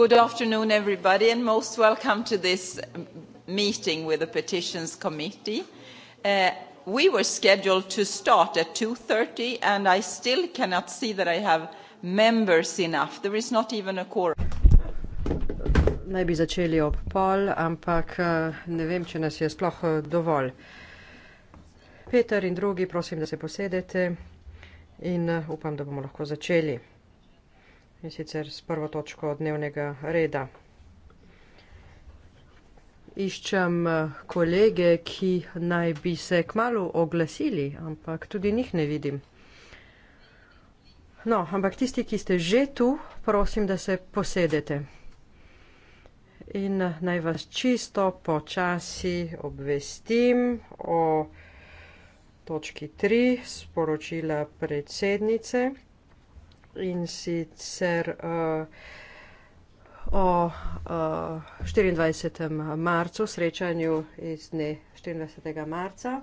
Good afternoon, everybody, and most welcome to this meeting with the Petitions Committee. Uh, we were scheduled to start at 2.30, and I still cannot see that I have members enough. There is not even a quorum. Naj bi začeli ob pol, ampak uh, ne vem, če nas je sploh uh, dovolj. Peter in drugi, prosim, da se posedete in uh, upam, da bomo lahko začeli in sicer s prvo točko dnevnega reda. Iščem eh, kolege, ki naj bi se kmalo oglasili, ampak tudi njih ne vidim. No, ampak tisti, ki ste že tu, prosim, da se posedete. In eh, naj vas čisto počasi obvestim o točki 3 sporočila predsednice in sicer uh, o uh, eh, 24. marcu, srečanju iz dne 24. marca.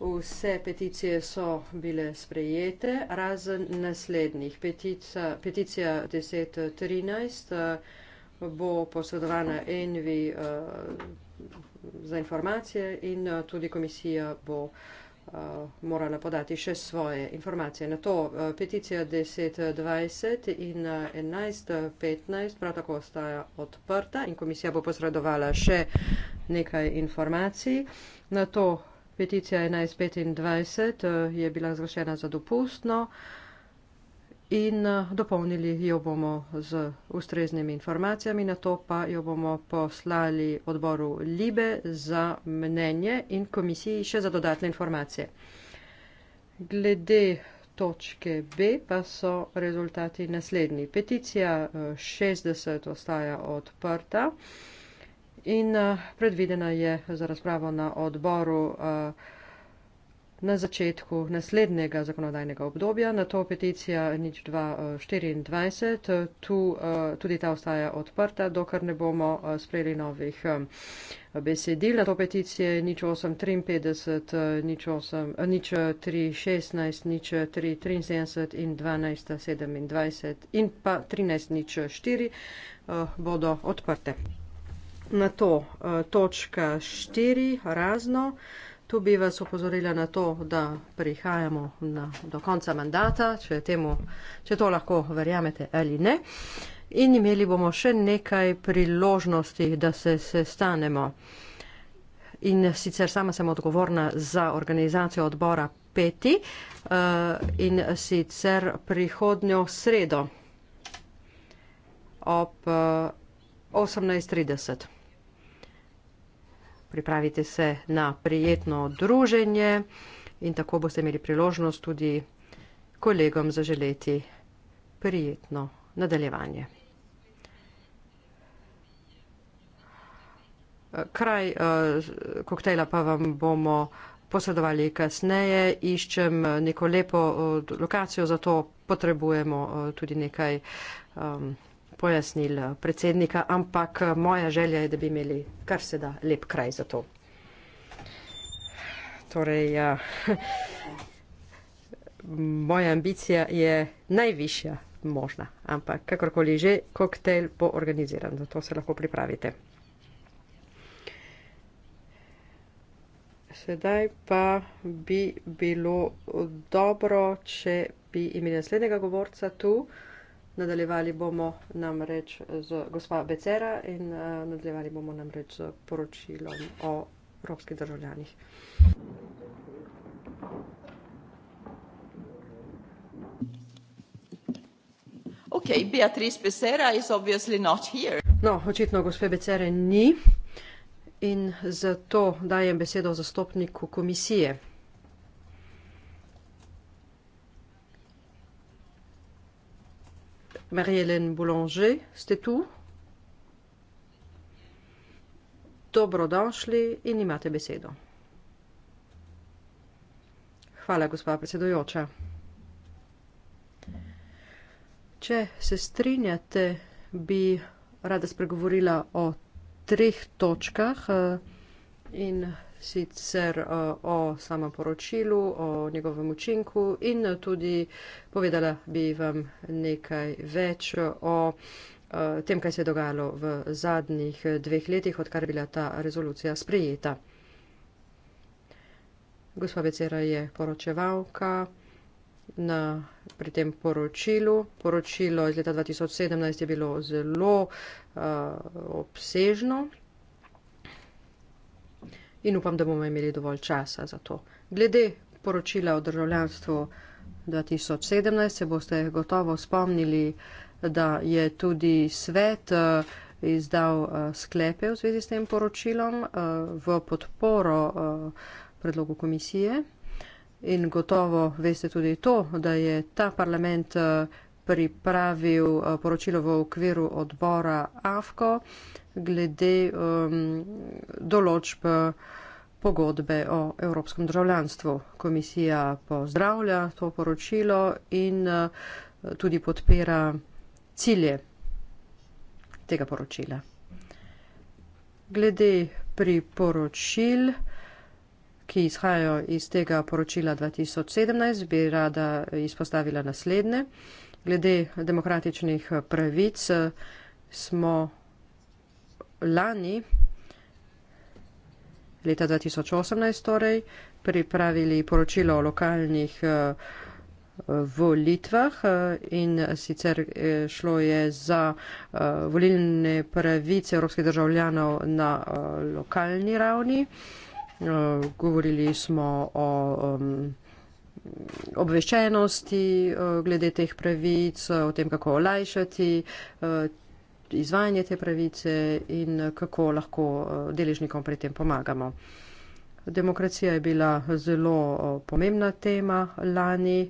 Vse peticije so bile sprejete, razen naslednjih. Petica, peticija 1013 eh, bo posredovana Envi uh, za informacije in uh, tudi komisija bo uh, uh, morala podati še svoje informacije. Na to uh, eh, peticija 1020 in uh, eh, 1115 prav tako ostaja odprta in komisija bo posredovala še nekaj informacij. Na to peticija 1125 uh, je bila zglašena za dopustno. Uh, in eh, dopolnili jo bomo z ustreznimi informacijami, na to pa jo bomo poslali odboru Libe za mnenje in komisiji še za dodatne informacije. Glede točke B pa so rezultati naslednji. Peticija 60 eh, ostaja odprta in eh, predvidena je za razpravo na odboru na začetku naslednjega zakonodajnega obdobja, na to peticija nič 2024, eh, eh, tu eh, tudi ta ostaja odprta, dokler ne bomo sprejeli novih besedil, na to peticije nič 853, nič 316, nič 373 in 1227 in pa 1304 bodo odprte. Na to točka 4 razno. Tu bi vas opozorila na to, da prihajamo na, do konca mandata, če, temu, če to lahko verjamete ali ne. In imeli bomo še nekaj priložnosti, da se sestanemo. In sicer sama sem odgovorna za organizacijo odbora peti uh, in sicer prihodnjo sredo ob uh, eh, 18.30 pripravite se na prijetno druženje in tako boste imeli priložnost tudi kolegom zaželeti prijetno nadaljevanje. Kraj eh, koktejla pa vam bomo posredovali kasneje. Iščem eh, neko lepo eh, lokacijo, zato potrebujemo tudi nekaj. Um, pojasnil predsednika, ampak eh, moja želja je, da bi imeli kar se da lep kraj za to. Torej, ja, moja ambicija je najvišja možna, ampak kakorkoli že, koktejl bo organiziran, zato se lahko pripravite. Sedaj pa bi bilo dobro, če bi imeli naslednjega govorca tu. Nadaljevali bomo namreč z gospa Becera in uh, nadaljevali bomo namreč z poročilom o evropskih državljanih. Okay, Beatrice Becera is obviously not here. No, očitno gospe Becere ni in zato dajem besedo zastopniku komisije. Marie-Hélène Boulanger, c'était tout. Dobrodošli in imate besedo. Hvala, gospa predsedojoča. Če se strinjate, bi rada spregovorila o treh točkah eh, in sicer eh, o samem poročilu, o njegovem učinku in eh, tudi povedala bi vam nekaj več o eh, tem, kaj se je dogajalo v zadnjih dveh letih, odkar je bila ta rezolucija sprejeta. Gospa Becera je poročevalka na, pri tem poročilu. Poročilo iz leta 2017 je bilo zelo uh, obsežno, in upam, da bomo imeli dovolj časa za to. Glede poročila o državljanstvu 2017 se boste gotovo spomnili, da je tudi svet eh, izdal eh, sklepe v zvezi s tem poročilom eh, v podporo predlogu komisije. In gotovo veste tudi to, da je ta parlament pripravil eh, poročilo v okviru odbora AFKO glede um, določb eh, pogodbe o evropskem državljanstvu. Komisija pozdravlja to poročilo in uh, tudi podpira cilje tega poročila. Glede priporočil, ki izhajajo iz tega poročila 2017, bi rada izpostavila naslednje. Uh, glede demokratičnih eh, pravic eh, smo lani, leta 2018 torej, pripravili poročilo o lokalnih eh, volitvah in sicer šlo je za volilne pravice evropskih državljanov na lokalni ravni. Govorili smo o um, obveščenosti eh, glede teh pravic, eh, o tem, kako olajšati eh, izvajanje te pravice in kako lahko deležnikom pri tem pomagamo. Demokracija je bila zelo pomembna tema lani.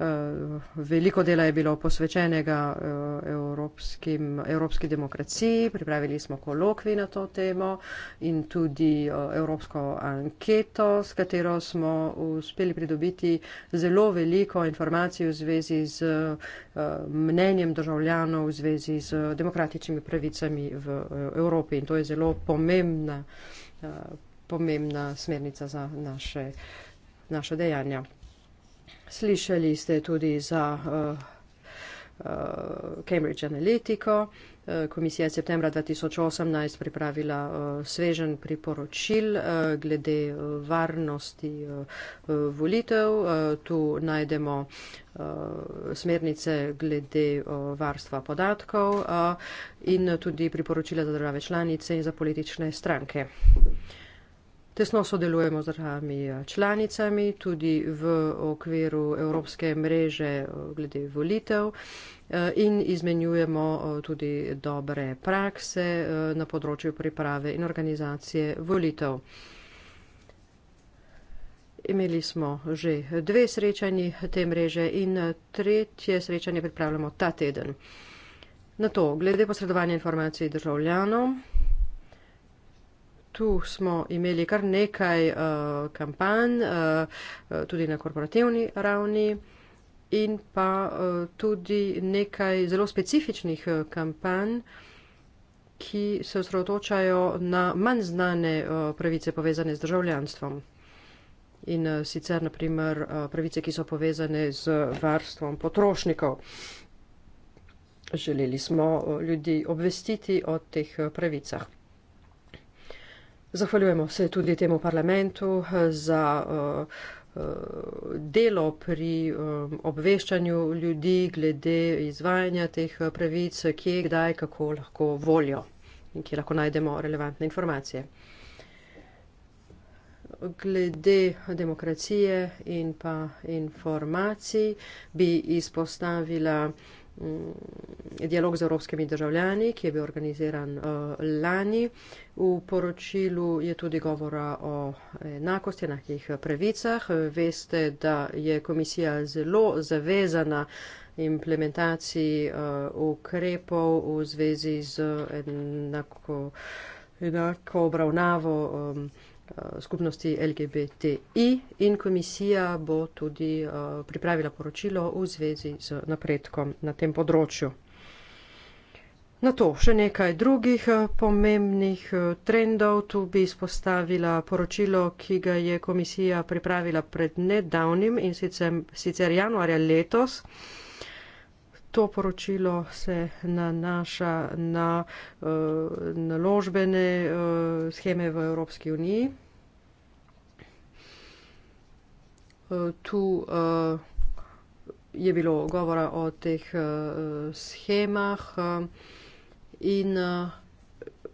Eh, veliko dela je bilo posvečenega eh, evropskim, evropski demokraciji, pripravili smo kolokvi na to temo in tudi eh, evropsko anketo, s katero smo uspeli pridobiti zelo veliko informacij v zvezi z mnenjem državljanov, v zvezi z demokratičnimi pravicami v Evropi in to je zelo pomembna, pomembna smernica za naše, naše dejanja. Slišali ste tudi za eh, eh, Cambridge Analytico. Eh, komisija je septembra 2018 pripravila svežen priporočil glede varnosti volitev. Tu najdemo smernice glede varstva podatkov in tudi priporočila za države članice in za politične stranke. Tesno sodelujemo z državami eh, članicami, tudi v okviru evropske mreže eh, glede volitev eh, in izmenjujemo tudi dobre prakse na področju priprave in organizacije volitev. Imeli smo že dve srečanji te mreže in tretje srečanje pripravljamo ta teden. Na to, glede posredovanja informacij državljanom tu smo imeli kar nekaj uh, kampanj, uh, tudi na korporativni ravni. In pa uh, tudi nekaj zelo specifičnih uh, kampanj, ki se osredotočajo na manj znane uh, pravice povezane z državljanstvom. In uh, sicer, naprimer, uh, pravice, ki so povezane z varstvom potrošnikov. Želeli smo uh, ljudi obvestiti o teh uh, pravicah. Zahvaljujemo se tudi temu parlamentu eh, za eh, eh, delo pri obveščanju ljudi glede izvajanja teh pravic, kje, kdaj, kako lahko volijo in kje lahko najdemo relevantne informacije. Glede demokracije in pa informacij bi izpostavila Mm, dialog z evropskimi državljani, ki je bil organiziran uh, lani. V poročilu je tudi govora o enakosti, enakih pravicah. Veste, da je komisija zelo zavezana implementaciji uh, ukrepov v zvezi z enako, enako obravnavo. Um, Eh, skupnosti LGBTI in komisija bo tudi eh, pripravila poročilo v zvezi z napredkom na tem področju. Na to še nekaj drugih eh, pomembnih trendov. Tu bi izpostavila poročilo, ki ga je komisija pripravila pred nedavnim in sicer, sicer januarja letos. To poročilo se nanaša na uh, naložbene uh, scheme v Evropski uniji. Uh, tu uh, je bilo govora o teh uh, schemah uh, in uh,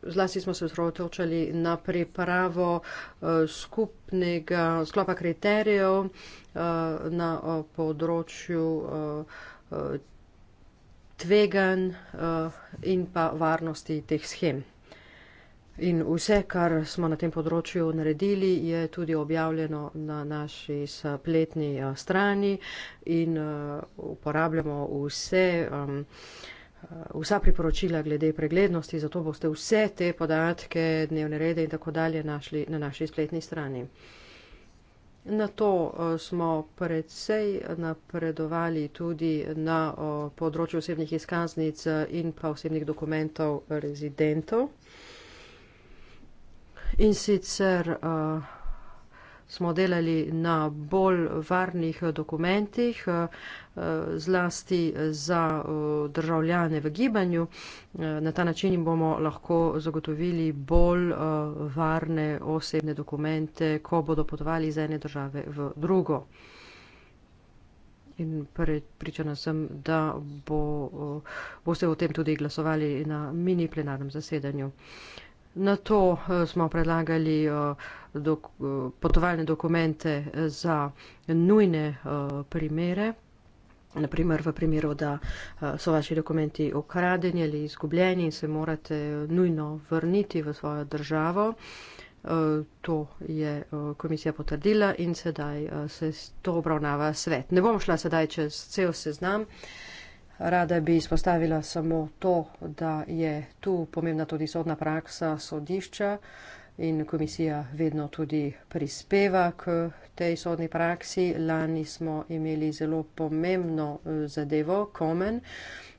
zlasti smo se osredotočali na pripravo uh, skupnega sklopa kriterijev uh, na uh, področju. Uh, tveganj eh, in pa varnosti teh schem. In vse, kar smo na tem področju naredili, je tudi objavljeno na naši spletni eh, strani in eh, uporabljamo vse, vsa priporočila glede preglednosti, zato boste vse te podatke, dnevne rede in tako dalje našli na naši spletni strani. Na to eh, smo predvsej napredovali tudi na eh, področju osebnih izkaznic eh, in pa osebnih dokumentov rezidentov. In sicer uh, smo delali na bolj varnih eh, dokumentih, eh, eh, zlasti za državljane v gibanju. Na ta način jim bomo lahko zagotovili bolj varne osebne dokumente, ko bodo potovali iz ene države v drugo. In pričana sem, da bo, boste o tem tudi glasovali na mini plenarnem zasedanju. Uh, Na to eh, smo predlagali eh, dok, eh, potovalne dokumente za nujne primere. Naprimer, v primeru, da so vaši dokumenti ukradeni ali izgubljeni in se morate nujno vrniti v svojo državo. To je komisija potrdila in sedaj se to obravnava svet. Ne bom šla sedaj čez cel seznam. Rada bi izpostavila samo to, da je tu pomembna tudi sodna praksa sodišča in komisija vedno tudi prispeva k tej sodni praksi. Lani smo imeli zelo pomembno eh, zadevo, komen,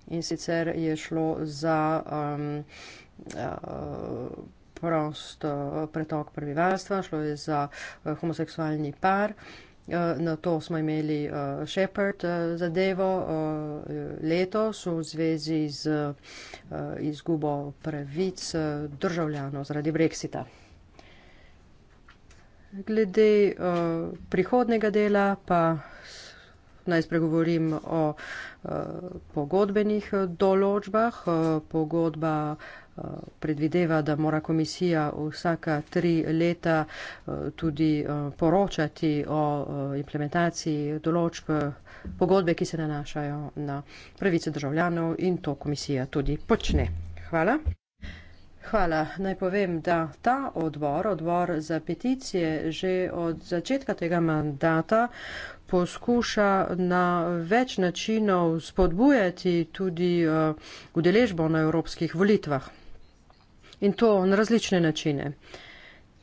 in sicer je šlo za. Um, uh, prost eh, pretok prebivalstva, šlo je za homoseksualni par. Uh, Eh, na to smo imeli uh, Shepard uh, zadevo uh, letos v zvezi z uh, izgubo pravic uh, državljanov zaradi Brexita. Glede uh, prihodnega dela pa naj spregovorim o uh, pogodbenih določbah. Uh, pogodba uh, predvideva, da mora komisija vsaka tri leta eh, tudi eh, poročati o eh, implementaciji določb pogodbe, ki se nanašajo na pravice državljanov in to komisija tudi počne. Hvala. Hvala. Naj povem, da ta odbor, odbor za peticije, že od začetka tega mandata poskuša na več načinov spodbujati tudi udeležbo na evropskih volitvah in to na različne načine.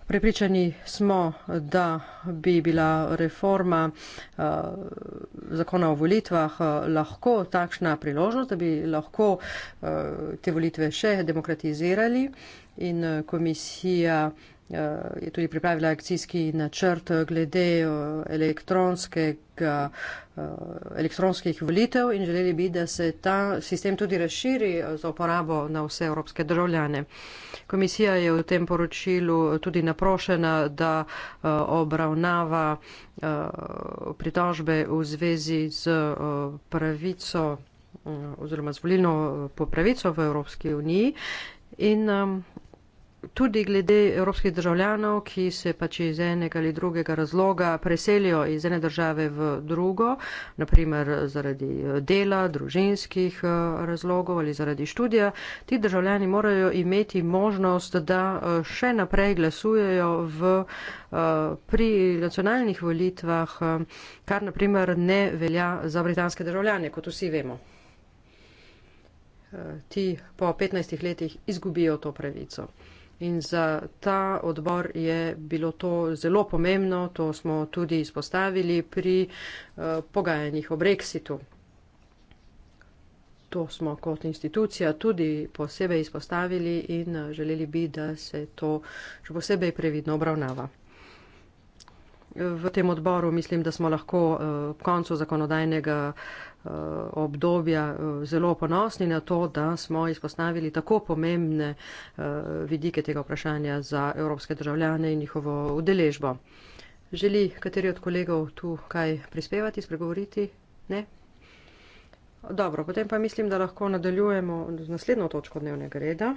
Prepričani smo, da bi bila reforma eh, zakona o volitvah eh, lahko takšna priložnost, da bi lahko eh, te volitve še demokratizirali in komisija je tudi pripravila akcijski načrt eh, glede eh, elektronskega, eh, elektronskih volitev in želeli bi, da se ta sistem tudi razširi za uporabo na vse evropske državljane. Komisija je v tem poročilu tudi naprošena, da obravnava pritožbe v zvezi z pravico oziroma z volilno popravico v Evropski uniji in um, tudi glede evropskih državljanov, ki se pač iz enega ali drugega razloga preselijo iz ene države v drugo, naprimer zaradi eh, dela, družinskih eh, razlogov ali zaradi študija, ti državljani morajo imeti možnost, da eh, še naprej glasujejo v, pri nacionalnih volitvah, kar naprimer ne velja za britanske državljane, kot vsi vemo. Ti po 15 letih izgubijo to pravico. In za ta odbor je bilo to zelo pomembno, to smo tudi izpostavili pri eh, pogajanjih o brexitu. To smo kot institucija tudi posebej izpostavili in eh, želeli bi, da se to še posebej previdno obravnava v tem odboru mislim, da smo lahko eh, ob koncu zakonodajnega eh, obdobja eh, zelo ponosni na to, da smo izpostavili tako pomembne vidike tega vprašanja za evropske državljane in njihovo udeležbo. Želi kateri od kolegov tu kaj prispevati, spregovoriti? Ne? Dobro, potem pa mislim, da lahko nadaljujemo z naslednjo točko dnevnega reda.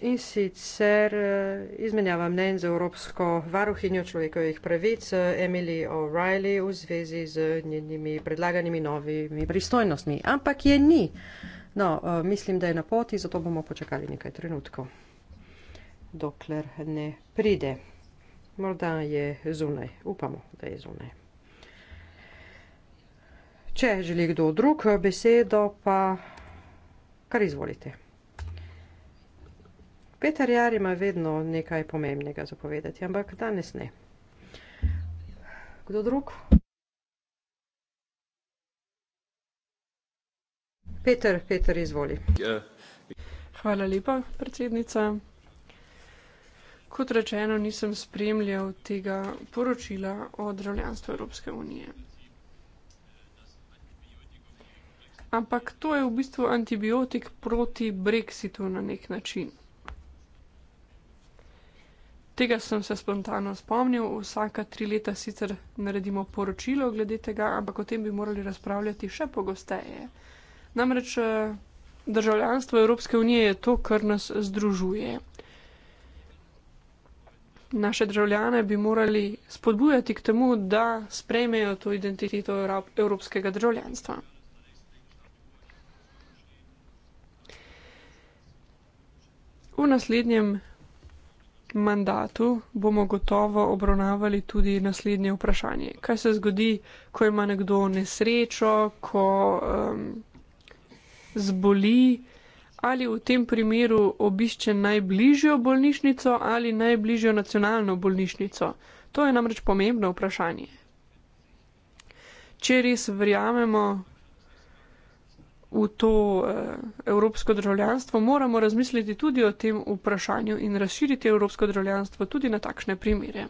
In sicer eh, izmenjava mnen z Evropsko varuhinjo človekovih pravic eh, Emily O'Reilly v zvezi z njenimi predlaganimi novimi pristojnostmi. Ampak je ni. No, eh, mislim, da je na poti, zato bomo počakali nekaj trenutkov, dokler ne pride. Morda je zunaj. Upamo, da je zunaj. Če želi kdo drug besedo, pa kar izvolite. Peter Jar ima vedno nekaj pomembnega zapovedati, ampak danes ne. Kdo drug? Peter, Peter, izvoli. Hvala lepa, predsednica. Kot rečeno, nisem spremljal tega poročila o državljanstvu Evropske unije. Ampak to je v bistvu antibiotik proti brexitu na nek način tega sem se spontano spomnil, vsaka tri leta sicer naredimo poročilo glede tega, ampak o tem bi morali razpravljati še pogosteje. Namreč eh, državljanstvo Evropske unije je to, kar nas združuje. Naše državljane bi morali spodbujati k temu, da sprejmejo to identiteto evropskega državljanstva. V naslednjem mandatu bomo gotovo obravnavali tudi naslednje vprašanje. Kaj se zgodi, ko ima nekdo nesrečo, ko um, zboli, ali v tem primeru obišče najbližjo bolnišnico ali najbližjo nacionalno bolnišnico? To je namreč pomembno vprašanje. Če res verjamemo, v to eh, evropsko državljanstvo, moramo razmisliti tudi o tem vprašanju in razširiti evropsko državljanstvo tudi na takšne primere.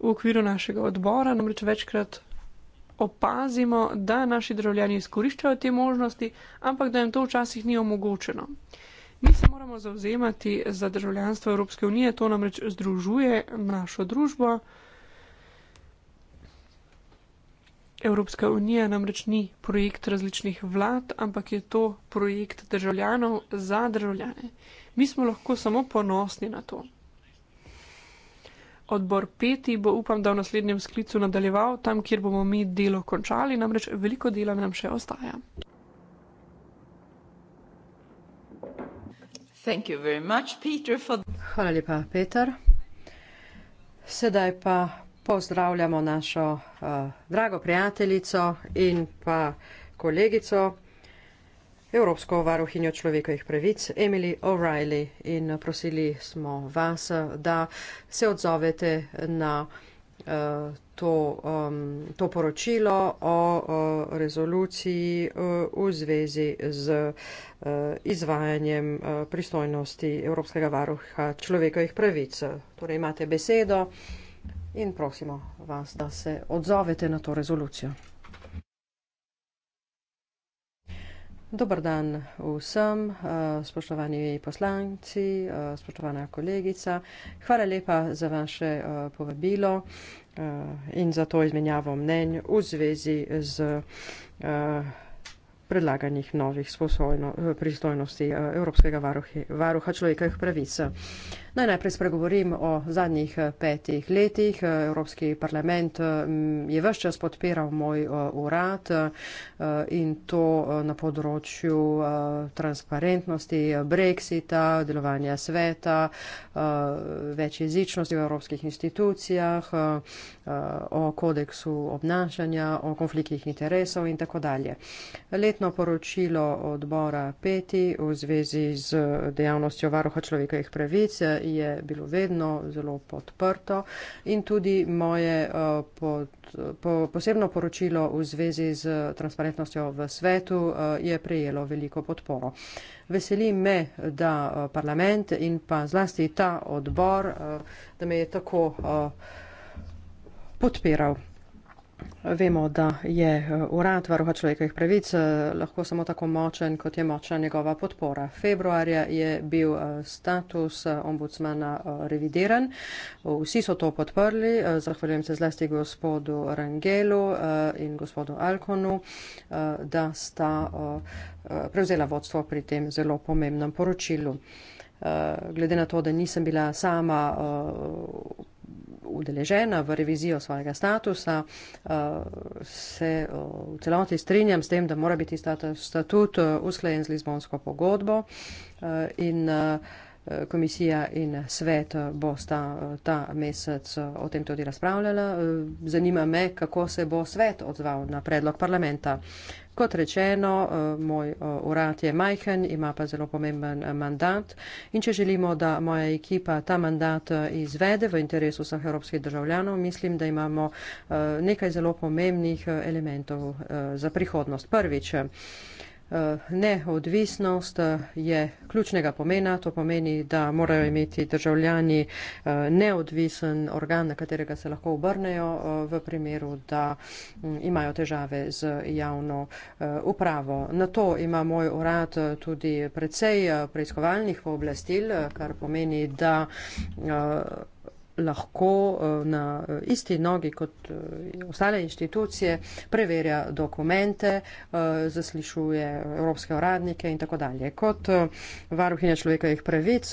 V okviru našega odbora namreč večkrat opazimo, da naši državljani izkoriščajo te možnosti, ampak da jim to včasih ni omogočeno. Mi se moramo zauzemati za državljanstvo Evropske unije, to namreč združuje našo družbo. Evropska unija namreč ni projekt različnih vlad, ampak je to projekt državljanov za državljane. Mi smo lahko samo ponosni na to. Odbor peti bo, upam, da v naslednjem sklicu nadaljeval tam, kjer bomo mi delo končali, namreč veliko dela nam še ostaja. Much, Peter, for... Hvala lepa, Peter. Sedaj pa pozdravljamo našo uh, drago prijateljico in pa kolegico, Evropsko varuhinjo človekovih pravic, Emily O'Reilly. In eh, prosili smo vas, eh, da se odzovete na uh, to, um, to poročilo o uh, rezoluciji uh, v zvezi z uh, izvajanjem uh, pristojnosti Evropskega varuha človekovih pravic. Torej imate besedo in prosimo vas, da se odzovete na to rezolucijo. Dobar dan vsem, eh, spoštovani poslanci, eh, spoštovana kolegica. Hvala lepa za vaše eh, povabilo in za to izmenjavo mnenj v zvezi z predlaganih novih sposobno, pristojnosti Evropskega varuha, varuha človekovih pravic. Naj najprej spregovorim o zadnjih eh, petih letih. Eh, Evropski parlament mm, je vse čas podpiral moj eh, urad in to na področju transparentnosti, brexita, delovanja sveta, večjezičnosti v evropskih institucijah, o kodeksu obnašanja, o konfliktih interesov in tako dalje. Letno poročilo odbora peti v zvezi z dejavnostjo varuha človekovih pravic je bilo vedno zelo podprto in tudi moje eh, pod, po, posebno poročilo v zvezi z transparentnostjo v svetu eh, je prejelo veliko podporo. Veseli me, da eh, parlament in pa zlasti ta odbor, da me je tako podpiral. Vemo, da je eh, urad varuha človekovih pravic eh, lahko samo tako močen, kot je močna njegova podpora. Februarja je bil eh, status ombudsmana revideran. Vsi so to podprli. Zahvaljujem se zlasti gospodu Rangelu in gospodu Alkonu, da sta prevzela vodstvo pri tem zelo pomembnem poročilu. Glede na to, da nisem bila sama udeležena v revizijo svojega statusa, eh, se eh, v celoti strinjam s tem, da mora biti statut eh, usklajen z Lizbonsko pogodbo in Eh, komisija in svet eh, bosta eh, ta mesec o tem tudi razpravljala. Zanima me, kako se bo svet odzval na predlog parlamenta. Kot rečeno, moj urad je majhen, ima pa zelo pomemben mandat in če želimo, da moja ekipa ta mandat izvede v interesu vseh evropskih državljanov, mislim, da imamo nekaj zelo pomembnih elementov za prihodnost. Prvič, Eh, neodvisnost eh, je ključnega pomena. To pomeni, da morajo imeti državljani eh, neodvisen organ, na katerega se lahko obrnejo v primeru, da mm, imajo težave z javno upravo. Na to ima moj urad tudi precej preiskovalnih pooblastil, kar pomeni, da lahko eh, na eh, isti nogi kot eh, ostale inštitucije preverja dokumente, zaslišuje evropske uradnike in tako dalje. Kot varuhinja človekovih pravic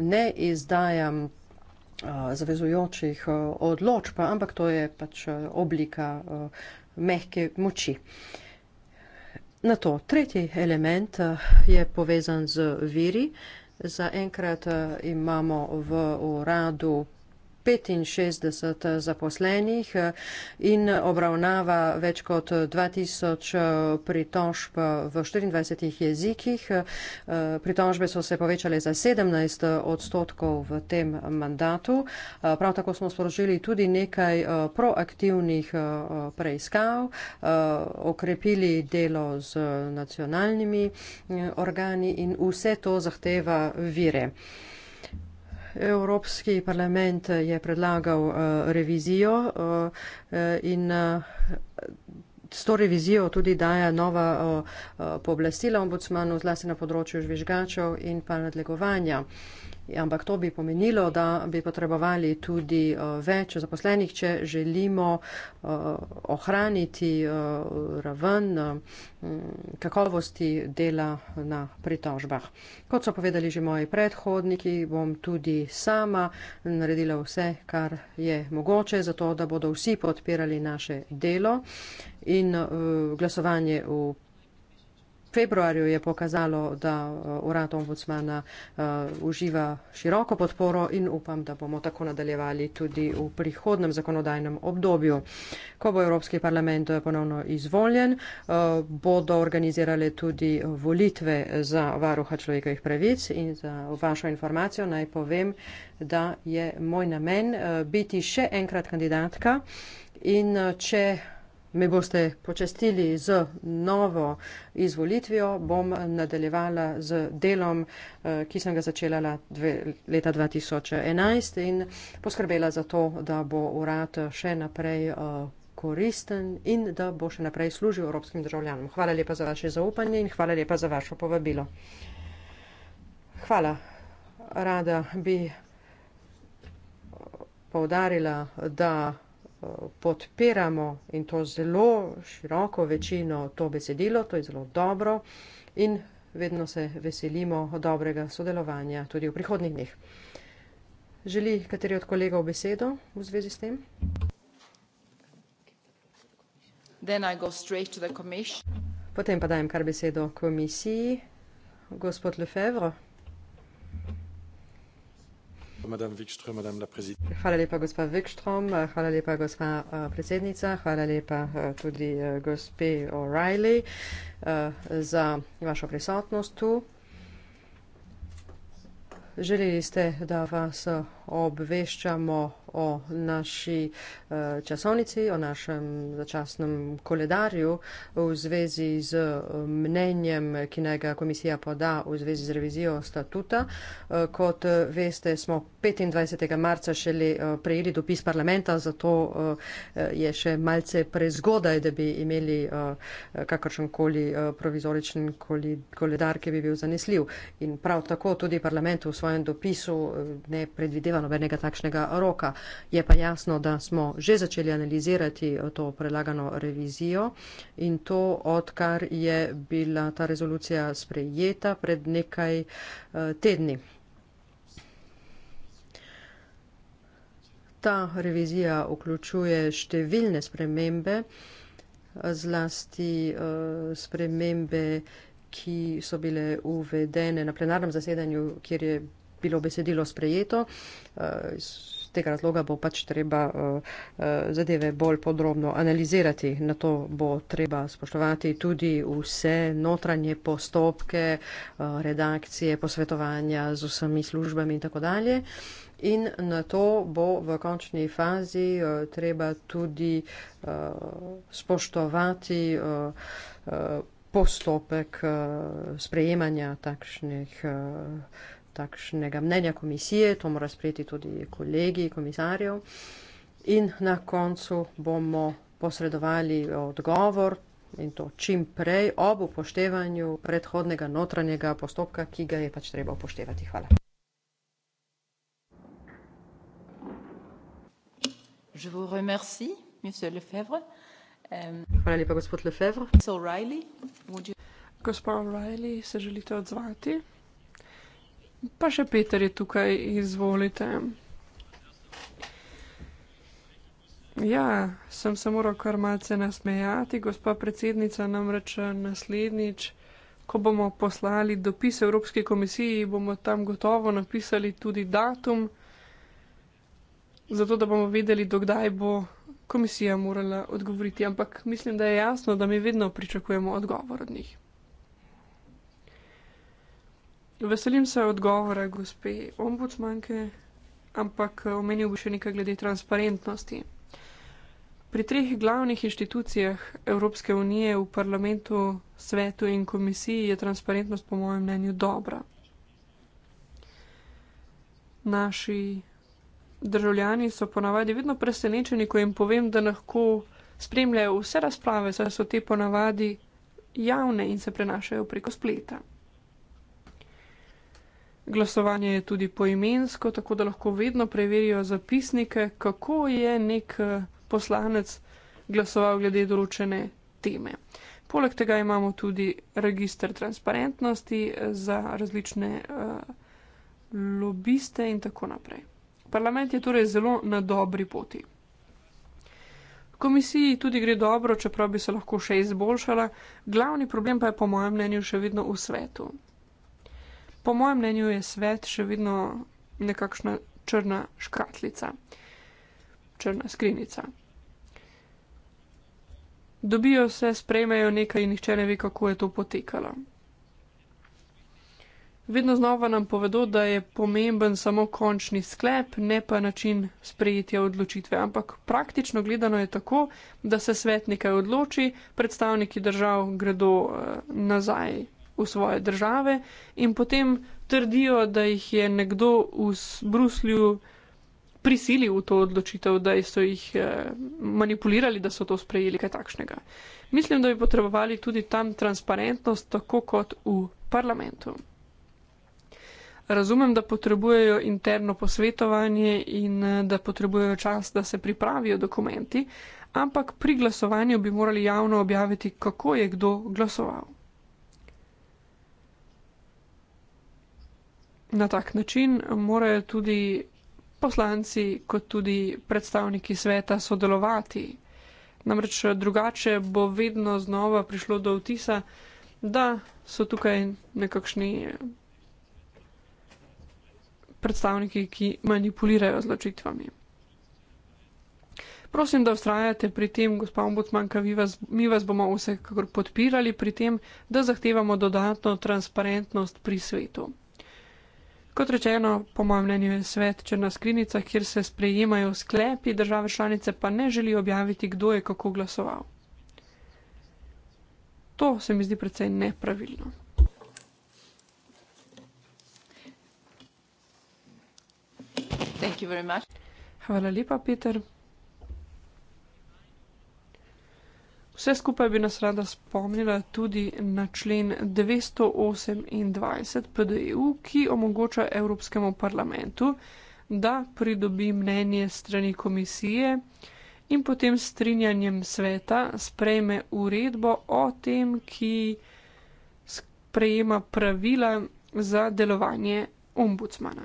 ne izdajam zavezujočih odločb, ampak to je pač oblika mehke moči. Na to tretji element je povezan z viri. Zaenkrat eh, imamo v uradu 65 eh, zaposlenih eh, in obravnava več kot 2000 eh, pritožb v 24 jezikih. Pritožbe so se povečale za 17 odstotkov v tem mandatu. Prav tako smo sporožili tudi nekaj proaktivnih preiskav, okrepili delo z nacionalnimi organi in vse to zahteva vire. Evropski parlament je predlagal eh, revizijo eh, in eh, s to revizijo tudi daje nova pooblastila ombudsmanu, zlasti na področju žvižgačev in pa nadlegovanja ampak to bi pomenilo, da bi potrebovali tudi eh, več zaposlenih, če želimo eh, ohraniti eh, raven mm, kakovosti dela na pritožbah. Kot so povedali že moji predhodniki, bom tudi sama naredila vse, kar je mogoče, zato da bodo vsi podpirali naše delo in glasovanje v februarju je pokazalo, da eh, urad ombudsmana eh, uživa široko podporo in upam, da bomo tako nadaljevali tudi v prihodnem zakonodajnem obdobju. Ko bo Evropski parlament eh, ponovno izvoljen, bodo organizirali tudi volitve za varuha človekovih pravic in za vašo informacijo naj povem, da je moj namen biti še enkrat kandidatka in če me boste počestili z novo izvolitvijo, bom nadaljevala z delom, eh, ki sem ga začela leta 2011 in poskrbela za to, da bo urad še naprej eh, koristen in da bo še naprej služil evropskim državljanom. Hvala lepa za vaše zaupanje in hvala lepa za vašo povabilo. Hvala. Rada bi eh, povdarila, da podpiramo in to zelo široko večino to besedilo, to je zelo dobro in vedno se veselimo dobrega sodelovanja tudi v prihodnih dneh. Želi kateri od kolegov besedo v zvezi s tem? Potem pa dajem kar besedo komisiji. Gospod Lefevre. Hvala lepa, gospa Vikstrom, hvala lepa, gospa eh, predsednica, hvala lepa eh, tudi eh, gospe O'Reilly za vašo prisotnost tu. Želeli ste, da vas obveščamo o naši eh, časovnici, o našem začasnem koledarju v zvezi z eh, mnenjem, ki naj ga komisija poda v zvezi z revizijo statuta. Eh, kot veste, smo 25. marca šele prejeli dopis parlamenta, zato je še malce prezgodaj, da bi imeli kakršenkoli provizoričen koledar, ki bi bil zanesljiv. In prav tako tudi parlament v svojem dopisu ne predvideva nobenega takšnega roka. Je pa jasno, da smo že začeli analizirati to predlagano revizijo in to, odkar je bila ta rezolucija sprejeta pred nekaj eh, tedni. Ta revizija vključuje številne spremembe, zlasti eh, spremembe, ki so bile uvedene na plenarnem zasedanju, kjer je bilo besedilo sprejeto. Eh, iz tega razloga bo pač treba eh, eh, zadeve bolj podrobno analizirati. Na to bo treba spoštovati tudi vse notranje postopke, redakcije, posvetovanja z vsemi službami in tako dalje. In na to bo v končni fazi treba tudi spoštovati postopek sprejemanja takšnih takšnega mnenja komisije, to mora sprejeti tudi kolegi komisarjev. In na koncu bomo posredovali odgovor in to čim prej ob upoštevanju predhodnega notranjega postopka, ki ga je pač treba upoštevati. Hvala. Je vous remercie, monsieur Lefebvre. Um, Hvala lepa, gospod Lefebvre. Gospod O'Reilly, se želite odzvati? Pa še Peter je tukaj, izvolite. Ja, sem se moral kar malce nasmejati, gospa predsednica, namreč naslednjič, ko bomo poslali dopis Evropske komisiji, bomo tam gotovo napisali tudi datum, zato da bomo vedeli, dokdaj bo komisija morala odgovoriti. Ampak mislim, da je jasno, da mi vedno pričakujemo odgovor od njih. Veselim se odgovora, gospe ombudsmanke, ampak eh, omenil bi še nekaj glede transparentnosti. Pri treh glavnih inštitucijah Evropske unije v parlamentu, svetu in komisiji je transparentnost po mojem mnenju dobra. Naši državljani so ponavadi vedno presenečeni, ko jim povem, da lahko spremljajo vse razprave, saj so te ponavadi javne in se prenašajo preko spleta. Glasovanje je tudi poimensko, tako da lahko vedno preverijo zapisnike, kako je nek eh, poslanec glasoval glede določene teme. Poleg tega imamo tudi registr transparentnosti eh, za različne uh, lobiste in tako naprej. Parlament je torej zelo na dobri poti. Komisiji tudi gre dobro, čeprav bi se lahko še izboljšala. Glavni problem pa je po mojem mnenju še vedno v svetu. Po mojem mnenju je svet še vedno nekakšna črna škatlica, črna skrinjica. Dobijo se, sprejmejo nekaj in nihče ne ve, kako je to potekalo. Vedno znova nam povedo, da je pomemben samo končni sklep, ne pa način sprejetja odločitve. Ampak praktično gledano je tako, da se svet nekaj odloči, predstavniki držav gredo eh, nazaj v svoje države in potem trdijo, da jih je nekdo v Bruslju prisilil v to odločitev, da so jih eh, manipulirali, da so to sprejeli kaj takšnega. Mislim, da bi potrebovali tudi tam transparentnost, tako kot v parlamentu. Razumem, da potrebujejo interno posvetovanje in eh, da potrebujejo čas, da se pripravijo dokumenti, ampak pri glasovanju bi morali javno objaviti, kako je kdo glasoval. na tak način morajo tudi poslanci, kot tudi predstavniki sveta sodelovati. Namreč drugače bo vedno znova prišlo do vtisa, da so tukaj nekakšni predstavniki, ki manipulirajo z ločitvami. Prosim, da ustrajate pri tem, gospod Ombudsmanka, mi vas bomo vsekakor podpirali pri tem, da zahtevamo dodatno transparentnost pri svetu. Kot rečeno, po mojem mnenju je svet črna skrinica, kjer se sprejemajo sklepi, države članice pa ne želijo objaviti, kdo je kako glasoval. To se mi zdi precej nepravilno. Hvala lepa, Peter. Vse skupaj bi nas rada spomnila tudi na člen 928 PDEU, ki omogoča Evropskemu parlamentu, da pridobi mnenje strani komisije in potem strinjanjem sveta sprejme uredbo o tem, ki sprejema pravila za delovanje ombudsmana.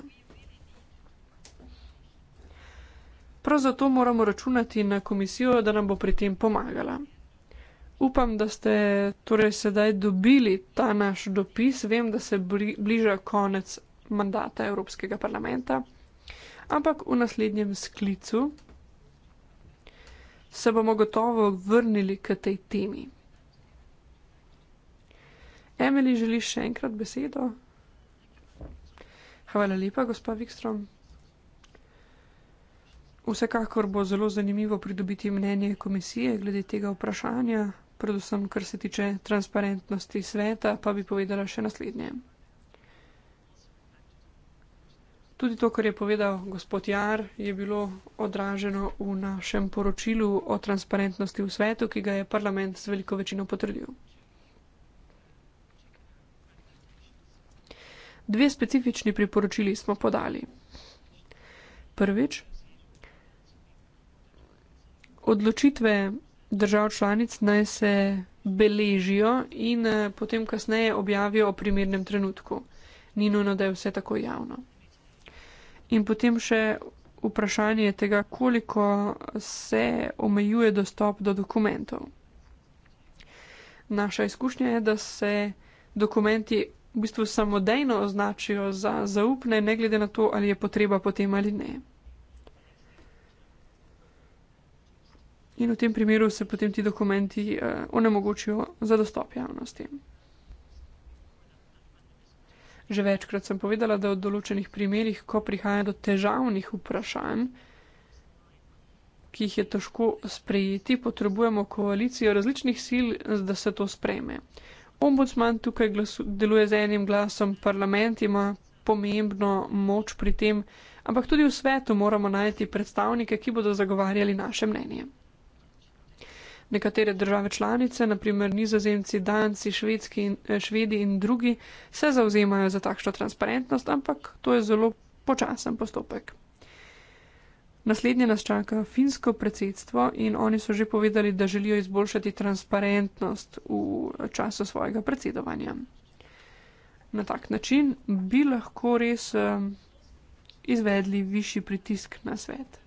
Prav zato moramo računati na komisijo, da nam bo pri tem pomagala. Upam, da ste torej sedaj dobili ta naš dopis. Vem, da se bri, bliža konec mandata Evropskega parlamenta, ampak v naslednjem sklicu se bomo gotovo vrnili k tej temi. Emily, želiš še enkrat besedo? Hvala lepa, gospa Vikstrom. Vsekakor bo zelo zanimivo pridobiti mnenje komisije glede tega vprašanja predvsem kar se tiče transparentnosti sveta, pa bi povedala še naslednje. Tudi to, kar je povedal gospod Jar, je bilo odraženo v našem poročilu o transparentnosti v svetu, ki ga je parlament z veliko večino potrdil. Dve specifični priporočili smo podali. Prvič, odločitve držav članic naj se beležijo in eh, potem kasneje objavijo o primernem trenutku. Ni nujno, da je vse tako javno. In potem še vprašanje tega, koliko se omejuje dostop do dokumentov. Naša izkušnja je, da se dokumenti v bistvu samodejno označijo za zaupne, ne glede na to, ali je potreba potem ali ne. in v tem primeru se potem ti dokumenti eh, onemogočijo za dostop javnosti. Že večkrat sem povedala, da v določenih primerjih, ko prihaja do težavnih vprašanj, ki jih je težko sprejeti, potrebujemo koalicijo različnih sil, da se to sprejme. Ombudsman tukaj glasu, deluje z enim glasom, parlament ima pomembno moč pri tem, ampak tudi v svetu moramo najti predstavnike, ki bodo zagovarjali naše mnenje. Nekatere države članice, naprimer nizozemci, danci, švedski, eh, švedi in drugi, se zauzemajo za takšno transparentnost, ampak to je zelo počasen postopek. Naslednje nas čaka finsko predsedstvo in oni so že povedali, da želijo izboljšati transparentnost v času svojega predsedovanja. Na tak način bi lahko res eh, izvedli višji pritisk na svet.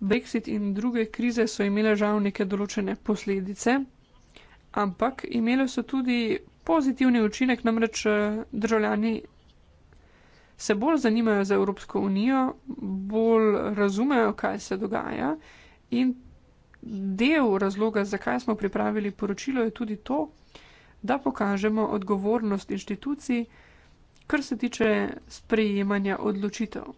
Brexit in druge krize so imele žal neke določene posledice, ampak imele so tudi pozitivni učinek, namreč eh, državljani se bolj zanimajo za Evropsko unijo, bolj razumejo, kaj se dogaja in del razloga, zakaj smo pripravili poročilo, je tudi to, da pokažemo odgovornost inštitucij, kar se tiče sprejemanja odločitev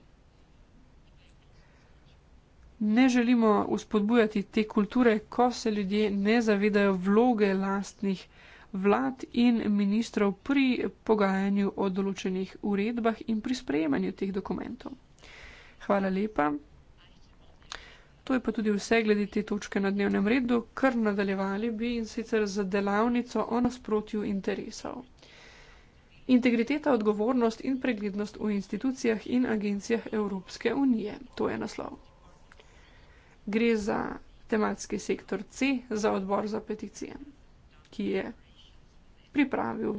ne želimo uspodbujati te kulture, ko se ljudje ne zavedajo vloge lastnih vlad in ministrov pri pogajanju o določenih uredbah in pri sprejemanju teh dokumentov. Hvala lepa. To je pa tudi vse glede te točke na dnevnem redu, kar nadaljevali bi in sicer za delavnico o nasprotju interesov. Integriteta, odgovornost in preglednost v institucijah in agencijah Evropske unije. To je naslov gre za tematski sektor C za odbor za peticije, ki je pripravil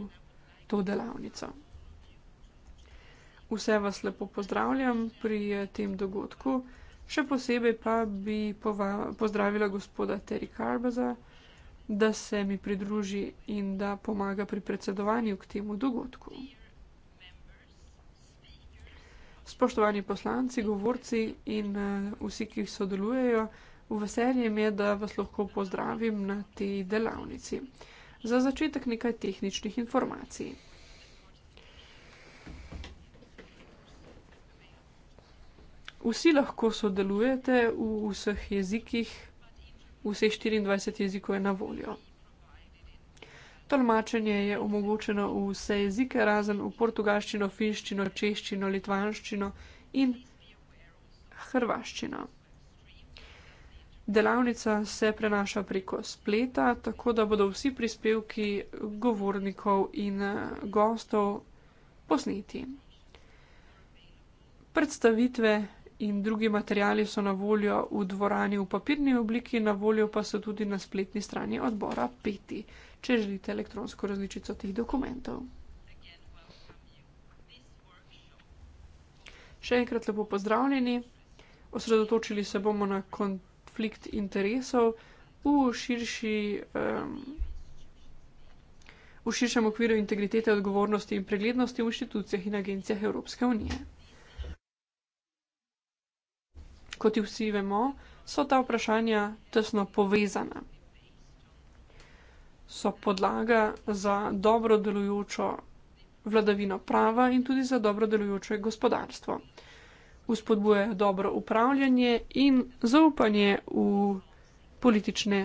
to delavnico. Vse vas lepo pozdravljam pri eh, tem dogodku, še posebej pa bi pozdravila gospoda Terry Carbaza, da se mi pridruži in da pomaga pri predsedovanju k temu dogodku spoštovani poslanci, govorci in eh, vsi, ki sodelujejo, v veselje mi je, da vas lahko pozdravim na tej delavnici. Za začetek nekaj tehničnih informacij. Vsi lahko sodelujete v vseh jezikih, vse 24 jezikov je na voljo. Tolmačenje je omogočeno v vse jezike, razen v portugalščino, finščino, češčino, litvanščino in hrvaščino. Delavnica se prenaša preko spleta, tako da bodo vsi prispevki govornikov in eh, gostov posneti. Predstavitve in drugi materijali so na voljo v dvorani v papirni obliki, na voljo pa so tudi na spletni strani odbora Peti, če želite elektronsko različico teh dokumentov. Še enkrat lepo pozdravljeni. Osredotočili se bomo na konflikt interesov v širši um, v širšem okviru integritete, odgovornosti in preglednosti v inštitucijah in agencijah Evropske unije kot vsi vemo, so ta vprašanja tesno povezana. So podlaga za dobro delujočo vladavino prava in tudi za dobro delujoče gospodarstvo. Uspodbujajo dobro upravljanje in zaupanje v politične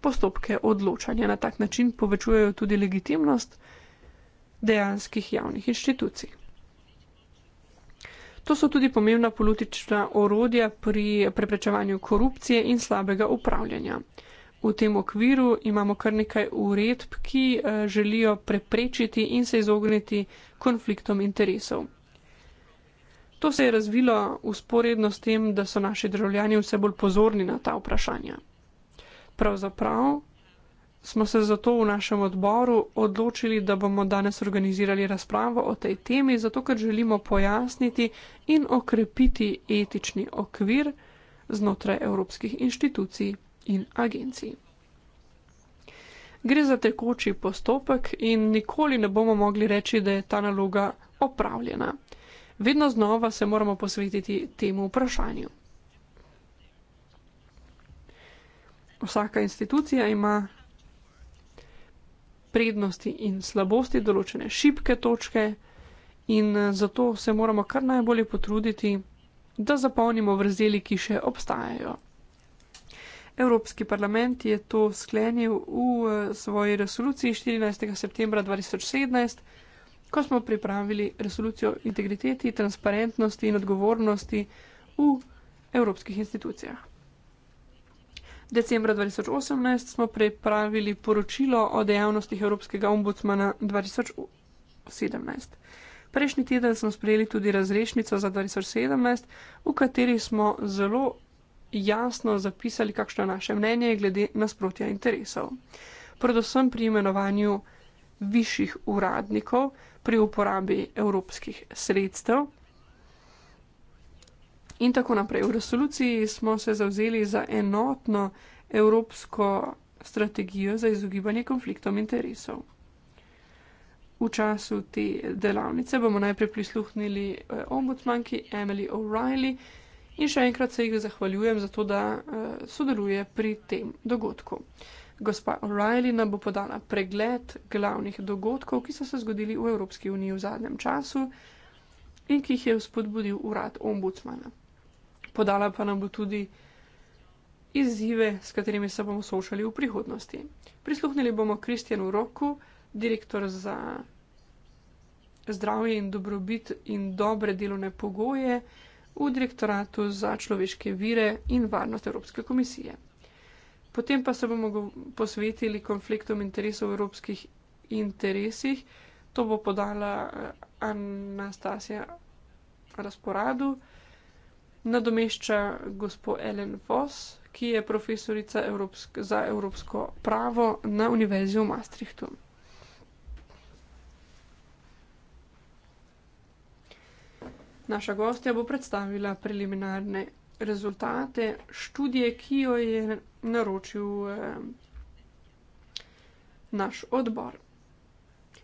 postopke odločanja. Na tak način povečujejo tudi legitimnost dejanskih javnih inštitucij. To so tudi pomembna politična orodja pri preprečevanju korupcije in slabega upravljanja. V tem okviru imamo kar nekaj uredb, ki eh, želijo preprečiti in se izogniti konfliktom interesov. To se je razvilo usporedno s tem, da so naši državljani vse bolj pozorni na ta vprašanja. Pravzaprav smo se zato v našem odboru odločili, da bomo danes organizirali razpravo o tej temi, zato ker želimo pojasniti in okrepiti etični okvir znotraj evropskih inštitucij in agencij. Gre za tekoči postopek in nikoli ne bomo mogli reči, da je ta naloga opravljena. Vedno znova se moramo posvetiti temu vprašanju. Vsaka institucija ima prednosti in slabosti določene šibke točke in eh, zato se moramo kar najbolje potruditi, da zapolnimo vrzeli, ki še obstajajo. Evropski parlament je to sklenil v eh, svoji resoluciji 14. septembra 2017, ko smo pripravili resolucijo integriteti, transparentnosti in odgovornosti v evropskih institucijah. Decembra 2018 smo pripravili poročilo o dejavnostih Evropskega ombudsmana 2017. Prejšnji teden smo sprejeli tudi razrešnico za 2017, v kateri smo zelo jasno zapisali, kakšno je naše mnenje glede nasprotja interesov. Predvsem pri imenovanju višjih uradnikov, pri uporabi evropskih sredstev in tako naprej. V resoluciji smo se zavzeli za enotno evropsko strategijo za izogibanje konfliktom interesov. V času te delavnice bomo najprej prisluhnili eh, ombudsmanki Emily O'Reilly in še enkrat se jih zahvaljujem za to, da eh, sodeluje pri tem dogodku. Gospa O'Reilly nam bo podala pregled glavnih dogodkov, ki so se zgodili v Evropski uniji v zadnjem času in ki jih je vzpodbudil urad ombudsmana podala pa nam bo tudi izzive, s katerimi se bomo soočali v prihodnosti. Prisluhnili bomo Kristjanu Roku, direktor za zdravje in dobrobit in dobre delovne pogoje v direktoratu za človeške vire in varnost Evropske komisije. Potem pa se bomo posvetili konfliktom interesov v evropskih interesih. To bo podala eh, Anastasija Razporadu nadomešča gospod Ellen Voss, ki je profesorica evropsk, za evropsko pravo na Univerzi v Maastrichtu. Naša gostja bo predstavila preliminarne rezultate študije, ki jo je naročil eh, naš odbor.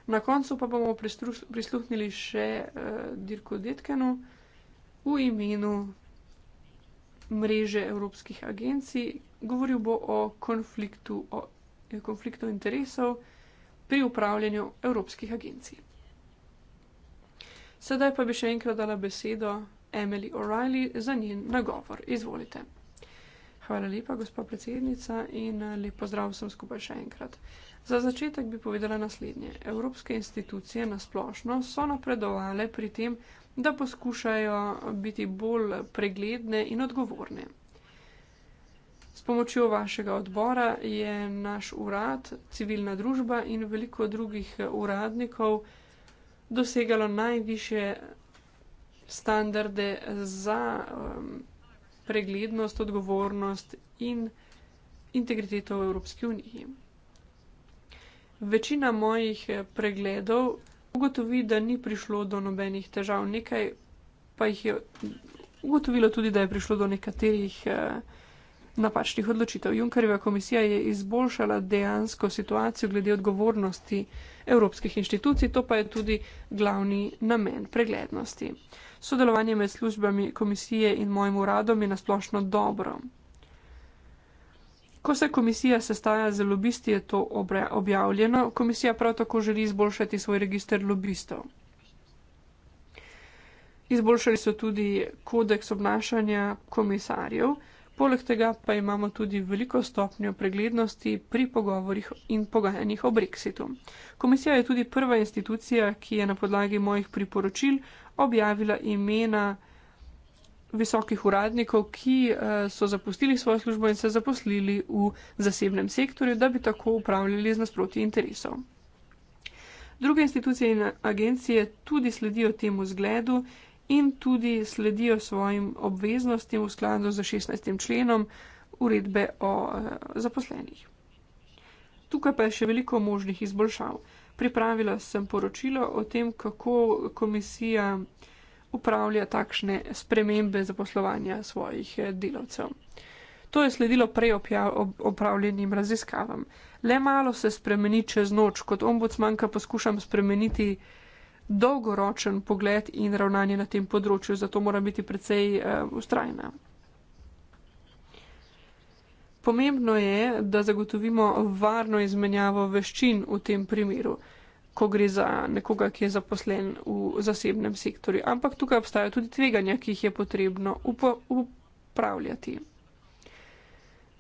Na koncu pa bomo prisluhnili še eh, Dirku Detkenu v imenu mreže evropskih agencij. Govoril bo o konfliktu, o eh, konfliktu interesov pri upravljanju evropskih agencij. Sedaj pa bi še enkrat dala besedo Emily O'Reilly za njen nagovor. Izvolite. Hvala lepa, gospod predsednica, in eh, lepo zdrav vsem skupaj še enkrat. Za začetek bi povedala naslednje. Evropske institucije nasplošno so napredovale pri tem, da poskušajo biti bolj pregledne in odgovorne. S pomočjo vašega odbora je naš urad, civilna družba in veliko drugih uradnikov dosegalo najviše standarde za um, preglednost, odgovornost in integriteto v Evropski uniji. Večina mojih pregledov ugotovi, da ni prišlo do nobenih težav. Nekaj pa jih je ugotovilo tudi, da je prišlo do nekaterih eh, napačnih odločitev. Junkerjeva komisija je izboljšala dejansko situacijo glede odgovornosti evropskih inštitucij, to pa je tudi glavni namen preglednosti. Sodelovanje med službami komisije in mojim uradom je nasplošno dobro. Ko se komisija sestaja z lobisti, je to objavljeno. Komisija prav tako želi izboljšati svoj registr lobistov. Izboljšali so tudi kodeks obnašanja komisarjev, poleg tega pa imamo tudi veliko stopnjo preglednosti pri pogovorjih in pogajanjih o brexitu. Komisija je tudi prva institucija, ki je na podlagi mojih priporočil objavila imena visokih uradnikov, ki eh, so zapustili svojo službo in se zaposlili v zasebnem sektorju, da bi tako upravljali z nasprotji interesov. Druge institucije in agencije tudi sledijo temu zgledu in tudi sledijo svojim obveznostim v skladu z 16. členom uredbe o eh, zaposlenih. Tukaj pa je še veliko možnih izboljšav. Pripravila sem poročilo o tem, kako komisija upravlja takšne spremembe zaposlovanja svojih eh, delavcev. To je sledilo prej opravljenim raziskavam. Le malo se spremeni čez noč, kot ombudsmanka poskušam spremeniti dolgoročen pogled in ravnanje na tem področju, zato mora biti precej uh, eh, ustrajna. Pomembno je, da zagotovimo varno izmenjavo veščin v tem primeru ko gre za nekoga, ki je zaposlen v zasebnem sektorju. Ampak tukaj obstajajo tudi tveganja, ki jih je potrebno upo upravljati.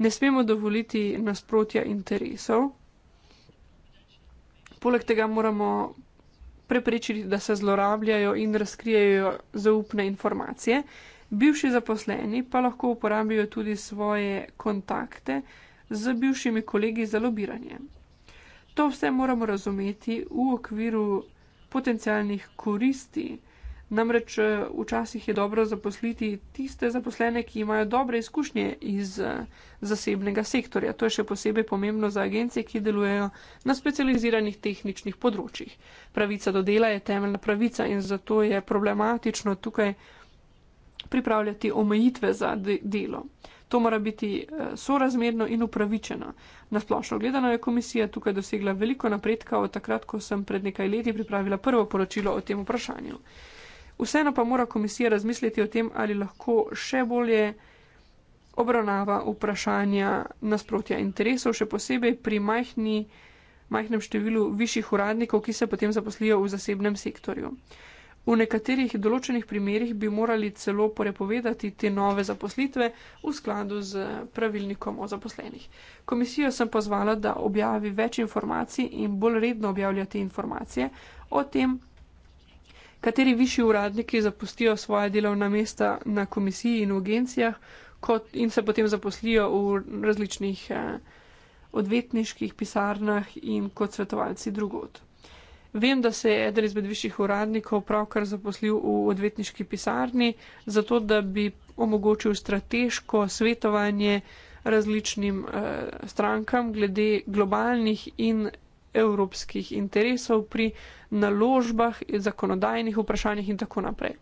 Ne smemo dovoliti nasprotja interesov. Poleg tega moramo preprečiti, da se zlorabljajo in razkrijajo zaupne informacije. Bivši zaposleni pa lahko uporabijo tudi svoje kontakte z bivšimi kolegi za lobiranje to vse moramo razumeti v okviru potencialnih koristi. Namreč eh, včasih je dobro zaposliti tiste zaposlene, ki imajo dobre izkušnje iz eh, zasebnega sektorja. To je še posebej pomembno za agencije, ki delujejo na specializiranih tehničnih področjih. Pravica do dela je temeljna pravica in zato je problematično tukaj pripravljati omejitve za de delo. To mora biti eh, sorazmerno in upravičeno. Na splošno gledano je komisija tukaj dosegla veliko napredka od takrat, ko sem pred nekaj leti pripravila prvo poročilo o tem vprašanju. Vseeno pa mora komisija razmisliti o tem, ali lahko še bolje obravnava vprašanja nasprotja interesov, še posebej pri majhni, majhnem številu višjih uradnikov, ki se potem zaposlijo v zasebnem sektorju. V nekaterih določenih primerjih bi morali celo prepovedati te nove zaposlitve v skladu z pravilnikom o zaposlenih. Komisijo sem pozvala, da objavi več informacij in bolj redno objavlja te informacije o tem, kateri višji uradniki zapustijo svoje delovna mesta na komisiji in v agencijah kot, in se potem zaposlijo v različnih eh, odvetniških pisarnah in kot svetovalci drugod. Vem, da se je eden izmed višjih uradnikov pravkar zaposlil v odvetniški pisarni, zato da bi omogočil strateško svetovanje različnim eh, strankam glede globalnih in evropskih interesov pri naložbah, zakonodajnih vprašanjih in tako naprej.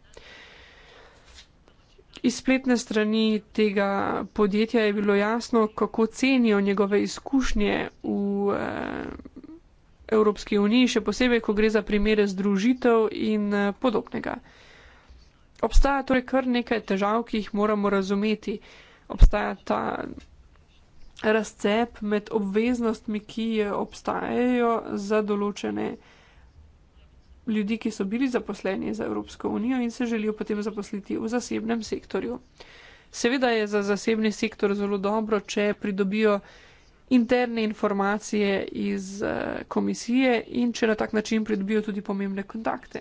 Iz spletne strani tega podjetja je bilo jasno, kako cenijo njegove izkušnje v. Eh, Evropski uniji, še posebej, ko gre za primere združitev in eh, podobnega. Obstaja torej kar nekaj težav, ki jih moramo razumeti. Obstaja ta razcep med obveznostmi, ki eh, obstajajo za določene ljudi, ki so bili zaposleni za Evropsko unijo in se želijo potem zaposliti v zasebnem sektorju. Seveda je za zasebni sektor zelo dobro, če pridobijo interne informacije iz eh, komisije in če na tak način pridobijo tudi pomembne kontakte.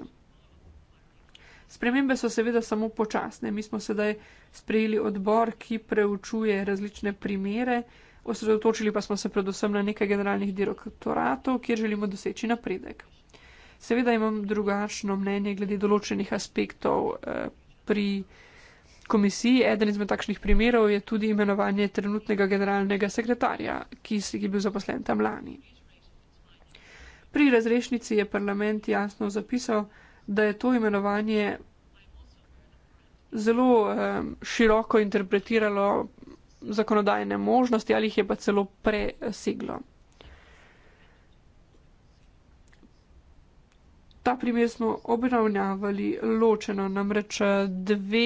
Spremembe so seveda samo počasne. Mi smo sedaj sprejeli odbor, ki preučuje različne primere, osredotočili pa smo se predvsem na nekaj generalnih direktoratov, kjer želimo doseči napredek. Seveda imam drugačno mnenje glede določenih aspektov eh, pri komisiji. Eden izmed takšnih primerov je tudi imenovanje trenutnega generalnega sekretarja, ki je bil zaposlen tam lani. Pri razrešnici je parlament jasno zapisal, da je to imenovanje zelo um, široko interpretiralo zakonodajne možnosti ali jih je pa celo preseglo. ta primer smo obravnavali ločeno, namreč dve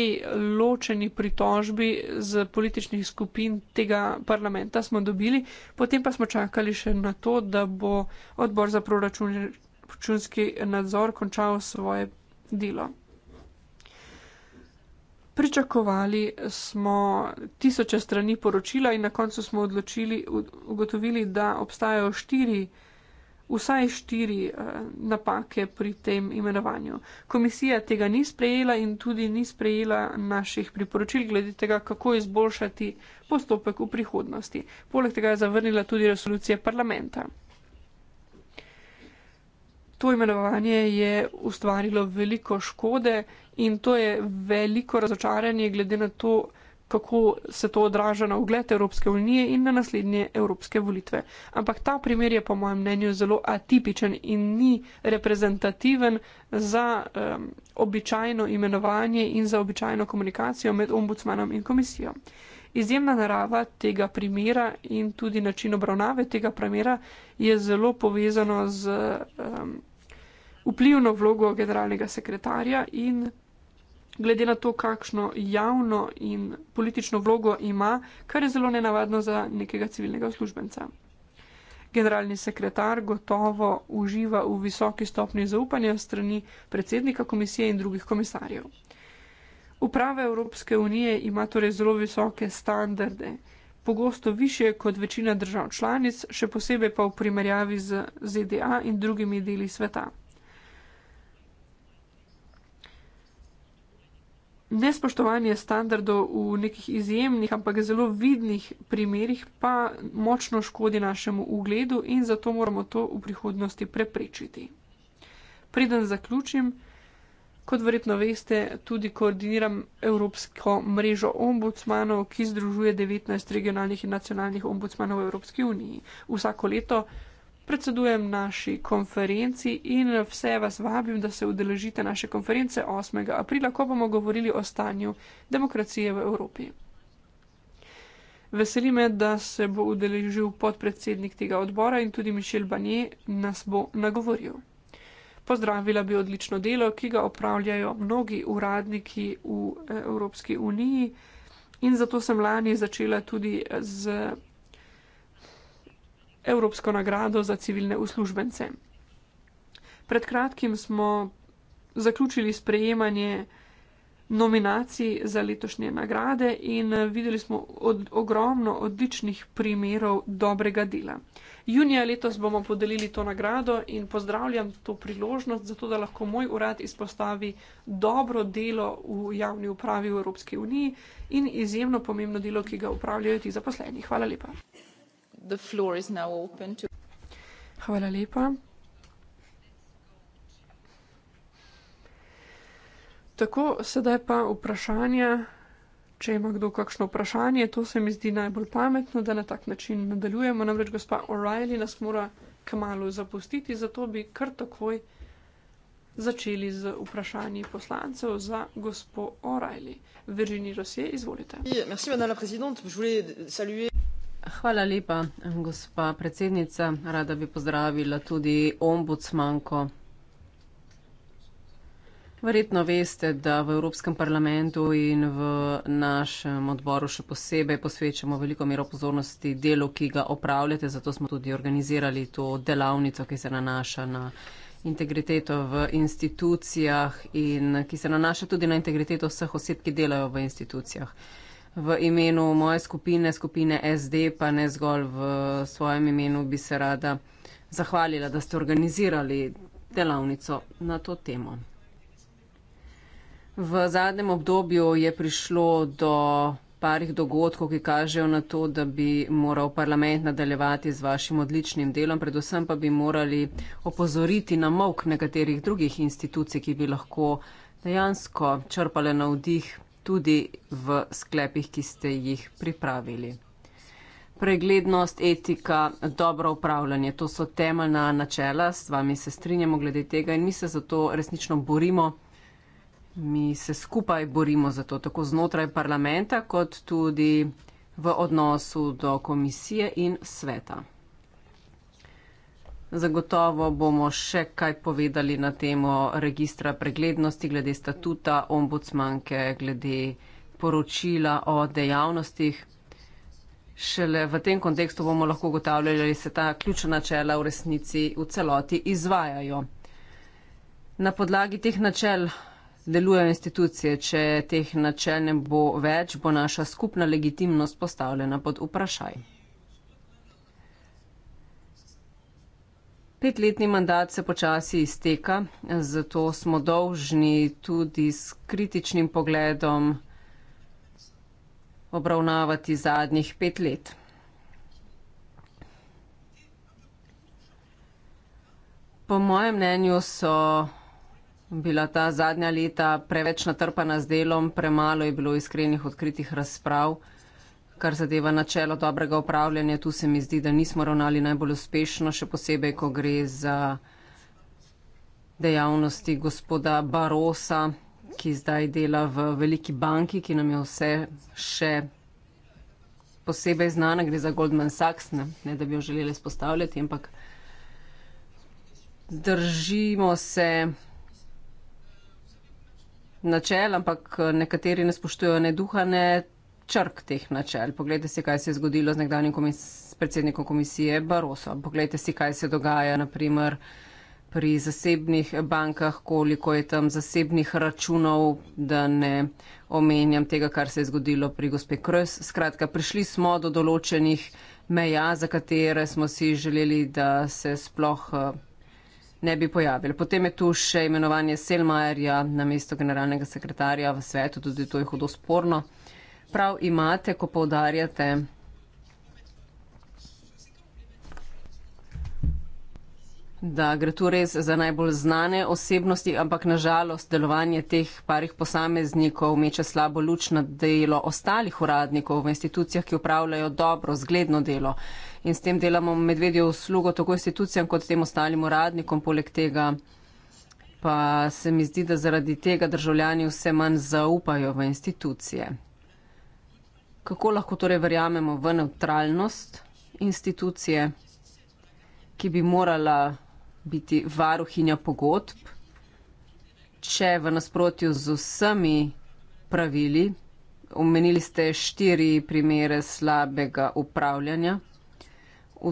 ločeni pritožbi z političnih skupin tega parlamenta smo dobili, potem pa smo čakali še na to, da bo odbor za proračunski nadzor končal svoje delo. Pričakovali smo tisoče strani poročila in na koncu smo odločili, ugotovili, da obstajajo štiri vsaj štiri eh, napake pri tem imenovanju. Komisija tega ni sprejela in tudi ni sprejela naših priporočil glede tega, kako izboljšati postopek v prihodnosti. Poleg tega je zavrnila tudi resolucije parlamenta. To imenovanje je ustvarilo veliko škode in to je veliko razočaranje glede na to, kako se to odraža na ugled Evropske unije in na naslednje evropske volitve. Ampak ta primer je po mojem mnenju zelo atipičen in ni reprezentativen za um, običajno imenovanje in za običajno komunikacijo med ombudsmanom in komisijo. Izjemna narava tega primera in tudi način obravnave tega primera je zelo povezano z um, vplivno vlogo generalnega sekretarja in glede na to, kakšno javno in politično vlogo ima, kar je zelo nenavadno za nekega civilnega uslužbenca. Generalni sekretar gotovo uživa v visoki stopni zaupanja strani predsednika komisije in drugih komisarjev. Uprava Evropske unije ima torej zelo visoke standarde, pogosto više kot večina držav članic, še posebej pa v primerjavi z ZDA in drugimi deli sveta. nespoštovanje standardov v nekih izjemnih, ampak zelo vidnih primerjih pa močno škodi našemu ugledu in zato moramo to v prihodnosti preprečiti. Preden zaključim, kot verjetno veste, tudi koordiniram Evropsko mrežo ombudsmanov, ki združuje 19 regionalnih in nacionalnih ombudsmanov v Evropski uniji. Vsako leto predsedujem naši konferenci in vse vas vabim, da se udeležite naše konference 8. aprila, ko bomo govorili o stanju demokracije v Evropi. Veseli me, da se bo udeležil podpredsednik tega odbora in tudi Mišel Banje nas bo nagovoril. Pozdravila bi odlično delo, ki ga opravljajo mnogi uradniki v Evropski uniji in zato sem lani začela tudi z Evropsko nagrado za civilne uslužbence. Pred kratkim smo zaključili sprejemanje nominacij za letošnje nagrade in eh, videli smo od, ogromno odličnih primerov dobrega dela. Junija letos bomo podelili to nagrado in pozdravljam to priložnost, zato da lahko moj urad izpostavi dobro delo v javni upravi v Evropske uniji in izjemno pomembno delo, ki ga upravljajo ti zaposleni. Hvala lepa. Hvala lepa. Tako, sedaj pa vprašanja. Če ima kdo kakšno vprašanje, to se mi zdi najbolj pametno, da na tak način nadaljujemo. Namreč gospa O'Reilly nas mora kmalo zapustiti, zato bi kar takoj začeli z vprašanji poslancev za gospo O'Reilly. Virginie Rosier, izvolite. Merci, Hvala lepa, gospa predsednica. Rada bi pozdravila tudi ombudsmanko. Verjetno veste, da v Evropskem parlamentu in v našem odboru še posebej posvečamo veliko mero pozornosti delu, ki ga opravljate, zato smo tudi organizirali to delavnico, ki se nanaša na integriteto v institucijah in ki se nanaša tudi na integriteto vseh oseb, ki delajo v institucijah v imenu moje skupine, skupine SD, pa ne zgolj v svojem imenu, bi se rada zahvalila, da ste organizirali delavnico na to temo. V zadnjem obdobju je prišlo do parih dogodkov, ki kažejo na to, da bi moral parlament nadaljevati z vašim odličnim delom, predvsem pa bi morali opozoriti na mok nekaterih drugih institucij, ki bi lahko dejansko črpale na vdih tudi v sklepih, ki ste jih pripravili. Preglednost, etika, dobro upravljanje, to so temeljna načela, s vami se strinjamo glede tega in mi se zato resnično borimo. Mi se skupaj borimo za to, tako znotraj parlamenta, kot tudi v odnosu do komisije in sveta. Zagotovo bomo še kaj povedali na temo registra preglednosti glede statuta ombudsmanke, glede poročila o dejavnostih. Šele v tem kontekstu bomo lahko ugotavljali, ali se ta ključna načela v resnici v celoti izvajajo. Na podlagi teh načel delujejo institucije. Če teh načel ne bo več, bo naša skupna legitimnost postavljena pod vprašaj. Petletni mandat se počasi izteka, zato smo dolžni tudi s kritičnim pogledom obravnavati zadnjih pet let. Po mojem mnenju so bila ta zadnja leta preveč natrpana z delom, premalo je bilo iskrenih odkritih razprav kar zadeva načelo dobrega upravljanja, tu se mi zdi, da nismo ravnali najbolj uspešno, še posebej, ko gre za dejavnosti gospoda Barosa, ki zdaj dela v veliki banki, ki nam je vse še posebej znana, gre za Goldman Sachs, ne, ne da bi jo želeli spostavljati, ampak držimo se načel, ampak nekateri ne spoštujejo ne duha, ne črk teh načel. Poglejte si, kaj se je zgodilo z nekdanjim komis predsednikom komisije Barosom. Poglejte si, kaj se dogaja naprimer pri zasebnih bankah, koliko je tam zasebnih računov, da ne omenjam tega, kar se je zgodilo pri gospe Kröz. Skratka, prišli smo do določenih meja, za katere smo si želeli, da se sploh eh, ne bi pojavili. Potem je tu še imenovanje Selmajerja na mesto generalnega sekretarja v svetu, tudi to je hudo sporno prav imate, ko povdarjate. Da gre tu res za najbolj znane osebnosti, ampak nažalost delovanje teh parih posameznikov meče slabo luč na delo ostalih uradnikov v institucijah, ki upravljajo dobro, zgledno delo. In s tem delamo medvedjo uslugo tako institucijam kot tem ostalim uradnikom. Poleg tega pa se mi zdi, da zaradi tega državljani vse manj zaupajo v institucije kako lahko torej verjamemo v neutralnost institucije, ki bi morala biti varuhinja pogodb, če v nasprotju z vsemi pravili, omenili ste štiri primere slabega upravljanja,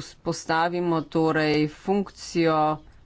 vzpostavimo torej funkcijo,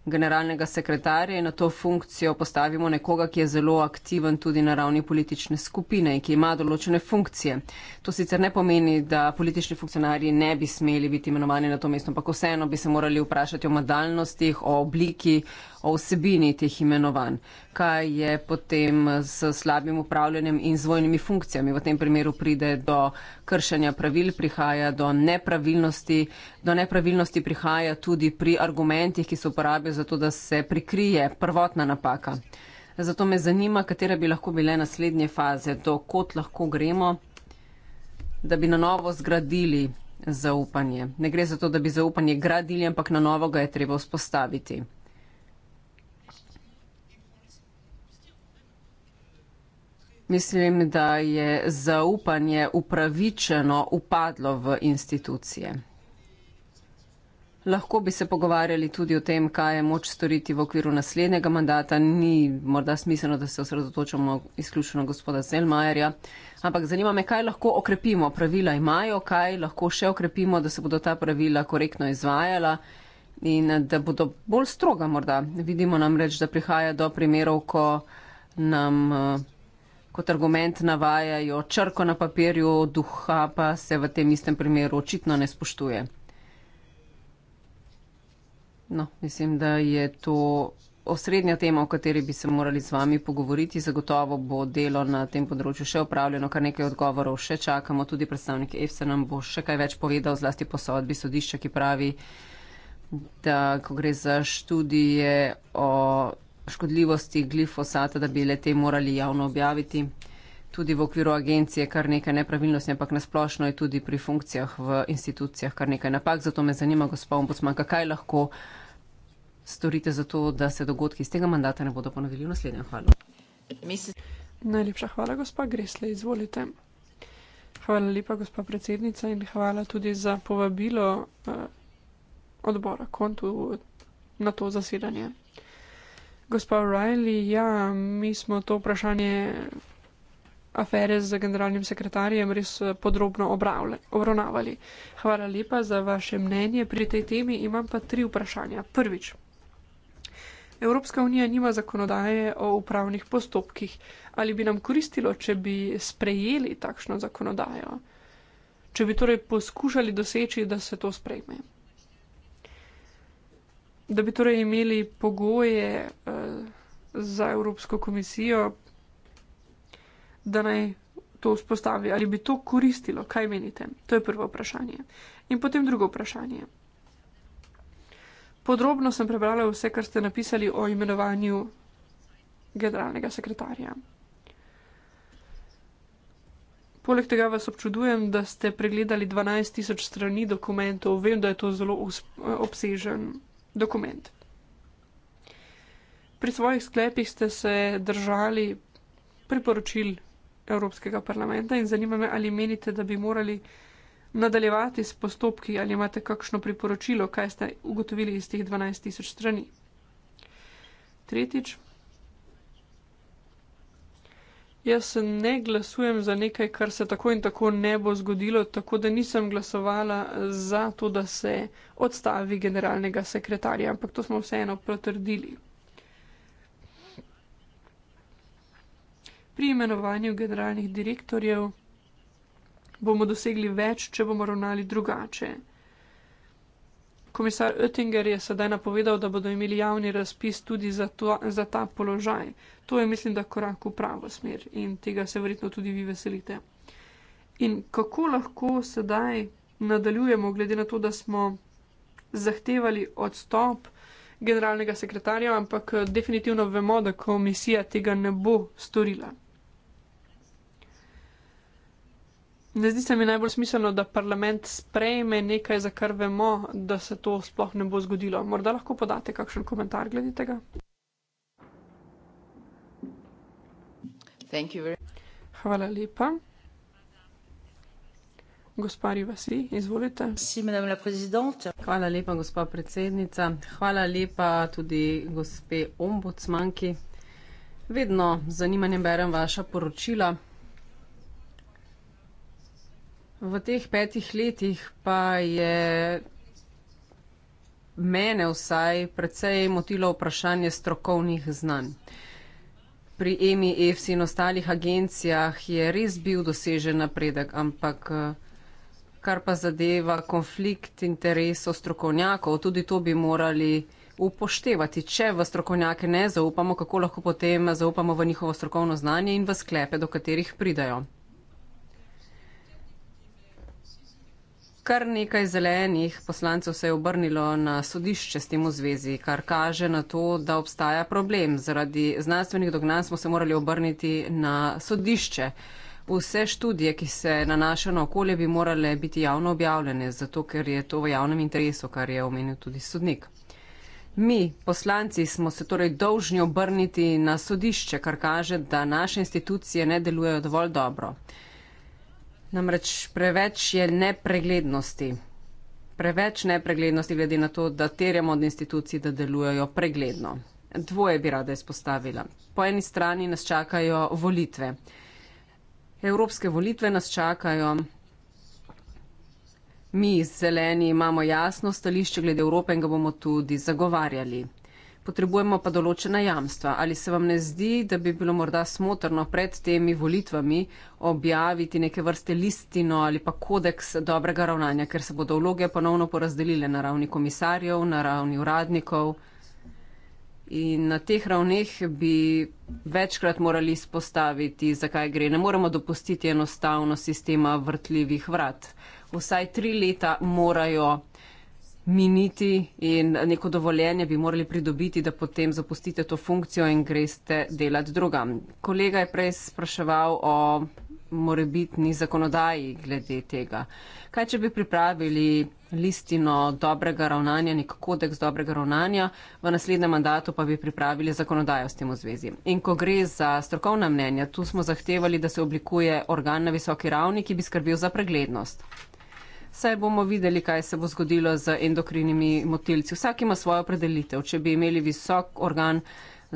generalnega sekretarja in na to funkcijo postavimo nekoga, ki je zelo aktiven tudi na ravni politične skupine in ki ima določene funkcije. To sicer ne pomeni, da politični funkcionarji ne bi smeli biti imenovani na to mesto, ampak vseeno bi se morali vprašati o modalnostih, o obliki, o vsebini teh imenovanj, kaj je potem s slabim upravljanjem in z vojnimi funkcijami. V tem primeru pride do kršenja pravil, prihaja do nepravilnosti, do nepravilnosti prihaja tudi pri argumentih, ki se uporabijo za to, da se prikrije prvotna napaka. Zato me zanima, katere bi lahko bile naslednje faze, do kot lahko gremo, da bi na novo zgradili. Zaupanje. Ne gre za to, da bi zaupanje gradili, ampak na novo ga je treba vzpostaviti. Mislim, da je zaupanje upravičeno upadlo v institucije. Lahko bi se pogovarjali tudi o tem, kaj je moč storiti v okviru naslednjega mandata. Ni morda smiselno, da se osredotočamo izključno gospoda Zelmajerja, ampak zanima me, kaj lahko okrepimo. Pravila imajo, kaj lahko še okrepimo, da se bodo ta pravila korektno izvajala in da bodo bolj stroga morda. Vidimo nam reč, da prihaja do primerov, ko nam eh, kot argument navajajo črko na papirju, duha pa se v tem istem primeru očitno ne spoštuje. No, mislim, da je to osrednja tema, o kateri bi se morali z vami pogovoriti. Zagotovo bo delo na tem področju še upravljeno, kar nekaj odgovorov še čakamo. Tudi predstavnik EFSA nam bo še kaj več povedal, zlasti po sodbi sodišča, ki pravi, da ko gre za študije o škodljivosti glifosata, da bi le te morali javno objaviti. Tudi v okviru agencije kar nekaj nepravilnosti, ampak nasplošno je tudi pri funkcijah v institucijah kar nekaj napak. Zato me zanima, gospod Ombudsman, kaj lahko storite za to, da se dogodki iz tega mandata ne bodo ponovili v naslednjem. Hvala. Najlepša hvala, gospod Gresle, izvolite. Hvala lepa, gospod predsednica, in hvala tudi za povabilo eh, odbora kontu na to zasedanje. Gospod Riley, ja, mi smo to vprašanje afere z generalnim sekretarjem res eh, podrobno obravnavali. Hvala lepa za vaše mnenje pri tej temi. Imam pa tri vprašanja. Prvič. Evropska unija nima zakonodaje o upravnih postopkih. Ali bi nam koristilo, če bi sprejeli takšno zakonodajo? Če bi torej poskušali doseči, da se to sprejme? da bi torej imeli pogoje uh, za Evropsko komisijo, da naj to vzpostavi, ali bi to koristilo, kaj menite? To je prvo vprašanje. In potem drugo vprašanje. Podrobno sem prebrala vse, kar ste napisali o imenovanju generalnega sekretarja. Poleg tega vas občudujem, da ste pregledali 12.000 strani dokumentov. Vem, da je to zelo obsežen dokument. Pri svojih sklepih ste se držali priporočil Evropskega parlamenta in zanima me, ali menite, da bi morali nadaljevati s postopki, ali imate kakšno priporočilo, kaj ste ugotovili iz teh 12.000 strani. Tretjič. Jaz ne glasujem za nekaj, kar se tako in tako ne bo zgodilo, tako da nisem glasovala za to, da se odstavi generalnega sekretarja, ampak to smo vseeno potrdili. Pri imenovanju generalnih direktorjev bomo dosegli več, če bomo ravnali drugače. Komisar Oettinger je sedaj napovedal, da bodo imeli javni razpis tudi za, to, za ta položaj. To je, mislim, da korak v pravo smer in tega se verjetno tudi vi veselite. In kako lahko sedaj nadaljujemo, glede na to, da smo zahtevali odstop generalnega sekretarja, ampak eh, definitivno vemo, da komisija tega ne bo storila. Ne zdi se mi najbolj smiselno, da parlament sprejme nekaj, za kar vemo, da se to sploh ne bo zgodilo. Morda lahko podate kakšen komentar glede tega? Hvala lepa. Gospa Rivasi, izvolite. Hvala lepa, gospa predsednica. Hvala lepa tudi gospe ombudsmanki. Vedno z zanimanjem berem vaša poročila. V teh petih letih pa je mene vsaj precej motilo vprašanje strokovnih znanj. Pri EMI, EFSI in ostalih agencijah je res bil dosežen napredek, ampak eh, kar pa zadeva konflikt interesov strokovnjakov, tudi to bi morali upoštevati. Če v strokovnjake ne zaupamo, kako lahko potem zaupamo v njihovo strokovno znanje in v sklepe, do katerih pridajo. Kar nekaj zelenih poslancev se je obrnilo na sodišče s tem v zvezi, kar kaže na to, da obstaja problem. Zaradi znanstvenih dognanj smo se morali obrniti na sodišče. Vse študije, ki se nanašajo na okolje, bi morale biti javno objavljene, zato ker je to v javnem interesu, kar je omenil tudi sodnik. Mi, poslanci, smo se torej dolžni obrniti na sodišče, kar kaže, da naše institucije ne delujejo dovolj dobro. Namreč preveč je nepreglednosti. Preveč nepreglednosti glede na to, da terjamo od institucij, da delujejo pregledno. Dvoje bi rada izpostavila. Po eni strani nas čakajo volitve. Evropske volitve nas čakajo. Mi, zeleni, imamo jasno stališče glede Evrope in ga bomo tudi zagovarjali potrebujemo pa določena jamstva. Ali se vam ne zdi, da bi bilo morda smotrno pred temi volitvami objaviti neke vrste listino ali pa kodeks dobrega ravnanja, ker se bodo vloge ponovno porazdelile na ravni komisarjev, na ravni uradnikov. In na teh ravneh bi večkrat morali izpostaviti, zakaj gre. Ne moremo dopustiti enostavno sistema vrtljivih vrat. Vsaj tri leta morajo miniti in neko dovoljenje bi morali pridobiti, da potem zapustite to funkcijo in greste delati drugam. Kolega je prej spraševal o morebitni zakonodaji glede tega. Kaj, če bi pripravili listino dobrega ravnanja, nek kodeks dobrega ravnanja, v naslednjem mandatu pa bi pripravili zakonodajo s tem v zvezi. In ko gre za strokovna mnenja, tu smo zahtevali, da se oblikuje organ na visoki ravni, ki bi skrbel za preglednost saj bomo videli, kaj se bo zgodilo z endokrinimi motilci. Vsak ima svojo predelitev. Če bi imeli visok organ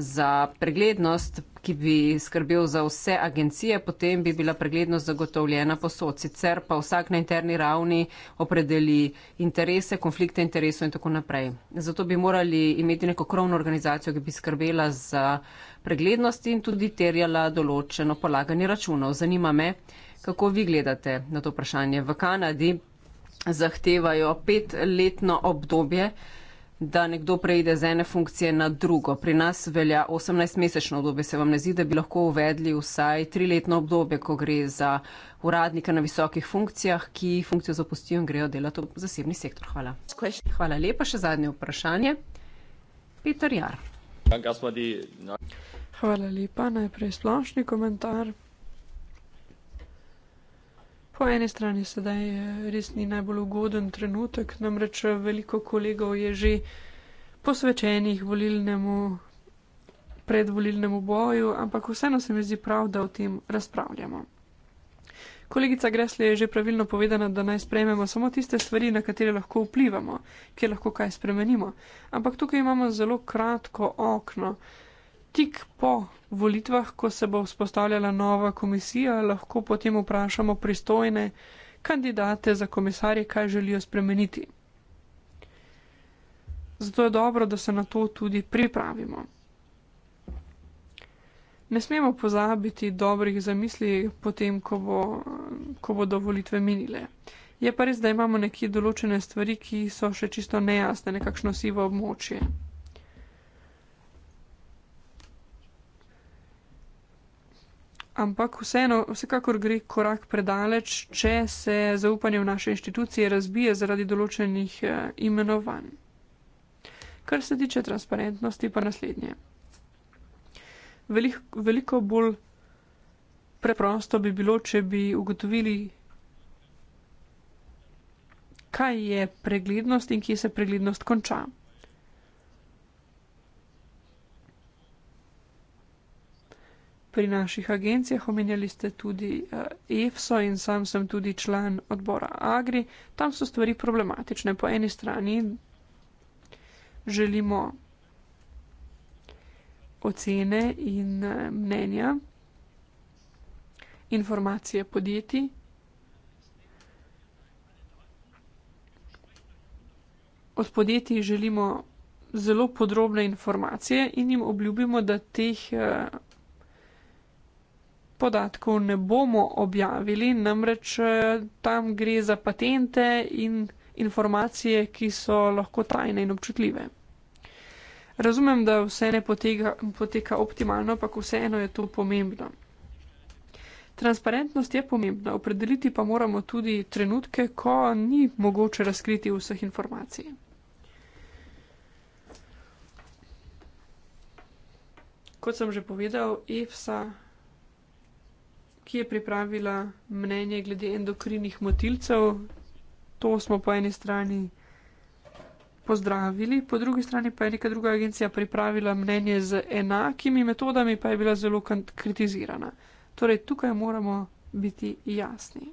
za preglednost, ki bi skrbel za vse agencije, potem bi bila preglednost zagotovljena posod. Sicer pa vsak na interni ravni opredeli interese, konflikte interesov in tako naprej. Zato bi morali imeti neko krovno organizacijo, ki bi skrbela za preglednost in tudi terjala določeno polaganje računov. Zanima me, kako vi gledate na to vprašanje v Kanadi zahtevajo petletno obdobje, da nekdo preide z ene funkcije na drugo. Pri nas velja 18-mesečno obdobje. Se vam ne zdi, da bi lahko uvedli vsaj triletno obdobje, ko gre za uradnika na visokih funkcijah, ki funkcijo zapustijo in grejo delati v zasebni sektor? Hvala. Hvala lepa. Še zadnje vprašanje. Peter Jar. Hvala lepa. Najprej splošni komentar. Po eni strani sedaj res ni najbolj ugoden trenutek, namreč eh, veliko kolegov je že posvečenih volilnemu, predvolilnemu boju, ampak vseeno se mi zdi prav, da o tem razpravljamo. Kolegica Gresli je že pravilno povedala, da naj sprejmemo samo tiste stvari, na katere lahko vplivamo, kjer lahko kaj spremenimo. Ampak tukaj imamo zelo kratko okno tik po volitvah, ko se bo vzpostavljala nova komisija, lahko potem vprašamo pristojne kandidate za komisarje, kaj želijo spremeniti. Zato je dobro, da se na to tudi pripravimo. Ne smemo pozabiti dobrih zamisli potem, ko, bo, ko bodo volitve minile. Je pa res, da imamo neki določene stvari, ki so še čisto nejasne, nekakšno sivo območje. ampak vseeno, vsekakor gre korak predaleč, če se zaupanje v naše inštitucije razbije zaradi določenih eh, imenovanj. Kar se tiče transparentnosti, pa naslednje. Velik, veliko bolj preprosto bi bilo, če bi ugotovili, kaj je preglednost in kje se preglednost konča. pri naših agencijah, omenjali ste tudi eh, EFSO in sam sem tudi član odbora Agri. Tam so stvari problematične. Po eni strani želimo ocene in eh, mnenja, informacije podjetij. Od podjetij želimo zelo podrobne informacije in jim obljubimo, da teh eh, podatkov ne bomo objavili, namreč eh, tam gre za patente in informacije, ki so lahko tajne in občutljive. Razumem, da vse ne poteka, poteka optimalno, ampak vseeno je to pomembno. Transparentnost je pomembna, opredeliti pa moramo tudi trenutke, ko ni mogoče razkriti vseh informacij. Kot sem že povedal, EFSA ki je pripravila mnenje glede endokrinih motilcev. To smo po eni strani pozdravili, po drugi strani pa je neka druga agencija pripravila mnenje z enakimi metodami, pa je bila zelo kritizirana. Torej, tukaj moramo biti jasni.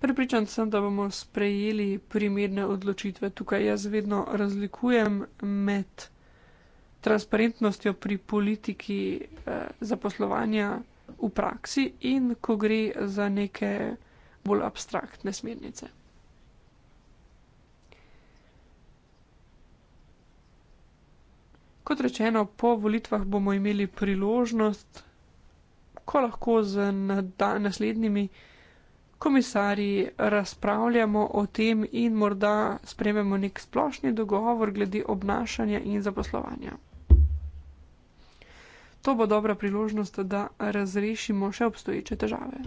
Pripričan sem, da bomo sprejeli primerne odločitve. Tukaj jaz vedno razlikujem med transparentnostjo pri politiki eh, zaposlovanja v praksi in ko gre za neke bolj abstraktne smernice. Kot rečeno, po volitvah bomo imeli priložnost, ko lahko z naslednjimi komisarji razpravljamo o tem in morda sprememo nek splošni dogovor glede obnašanja in zaposlovanja. To bo dobra priložnost, da razrešimo še obstoječe težave.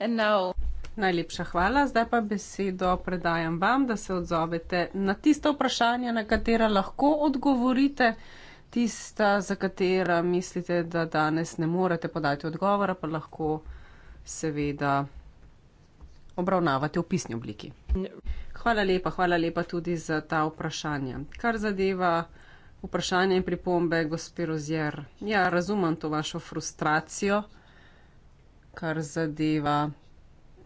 Now... Najlepša hvala. Zdaj pa besedo predajam vam, da se odzovete na tisto vprašanje, na katera lahko odgovorite tista, za katera mislite, da danes ne morete podati odgovora, pa lahko seveda obravnavate v pisni obliki. Hvala lepa, hvala lepa tudi za ta vprašanja. Kar zadeva vprašanje in pripombe, gospe Rozier, ja, razumem to vašo frustracijo, kar zadeva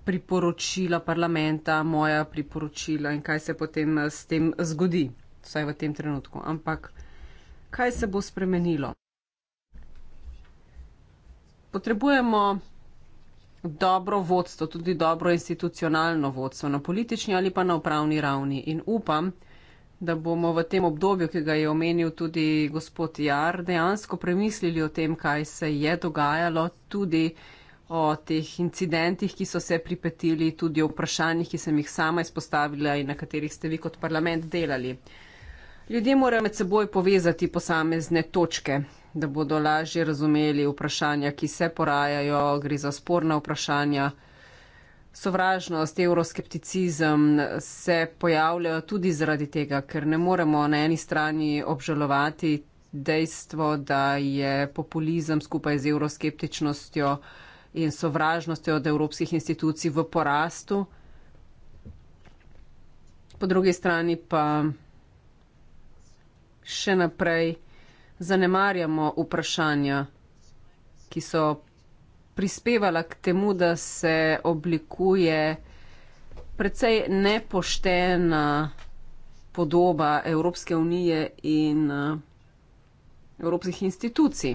priporočila parlamenta, moja priporočila in kaj se potem s tem zgodi, vsaj v tem trenutku. Ampak kaj se bo spremenilo. Potrebujemo dobro vodstvo, tudi dobro institucionalno vodstvo na politični ali pa na upravni ravni. In upam, da bomo v tem obdobju, ki ga je omenil tudi gospod Jar, dejansko premislili o tem, kaj se je dogajalo, tudi o teh incidentih, ki so se pripetili, tudi o vprašanjih, ki sem jih sama izpostavila in na katerih ste vi kot parlament delali. Ljudje morajo med seboj povezati posamezne točke, da bodo lažje razumeli vprašanja, ki se porajajo, gre za sporna vprašanja. Sovražnost, euroskepticizem se pojavljajo tudi zaradi tega, ker ne moremo na eni strani obžalovati dejstvo, da je populizem skupaj z euroskeptičnostjo in sovražnostjo od evropskih institucij v porastu. Po drugi strani pa še naprej zanemarjamo vprašanja, ki so prispevala k temu, da se oblikuje precej nepoštena podoba Evropske unije in eh, evropskih institucij.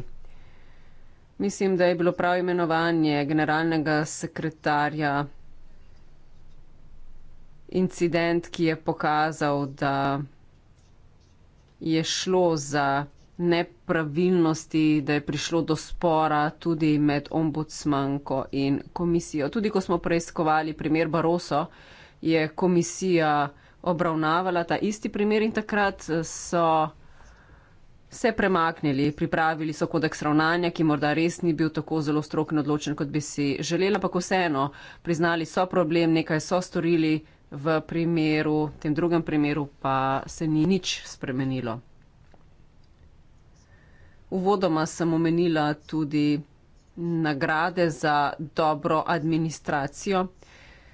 Mislim, da je bilo prav imenovanje generalnega sekretarja incident, ki je pokazal, da je šlo za nepravilnosti, da je prišlo do spora tudi med ombudsmanko in komisijo. Tudi ko smo preiskovali primer Baroso, je komisija obravnavala ta isti primer in takrat eh, so se premaknili, pripravili so kodeks ravnanja, ki morda res ni bil tako zelo strokno odločen, kot bi si želela, ampak vseeno priznali so problem, nekaj so storili v primeru, tem drugem primeru pa se ni nič spremenilo. Uvodoma sem omenila tudi nagrade za dobro administracijo.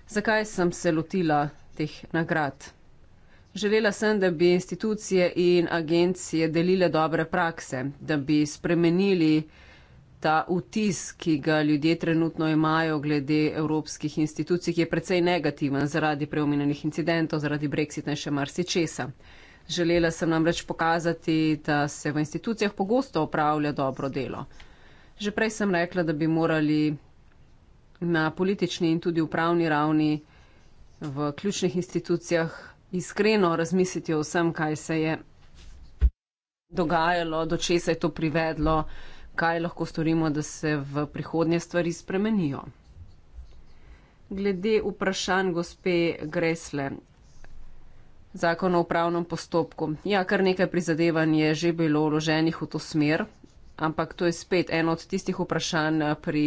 Zakaj sem se lotila teh nagrad? Želela sem, da bi institucije in agencije delile dobre prakse, da bi spremenili ta vtis, ki ga ljudje trenutno imajo glede evropskih institucij, ki je precej negativen zaradi preomenjenih incidentov, zaradi brexita in še marsičesa. Želela sem namreč pokazati, da se v institucijah pogosto opravlja dobro delo. Že prej sem rekla, da bi morali na politični in tudi upravni ravni v ključnih institucijah iskreno razmisliti o vsem, kaj se je dogajalo, do česa je to privedlo, kaj lahko storimo, da se v prihodnje stvari spremenijo. Glede vprašanj gospe Gresle, zakon o upravnem postopku. Ja, kar nekaj prizadevanj je že bilo vloženih v to smer, ampak to je spet eno od tistih vprašanj, pri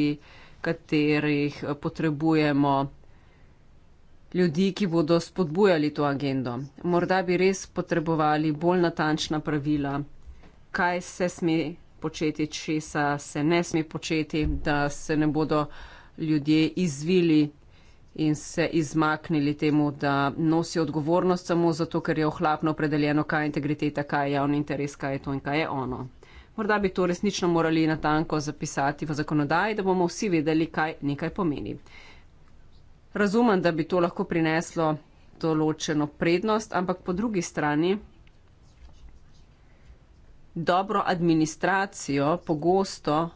katerih potrebujemo ljudi, ki bodo spodbujali to agendo. Morda bi res potrebovali bolj natančna pravila, kaj se sme početi, česa se ne sme početi, da se ne bodo ljudje izvili in se izmaknili temu, da nosi odgovornost samo zato, ker je ohlapno opredeljeno, kaj je integriteta, kaj je javni interes, kaj je to in kaj je ono. Morda bi to resnično morali natanko zapisati v zakonodaji, da bomo vsi vedeli, kaj nekaj pomeni. Razumem, da bi to lahko prineslo določeno prednost, ampak po drugi strani dobro administracijo pogosto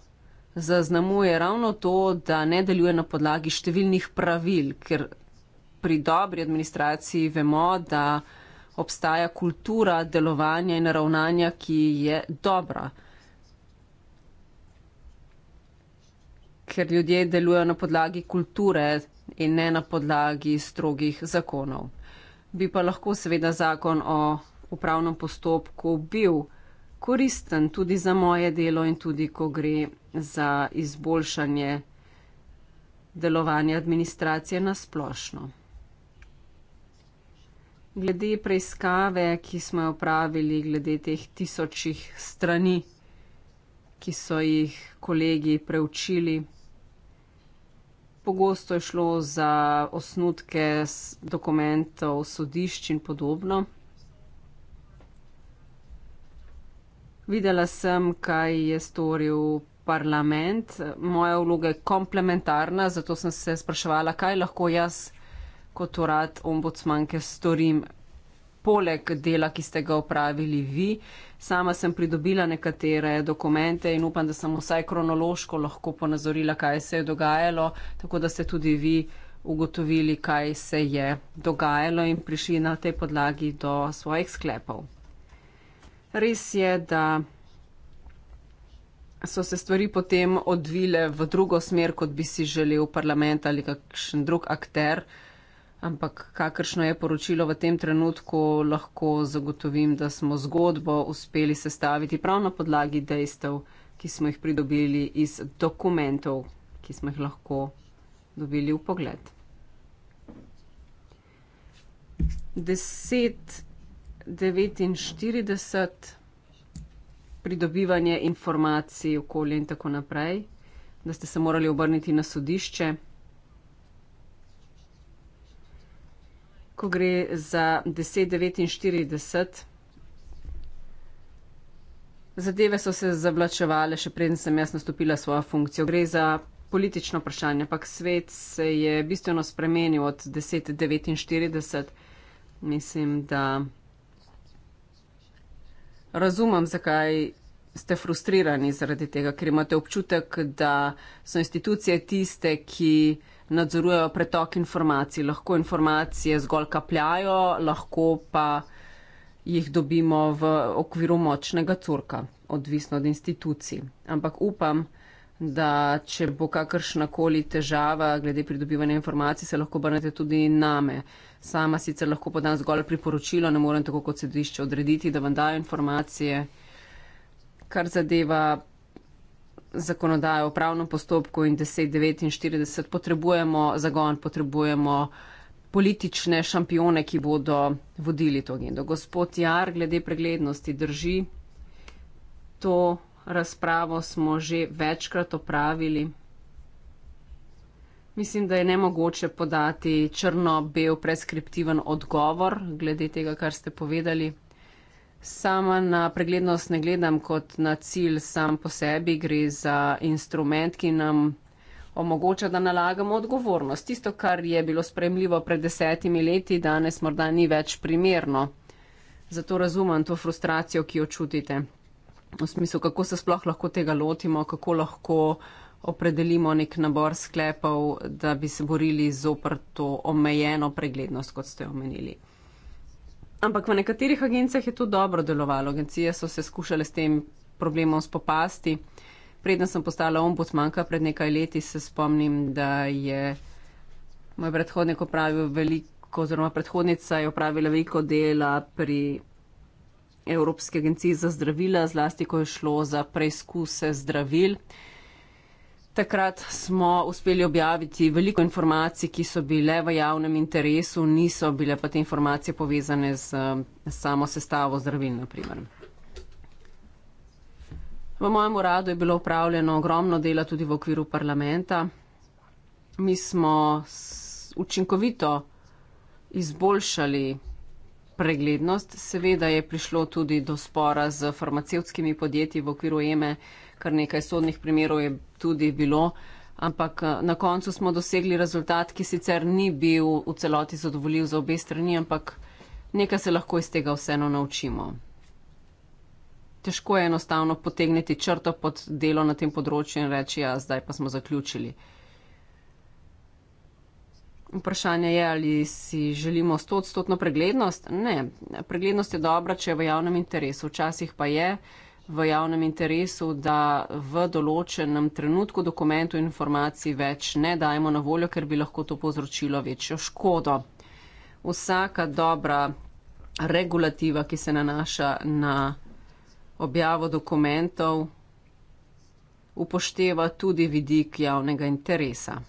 zaznamuje ravno to, da ne deluje na podlagi številnih pravil, ker pri dobri administraciji vemo, da obstaja kultura delovanja in ravnanja, ki je dobra. Ker ljudje delujejo na podlagi kulture in ne na podlagi strogih zakonov. Bi pa lahko seveda zakon o upravnem postopku bil koristen tudi za moje delo in tudi, ko gre za izboljšanje delovanja administracije na splošno. Glede preiskave, ki smo jo opravili, glede teh tisočih strani, ki so jih kolegi preučili, pogosto je šlo za osnutke dokumentov sodišč in podobno. Videla sem, kaj je storil parlament. Moja vloga je komplementarna, zato sem se spraševala, kaj lahko jaz kot urad ombudsmanke storim. Poleg dela, ki ste ga opravili vi, sama sem pridobila nekatere dokumente in upam, da sem vsaj kronološko lahko ponazorila, kaj se je dogajalo, tako da ste tudi vi ugotovili, kaj se je dogajalo in prišli na tej podlagi do svojih sklepov. Res je, da so se stvari potem odvile v drugo smer, kot bi si želel parlament ali kakšen drug akter, ampak kakršno je poročilo v tem trenutku, lahko zagotovim, da smo zgodbo uspeli sestaviti prav na podlagi dejstev, ki smo jih pridobili iz dokumentov, ki smo jih lahko dobili v pogled. Deset 49, pridobivanje informacij, okolje in tako naprej, da ste se morali obrniti na sodišče. Ko gre za 1049, zadeve so se zavlačevale, še preden sem jaz nastopila svojo funkcijo. Gre za politično vprašanje, ampak svet se je bistveno spremenil od 1049. Mislim, da. Razumem, zakaj ste frustrirani zaradi tega, ker imate občutek, da so institucije tiste, ki nadzorujejo pretok informacij. Lahko informacije zgolj kapljajo, lahko pa jih dobimo v okviru močnega curka, odvisno od institucij. Ampak upam, da če bo kakršnakoli težava glede pridobivanja informacij, se lahko obrnete tudi name. Sama sicer lahko podam zgolj priporočilo, ne morem tako kot sedišče odrediti, da vam dajo informacije, kar zadeva zakonodajo o pravnem postopku in 1049. Potrebujemo zagon, potrebujemo politične šampione, ki bodo vodili to agendo. Gospod Jar, glede preglednosti, drži to razpravo smo že večkrat opravili. Mislim, da je nemogoče podati črno-bel preskriptiven odgovor glede tega, kar ste povedali. Sama na preglednost ne gledam kot na cilj sam po sebi, gre za instrument, ki nam omogoča, da nalagamo odgovornost. Tisto, kar je bilo spremljivo pred desetimi leti, danes morda ni več primerno. Zato razumem to frustracijo, ki jo čutite v smislu, kako se sploh lahko tega lotimo, kako lahko opredelimo nek nabor sklepov, da bi se borili z oprto omejeno preglednost, kot ste omenili. Ampak v nekaterih agencijah je to dobro delovalo. Agencije so se skušale s tem problemom spopasti. Predna sem postala ombudsmanka, pred nekaj leti se spomnim, da je moj predhodnik opravil veliko, oziroma predhodnica je opravila veliko dela pri Evropske agencije za zdravila, zlasti ko je šlo za preizkuse zdravil. Takrat smo uspeli objaviti veliko informacij, ki so bile v javnem interesu, niso bile pa te informacije povezane z samo sestavo zdravil, naprimer. V mojem uradu je bilo upravljeno ogromno dela tudi v okviru parlamenta. Mi smo učinkovito izboljšali preglednost. Seveda je prišlo tudi do spora z farmacevskimi podjetji v okviru EME, kar nekaj sodnih primerov je tudi bilo, ampak eh, na koncu smo dosegli rezultat, ki sicer ni bil v celoti zadovoljiv za obe strani, ampak nekaj se lahko iz tega vseeno naučimo. Težko je enostavno potegniti črto pod delo na tem področju in reči, ja, zdaj pa smo zaključili. Vprašanje je, ali si želimo stotstotno preglednost. Ne, preglednost je dobra, če je v javnem interesu. Včasih pa je v javnem interesu, da v določenem trenutku dokumentu informacij več ne dajemo na voljo, ker bi lahko to povzročilo večjo škodo. Vsaka dobra regulativa, ki se nanaša na objavo dokumentov, upošteva tudi vidik javnega interesa.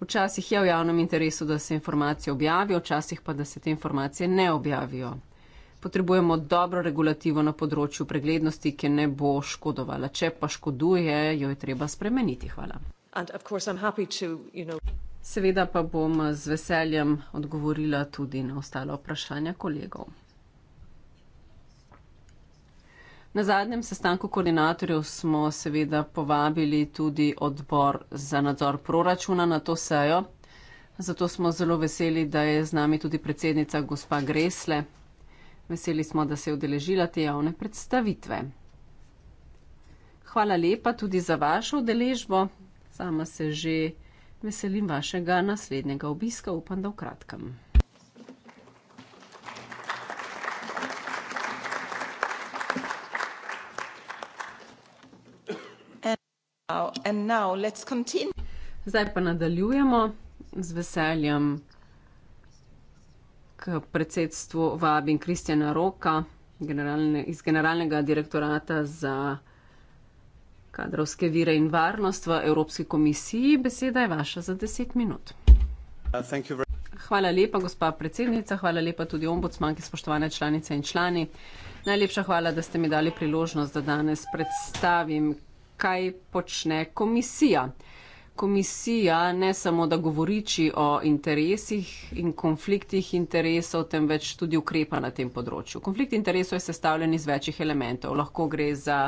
Včasih je v javnem interesu, da se informacije objavijo, včasih pa, da se te informacije ne objavijo. Potrebujemo dobro regulativo na področju preglednosti, ki ne bo škodovala. Če pa škoduje, jo je treba spremeniti. Hvala. Seveda pa bom z veseljem odgovorila tudi na ostala vprašanja kolegov. Na zadnjem sestanku koordinatorjev smo seveda povabili tudi odbor za nadzor proračuna na to sejo. Zato smo zelo veseli, da je z nami tudi predsednica gospa Gresle. Veseli smo, da se je udeležila te javne predstavitve. Hvala lepa tudi za vašo udeležbo. Sama se že veselim vašega naslednjega obiska, upam, da v kratkem. Zdaj pa nadaljujemo z veseljem k predsedstvu vabim Kristjana Roka generalne, iz Generalnega direktorata za kadrovske vire in varnost v Evropski komisiji. Beseda je vaša za deset minut. Uh, hvala lepa, gospa predsednica, hvala lepa tudi ombudsmanki, spoštovane članice in člani. Najlepša hvala, da ste mi dali priložnost, da danes predstavim kaj počne komisija. Komisija ne samo, da govoriči o interesih in konfliktih interesov, temveč tudi ukrepa na tem področju. Konflikt interesov je sestavljen iz večjih elementov. Lahko gre za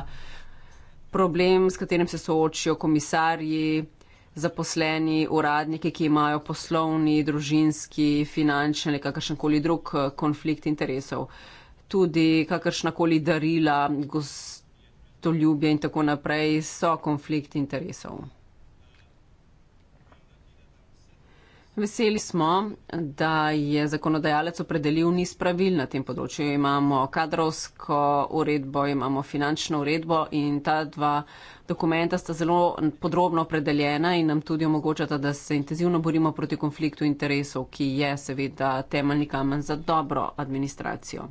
problem, s katerim se soočijo komisarji, zaposleni, uradniki, ki imajo poslovni, družinski, finančni ali kakršen koli drug eh, konflikt interesov. Tudi kakršna koli darila, gospodarstvo koristoljubje in tako naprej, so konflikt interesov. Veseli smo, da je zakonodajalec opredelil niz pravil na tem področju. Imamo kadrovsko uredbo, imamo finančno uredbo in ta dva dokumenta sta zelo podrobno opredeljena in nam tudi omogočata, da se intenzivno borimo proti konfliktu interesov, ki je seveda temeljni kamen za dobro administracijo.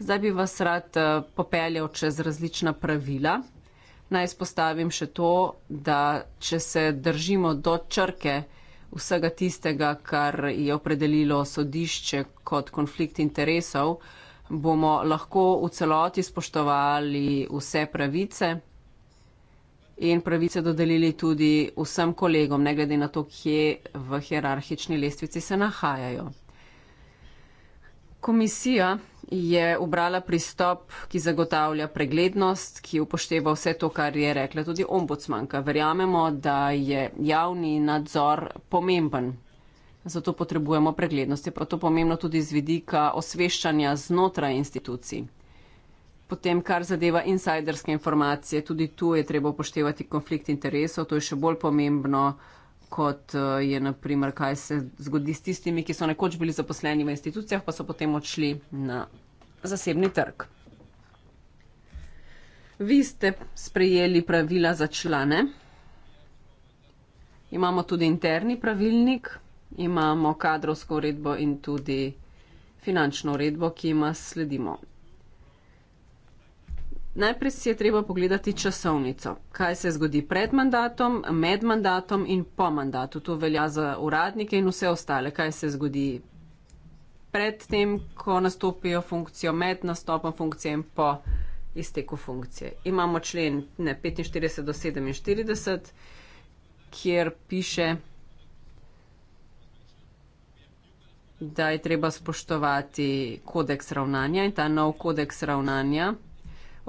Zdaj bi vas rad eh, popeljal čez različna pravila. Naj spostavim še to, da če se držimo do črke vsega tistega, kar je opredelilo sodišče kot konflikt interesov, bomo lahko v celoti spoštovali vse pravice in pravice dodelili tudi vsem kolegom, ne glede na to, kje v hierarhični lestvici se nahajajo. Komisija je obrala pristop, ki zagotavlja preglednost, ki upošteva vse to, kar je rekla tudi ombudsmanka. Verjamemo, da je javni nadzor pomemben. Zato potrebujemo preglednost. Je pa to pomembno tudi z vidika osveščanja znotraj institucij. Potem, kar zadeva insajderske informacije, tudi tu je treba upoštevati konflikt interesov. To je še bolj pomembno, uh, kot eh, je naprimer, kaj se zgodi s tistimi, ki so nekoč bili zaposleni v institucijah, pa so potem odšli na zasebni trg. Vi ste sprejeli pravila za člane. Imamo tudi interni pravilnik, imamo kadrovsko uredbo in tudi finančno uredbo, ki ima sledimo. Najprej si je treba pogledati časovnico, kaj se zgodi pred mandatom, med mandatom in po mandatu. To velja za uradnike in vse ostale, kaj se zgodi pred tem, ko nastopijo funkcijo, med nastopom funkcije in po izteku funkcije. Imamo člen ne, 45 do 47, kjer piše, da je treba spoštovati kodeks ravnanja in ta nov kodeks ravnanja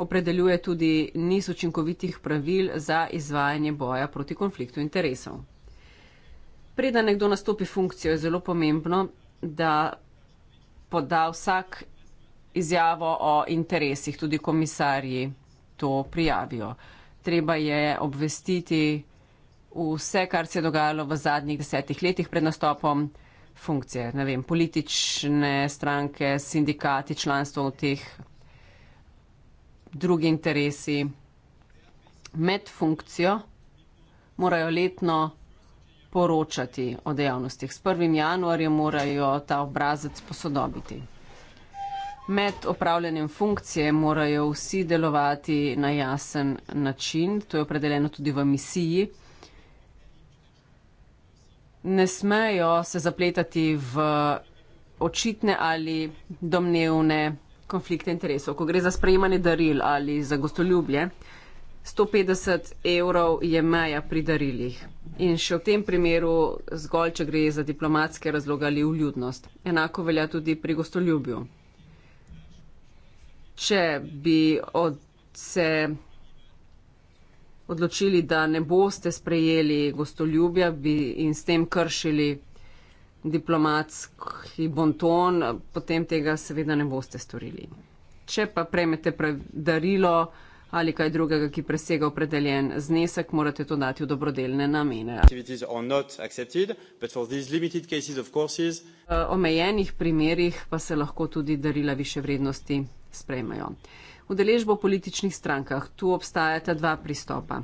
opredeljuje tudi niz učinkovitih pravil za izvajanje boja proti konfliktu interesov. Preden nekdo nastopi funkcijo, je zelo pomembno, da poda vsak izjavo o interesih, tudi komisarji to prijavijo. Treba je obvestiti vse, kar se je dogajalo v zadnjih desetih letih pred nastopom funkcije, ne vem, politične stranke, sindikati, članstvo v teh drugi interesi. Med funkcijo morajo letno poročati o dejavnostih. S 1. januarjem morajo ta obrazec posodobiti. Med opravljanjem funkcije morajo vsi delovati na jasen način, to je opredeljeno tudi v misiji. Ne smejo se zapletati v očitne ali domnevne konflikte interesov. Ko gre za sprejemanje daril ali za gostoljubje, 150 evrov je meja pri darilih. In še v tem primeru zgolj, če gre za diplomatske razloge ali uljudnost. Enako velja tudi pri gostoljubju. Če bi od se odločili, da ne boste sprejeli gostoljubja in s tem kršili diplomatski bonton, potem tega seveda ne boste storili. Če pa prejmete darilo ali kaj drugega, ki presega opredeljen znesek, morate to dati v dobrodelne namene. Accepted, courses... V omejenih primerjih pa se lahko tudi darila više vrednosti sprejmejo. Udeležbo v političnih strankah, tu obstajata dva pristopa.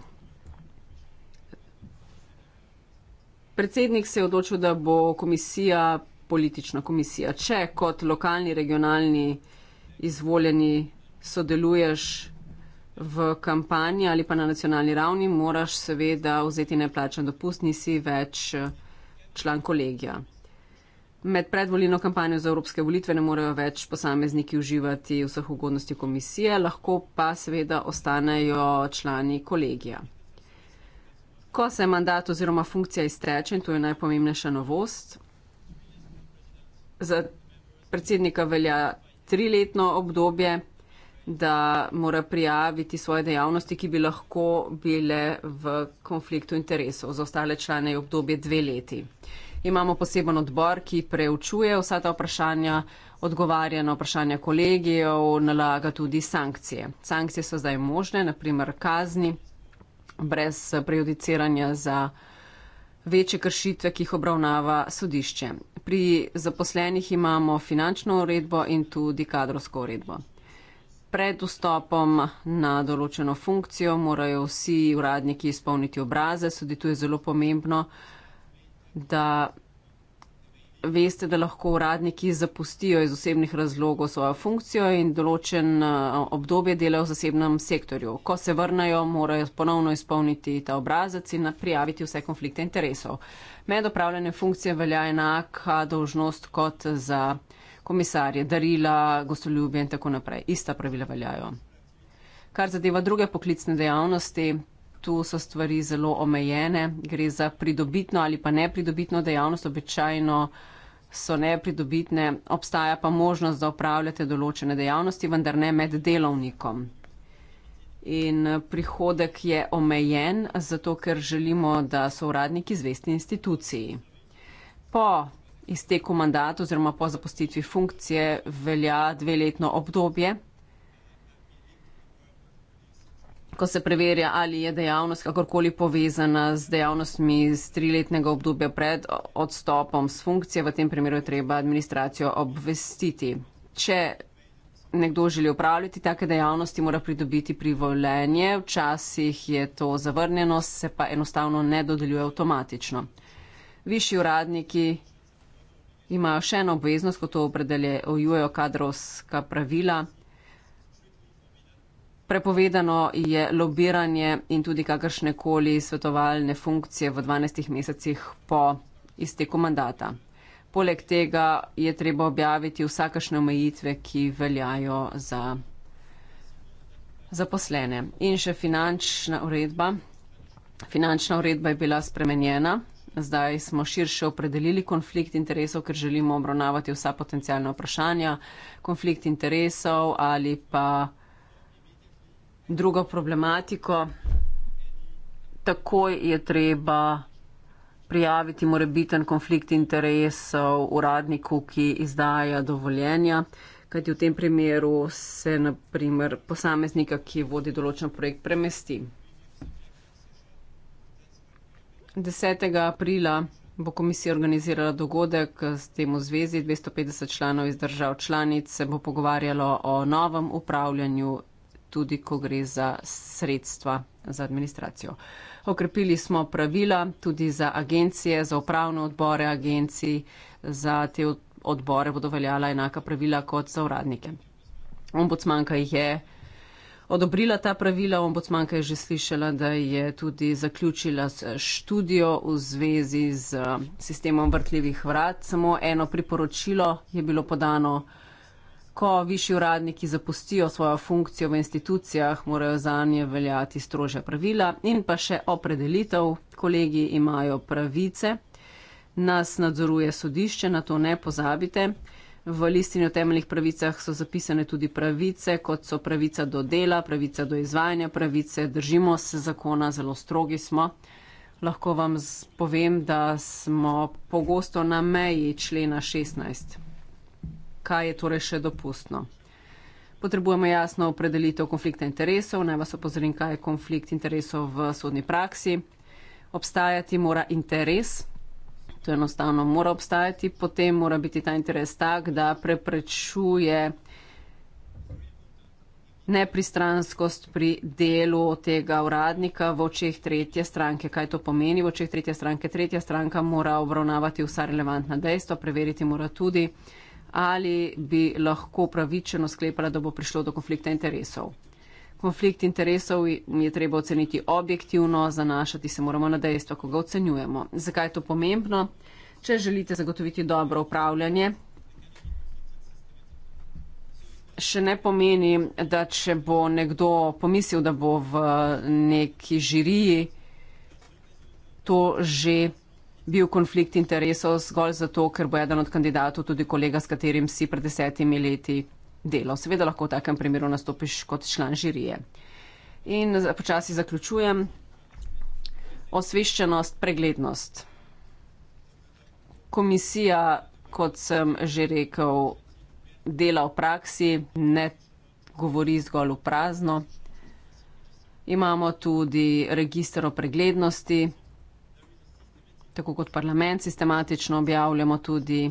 Predsednik se je odločil, da bo komisija politična komisija. Če kot lokalni, regionalni izvoljeni sodeluješ v kampanji ali pa na nacionalni ravni, moraš seveda vzeti neplačen dopust, nisi več eh, član kolegija. Med predvolilno kampanjo za evropske volitve ne morejo več posamezniki uživati vseh ugodnosti komisije, lahko pa seveda ostanejo člani kolegija ko se mandat oziroma funkcija izteče, in to je najpomembnejša novost, za predsednika velja triletno obdobje, da mora prijaviti svoje dejavnosti, ki bi lahko bile v konfliktu interesov. Za ostale člane je obdobje dve leti. Imamo poseben odbor, ki preučuje vsa ta vprašanja, odgovarja na vprašanja kolegijev, nalaga tudi sankcije. Sankcije so zdaj možne, naprimer kazni brez prejudiciranja za večje kršitve, ki jih obravnava sodišče. Pri zaposlenih imamo finančno uredbo in tudi kadrovsko uredbo. Pred vstopom na določeno funkcijo morajo vsi uradniki izpolniti obraze, tudi tu je zelo pomembno, da veste, da lahko uradniki zapustijo iz osebnih razlogov svojo funkcijo in določen eh, obdobje dela v zasebnem sektorju. Ko se vrnajo, morajo ponovno izpolniti ta obrazac in prijaviti vse konflikte interesov. Med opravljanjem funkcije velja enaka dožnost kot za komisarje, darila, gostoljubje in tako naprej. Ista pravila veljajo. Kar zadeva druge poklicne dejavnosti, tu so stvari zelo omejene, gre za pridobitno ali pa nepridobitno dejavnost, običajno so nepridobitne, obstaja pa možnost, da upravljate določene dejavnosti, vendar ne med delovnikom. In eh, prihodek je omejen, zato ker želimo, da so uradniki zvesti instituciji. Po izteku mandata oziroma po zapustitvi funkcije velja dveletno obdobje, ko se preverja, ali je dejavnost kakorkoli povezana z dejavnostmi iz triletnega obdobja pred odstopom z funkcije, v tem primeru je treba administracijo obvestiti. Če nekdo želi upravljati take dejavnosti, mora pridobiti privolenje, včasih je to zavrnjeno, se pa enostavno ne dodeljuje avtomatično. Višji uradniki imajo še eno obveznost, ko to opredeljujejo kadrovska pravila. Prepovedano je lobiranje in tudi kakršne koli svetovalne funkcije v 12 mesecih po izteku mandata. Poleg tega je treba objaviti vsakašne omejitve, ki veljajo za zaposlene. In še finančna uredba. Finančna uredba je bila spremenjena. Zdaj smo širše opredelili konflikt interesov, ker želimo obravnavati vsa potencijalna vprašanja. Konflikt interesov ali pa drugo problematiko. Takoj je treba prijaviti morebiten konflikt interesov uradniku, ki izdaja dovoljenja, kajti v tem primeru se naprimer posameznika, ki vodi določen projekt, premesti. 10. aprila bo komisija organizirala dogodek s tem v zvezi. 250 članov iz držav članic se bo pogovarjalo o novem upravljanju tudi ko gre za sredstva za administracijo. Okrepili smo pravila tudi za agencije, za upravne odbore agencij, za te odbore bodo veljala enaka pravila kot za uradnike. Ombudsmanka jih je odobrila ta pravila, ombudsmanka je že slišala, da je tudi zaključila študijo v zvezi z eh, sistemom vrtljivih vrat. Samo eno priporočilo je bilo podano ko višji uradniki zapustijo svojo funkcijo v institucijah, morajo za nje veljati strožja pravila in pa še opredelitev, kolegi imajo pravice, nas nadzoruje sodišče, na to ne pozabite. V listini o temeljnih pravicah so zapisane tudi pravice, kot so pravica do dela, pravica do izvajanja pravice, držimo se zakona, zelo strogi smo. Lahko vam povem, da smo pogosto na meji člena 16 kaj je torej še dopustno. Potrebujemo jasno opredelitev konflikta interesov, naj vas opozorim, kaj je konflikt interesov v sodni praksi. Obstajati mora interes, to enostavno mora obstajati, potem mora biti ta interes tak, da preprečuje nepristranskost pri delu tega uradnika v očeh tretje stranke. Kaj to pomeni v očeh tretje stranke? Tretja stranka mora obravnavati vsa relevantna dejstva, preveriti mora tudi, ali bi lahko pravičeno sklepala, da bo prišlo do konflikta interesov. Konflikt interesov je treba oceniti objektivno, zanašati se moramo na dejstva, ko ga ocenjujemo. Zakaj je to pomembno? Če želite zagotoviti dobro upravljanje, še ne pomeni, da če bo nekdo pomislil, da bo v neki žiriji to že bil konflikt interesov zgolj zato, ker bo eden od kandidatov tudi kolega, s katerim si pred desetimi leti delal. Seveda lahko v takem primeru nastopiš kot član žirije. In počasi zaključujem. Osveščenost, preglednost. Komisija, kot sem že rekel, dela v praksi, ne govori zgolj v prazno. Imamo tudi registro preglednosti, tako kot parlament, sistematično objavljamo tudi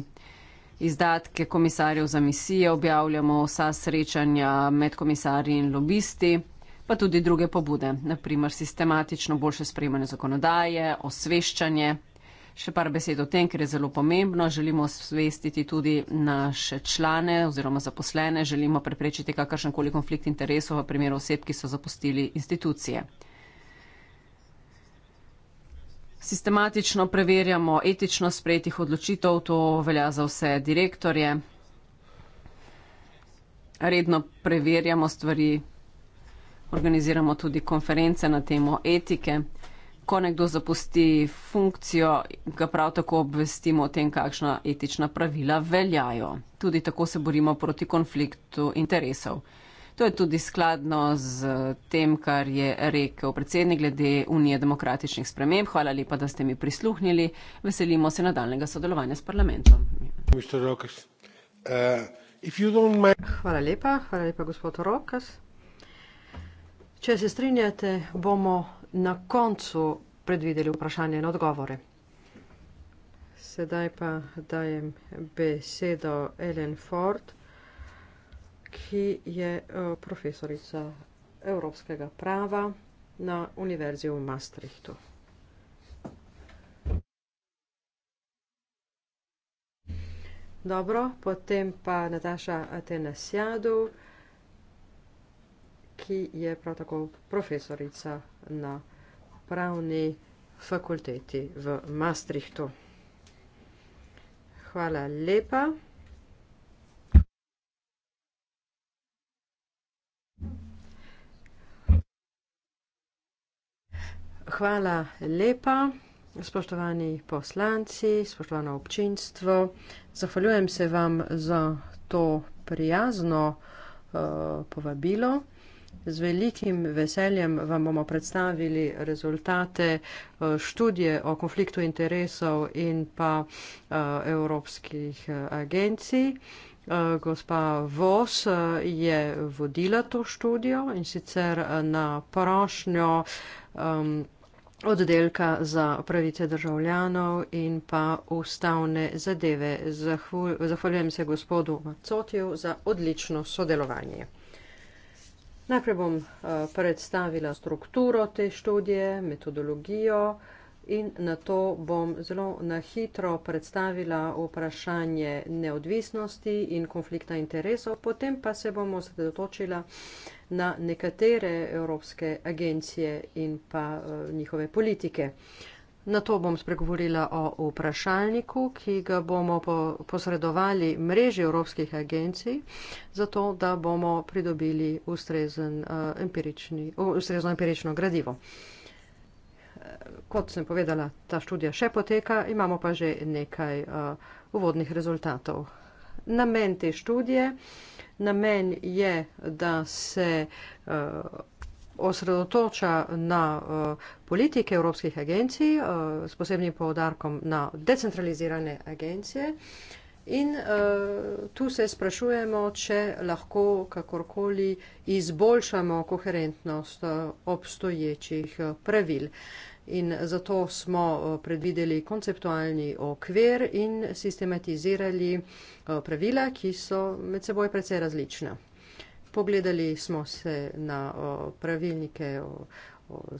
izdatke komisarjev za misije, objavljamo vsa srečanja med komisarji in lobisti, pa tudi druge pobude, naprimer sistematično boljše sprejemanje zakonodaje, osveščanje. Še par besed o tem, ker je zelo pomembno. Želimo svestiti tudi naše člane oziroma zaposlene, želimo preprečiti kakršen koli konflikt interesov v primeru oseb, ki so zapustili institucije sistematično preverjamo etično sprejetih odločitev, to velja za vse direktorje. Redno preverjamo stvari, organiziramo tudi konference na temo etike. Ko nekdo zapusti funkcijo, ga prav tako obvestimo o tem, kakšna etična pravila veljajo. Tudi tako se borimo proti konfliktu interesov. To je tudi skladno z tem, kar je rekel predsednik glede Unije demokratičnih sprememb. Hvala lepa, da ste mi prisluhnili. Veselimo se nadaljnega sodelovanja s parlamentom. Uh, hvala lepa, hvala lepa, gospod Rokas. Če se strinjate, bomo na koncu predvideli vprašanje in odgovore. Sedaj pa dajem besedo Ellen Ford ki je eh, profesorica evropskega prava na Univerzi v Maastrichtu. Dobro, potem pa Nataša Atenasjadu, ki je prav tako profesorica na pravni fakulteti v Maastrichtu. Hvala lepa. Hvala lepa, spoštovani poslanci, spoštovano občinstvo. Zahvaljujem se vam za to prijazno uh, povabilo. Z velikim veseljem vam bomo predstavili rezultate eh, študije o konfliktu interesov in pa eh, evropskih agencij. Gospa Vos je vodila to študijo in sicer na prošnjo. Um, oddelka za pravice državljanov in pa ustavne zadeve. Zahvo, zahvaljujem se gospodu Macotiju za odlično sodelovanje. Najprej bom eh, predstavila strukturo te študije, metodologijo in na to bom zelo na hitro predstavila vprašanje neodvisnosti in konflikta interesov, potem pa se bomo sredotočila na nekatere evropske agencije in pa eh, njihove politike. Na to bom spregovorila o vprašalniku, ki ga bomo posredovali mreži evropskih agencij, zato da bomo pridobili ustrezen, uh, empirični, uh, ustrezno empirično gradivo kot sem povedala, ta študija še poteka, imamo pa že nekaj uh, uvodnih rezultatov. Namen te študije, namen je, da se uh, osredotoča na uh, politike evropskih agencij uh, s posebnim povdarkom na decentralizirane agencije. In uh, tu se sprašujemo, če lahko kakorkoli izboljšamo koherentnost uh, obstoječih uh, pravil. Uh, In zato smo eh, predvideli konceptualni okvir in sistematizirali eh, pravila, ki so med seboj precej različna. Pogledali smo se na eh, pravilnike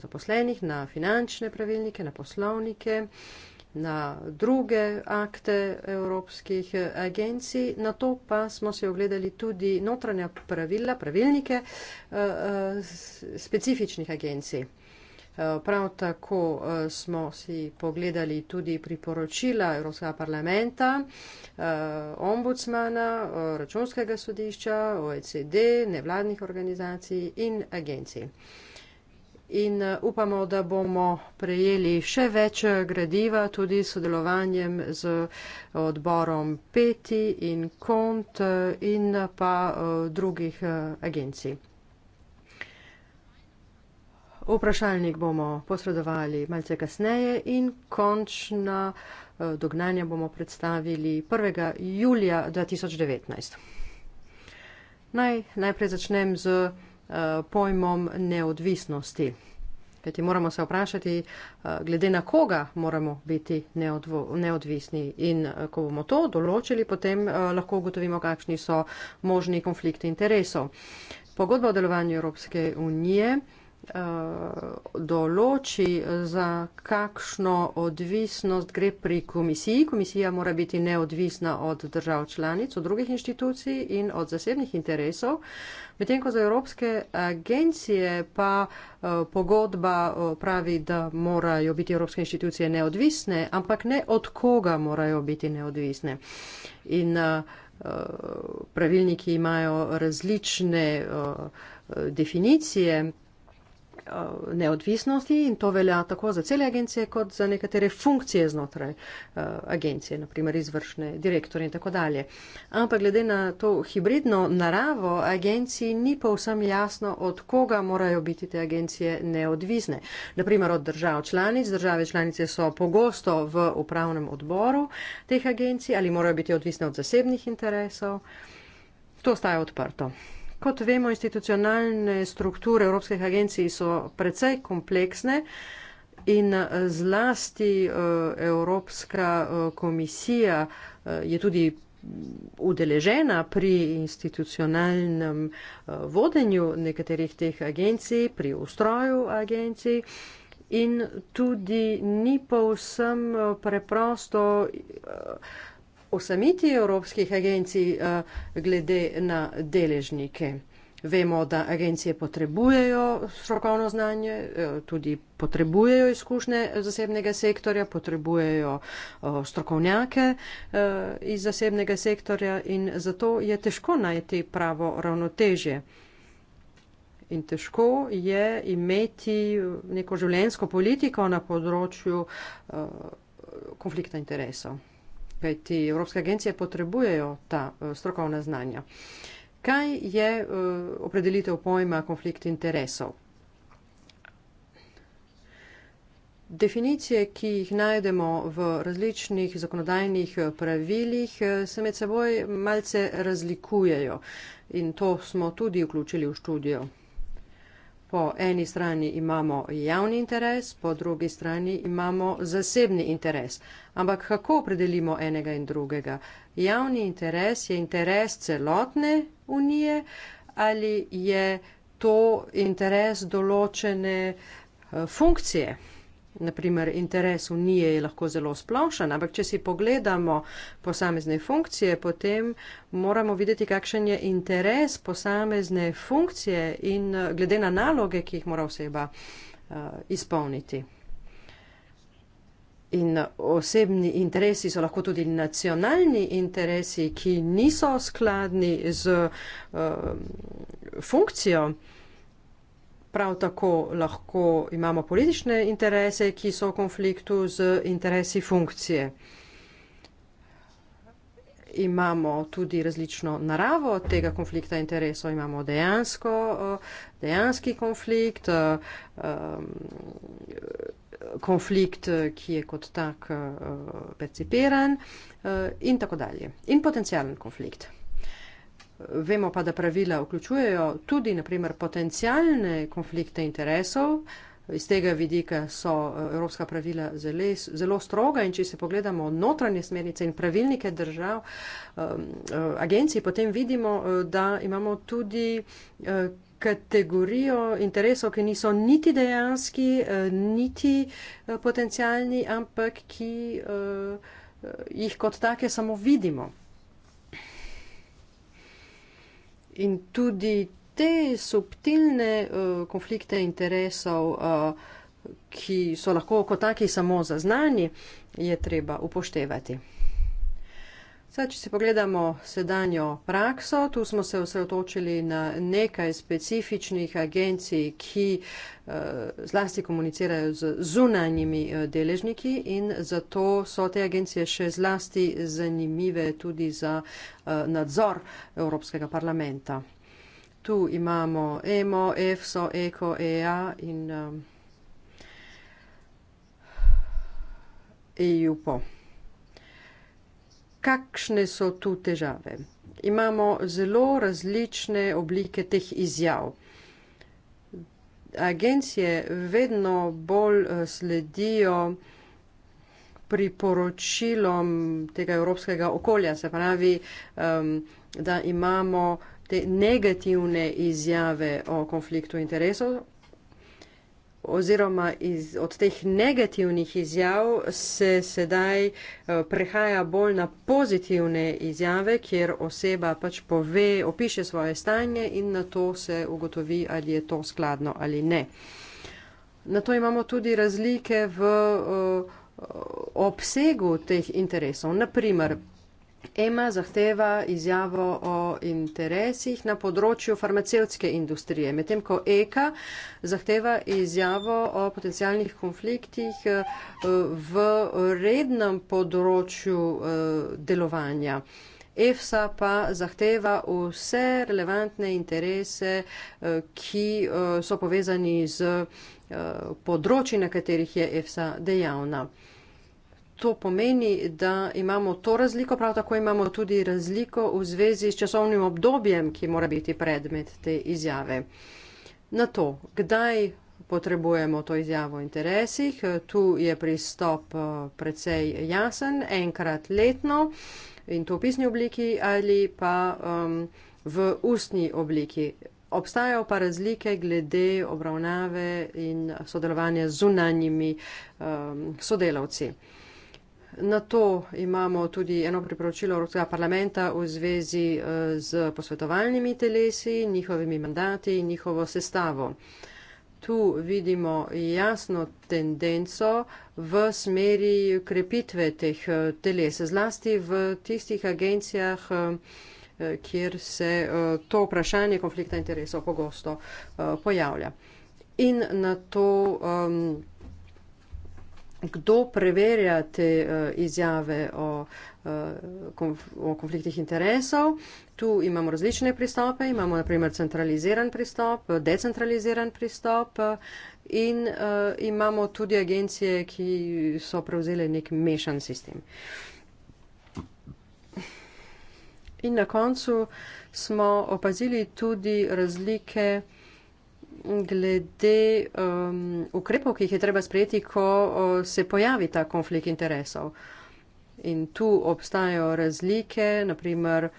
zaposlenih, na finančne pravilnike, na poslovnike, na druge akte evropskih agencij, na to pa smo se ogledali tudi notranja pravila, pravilnike specifičnih agencij. Eh, prav tako eh, smo si pogledali tudi priporočila Evropskega parlamenta, eh, ombudsmana, računskega sodišča, OECD, nevladnih organizacij in agencij. In upamo, da bomo prejeli še več gradiva tudi s sodelovanjem z odborom PETI in KONT in pa drugih agencij. Vprašalnik bomo posredovali malce kasneje in končna eh, dognanja bomo predstavili 1. julija 2019. Naj najprej začnem z eh, pojmom neodvisnosti. Kajti moramo se vprašati, eh, glede na koga moramo biti neodvisni. In ko bomo to določili, potem lahko ugotovimo, kakšni so možni konflikti interesov. Pogodba o delovanju Evropske unije Eh, določi, za kakšno odvisnost gre pri komisiji. Komisija mora biti neodvisna od držav članic, od drugih inštitucij in od zasebnih interesov. Medtem ko za evropske agencije pa eh, pogodba eh, pravi, da morajo biti evropske inštitucije neodvisne, ampak ne od koga morajo biti neodvisne. In pravilniki imajo različne definicije. Eh, neodvisnosti in to velja tako za cele agencije, kot za nekatere funkcije znotraj eh, agencije, naprimer izvršne direktorje in tako dalje. Ampak glede na to hibridno naravo, agenciji ni pa vsem jasno, od koga morajo biti te agencije neodvisne. Naprimer od držav članic, države članice so pogosto v upravnem odboru teh agencij ali morajo biti odvisne od zasebnih interesov. To ostaje odprto. Kot vemo, institucionalne strukture evropskih agencij so precej kompleksne in eh, zlasti eh, Evropska eh, komisija je tudi udeležena pri institucionalnem vodenju nekaterih teh agencij, pri ustroju agencij in tudi ni povsem preprosto osamiti evropskih agencij eh, glede na deležnike. Vemo, da agencije potrebujejo strokovno znanje, eh, tudi potrebujejo izkušnje zasebnega sektorja, potrebujejo eh, strokovnjake iz zasebnega sektorja in zato je težko najti pravo ravnotežje. In težko je imeti neko življensko politiko na področju konflikta interesov kajti Evropske agencije potrebujejo ta eh, strokovna znanja. Kaj je eh, opredelitev pojma konflikt interesov? Definicije, ki jih najdemo v različnih zakonodajnih eh, pravilih, se med seboj malce razlikujejo in to smo tudi vključili v študijo. Po eni strani imamo javni interes, po drugi strani imamo zasebni interes. Ampak kako opredelimo enega in drugega? Javni interes je interes celotne unije ali je to interes določene eh, funkcije? naprimer interes unije je lahko zelo splošen, ampak če si pogledamo posamezne funkcije, potem moramo videti, kakšen je interes posamezne funkcije in eh, glede na naloge, ki jih mora oseba eh, izpolniti. In eh, osebni interesi so lahko tudi nacionalni interesi, ki niso skladni z uh, funkcijo. Prav tako lahko imamo politične interese, ki so v konfliktu z interesi funkcije. Imamo tudi različno naravo tega konflikta interesov. Imamo dejansko, eh, dejanski konflikt, eh, konflikt, ki je kot tak eh, percipiran in tako dalje. In potencijalen konflikt. Vemo pa, da pravila vključujejo tudi naprimer, potencijalne konflikte interesov. Iz tega vidika so eh, evropska pravila zelo, zelo stroga in če se pogledamo notranje smernice in pravilnike držav, ehm, eh, agencij, potem vidimo, eh, da imamo tudi kategorijo interesov, ki niso niti dejanski, niti potencijalni, ampak ki jih kot take samo vidimo. in tudi te subtilne uh, konflikte interesov, uh, ki so lahko kot taki samo zaznani, je treba upoštevati. Zdaj, če si pogledamo sedanjo prakso, tu smo se osredotočili na nekaj specifičnih agencij, ki eh, zlasti komunicirajo z zunanjimi eh, deležniki in zato so te agencije še zlasti zanimive tudi za eh, nadzor Evropskega parlamenta. Tu imamo EMO, EFSO, ECO, EA in EUPO. E um, kakšne so tu težave. Imamo zelo različne oblike teh izjav. Agencije vedno bolj eh, sledijo priporočilom tega evropskega okolja, se pravi, um, da imamo te negativne izjave o konfliktu interesov, oziroma iz, od teh negativnih izjav se sedaj eh, prehaja bolj na pozitivne izjave, kjer oseba pač pove, opiše svoje stanje in na to se ugotovi, ali je to skladno ali ne. Na to imamo tudi razlike v eh, obsegu teh interesov. Naprimer, EMA zahteva izjavo o interesih na področju farmacevtske industrije, medtem ko EKA zahteva izjavo o potencijalnih konfliktih eh, v rednem področju eh, delovanja. EFSA pa zahteva vse relevantne interese, eh, ki so povezani z področji, na katerih je EFSA dejavna to pomeni, da imamo to razliko, prav tako imamo tudi razliko v zvezi s časovnim obdobjem, ki mora biti predmet te izjave. Na to, kdaj potrebujemo to izjavo o interesih, tu je pristop eh, precej jasen, enkrat letno in to v pisni obliki ali pa um, v ustni obliki. Obstajajo pa razlike glede obravnave in sodelovanja z zunanjimi um, sodelavci. Na to imamo tudi eno priporočilo Evropskega parlamenta v zvezi eh, z posvetovalnimi telesi, njihovimi mandati in njihovo sestavo. Tu vidimo jasno tendenco v smeri krepitve teh eh, teles, zlasti v tistih agencijah, eh, kjer se to vprašanje konflikta interesov pogosto pojavlja. In na to. Um, kdo preverja te uh, izjave o, uh, konf o konfliktih interesov. Tu imamo različne pristope, imamo naprimer centraliziran pristop, decentraliziran pristop eh, in uh, imamo tudi agencije, ki so prevzeli nek mešan sistem. In na koncu smo opazili tudi razlike glede um, ukrepov, ki jih je treba sprejeti, ko uh, se pojavi ta konflikt interesov. In tu obstajajo razlike, naprimer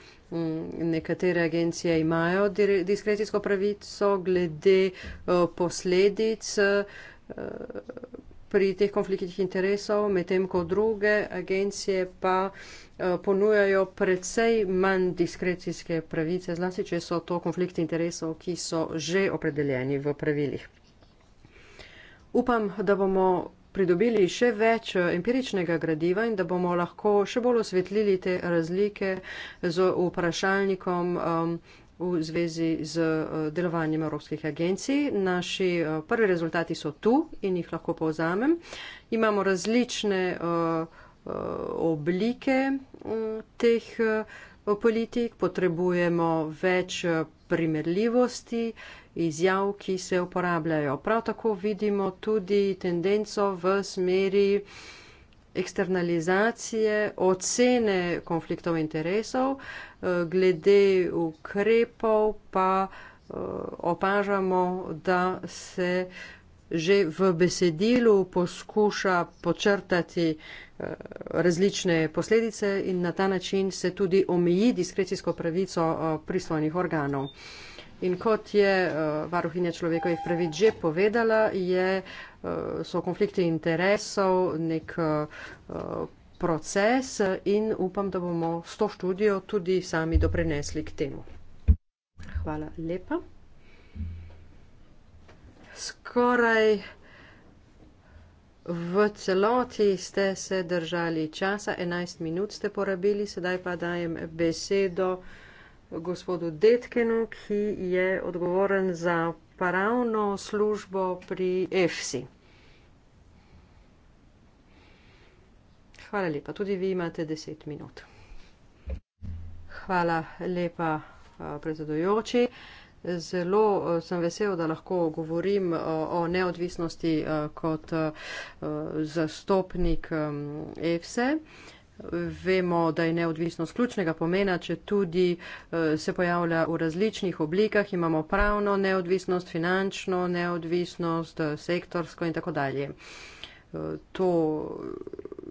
nekatere agencije imajo diskrecijsko pravico glede posledic pri teh konfliktih interesov, medtem ko druge agencije pa Eh, ponujajo predvsej manj diskrecijske pravice, zlasti, če so to konflikti interesov, ki so že opredeljeni v pravilih. Upam, da bomo pridobili še več eh, empiričnega gradiva in da bomo lahko še bolj osvetlili te razlike z vprašalnikom v zvezi z eh, delovanjem evropskih agencij. Naši prvi rezultati so tu in jih lahko povzamem. Imamo različne uh, oblike mm, teh eh, politik, potrebujemo več eh, primerljivosti izjav, ki se uporabljajo. Prav tako vidimo tudi tendenco v smeri eksternalizacije, ocene konfliktov interesov, eh, glede ukrepov pa opažamo, da se uh, že v besedilu poskuša počrtati eh, različne posledice in na ta način se tudi omeji diskrecijsko pravico eh, pristojnih organov. In kot je eh, varuhinja človekovih pravic že povedala, je, so konflikti interesov nek proces in upam, da bomo s to študijo tudi sami doprinesli k temu. Hvala lepa skoraj v celoti ste se držali časa, 11 minut ste porabili, sedaj pa dajem besedo gospodu Detkenu, ki je odgovoren za paravno službo pri EFSI. Hvala lepa, tudi vi imate 10 minut. Hvala lepa, eh, predsedujoči. Zelo eh, sem vesel, da lahko govorim eh, o neodvisnosti eh, kot zastopnik EFSE. Vemo, da je neodvisnost ključnega pomena, če tudi se pojavlja v različnih oblikah. Imamo pravno neodvisnost, finančno neodvisnost, sektorsko in tako dalje to,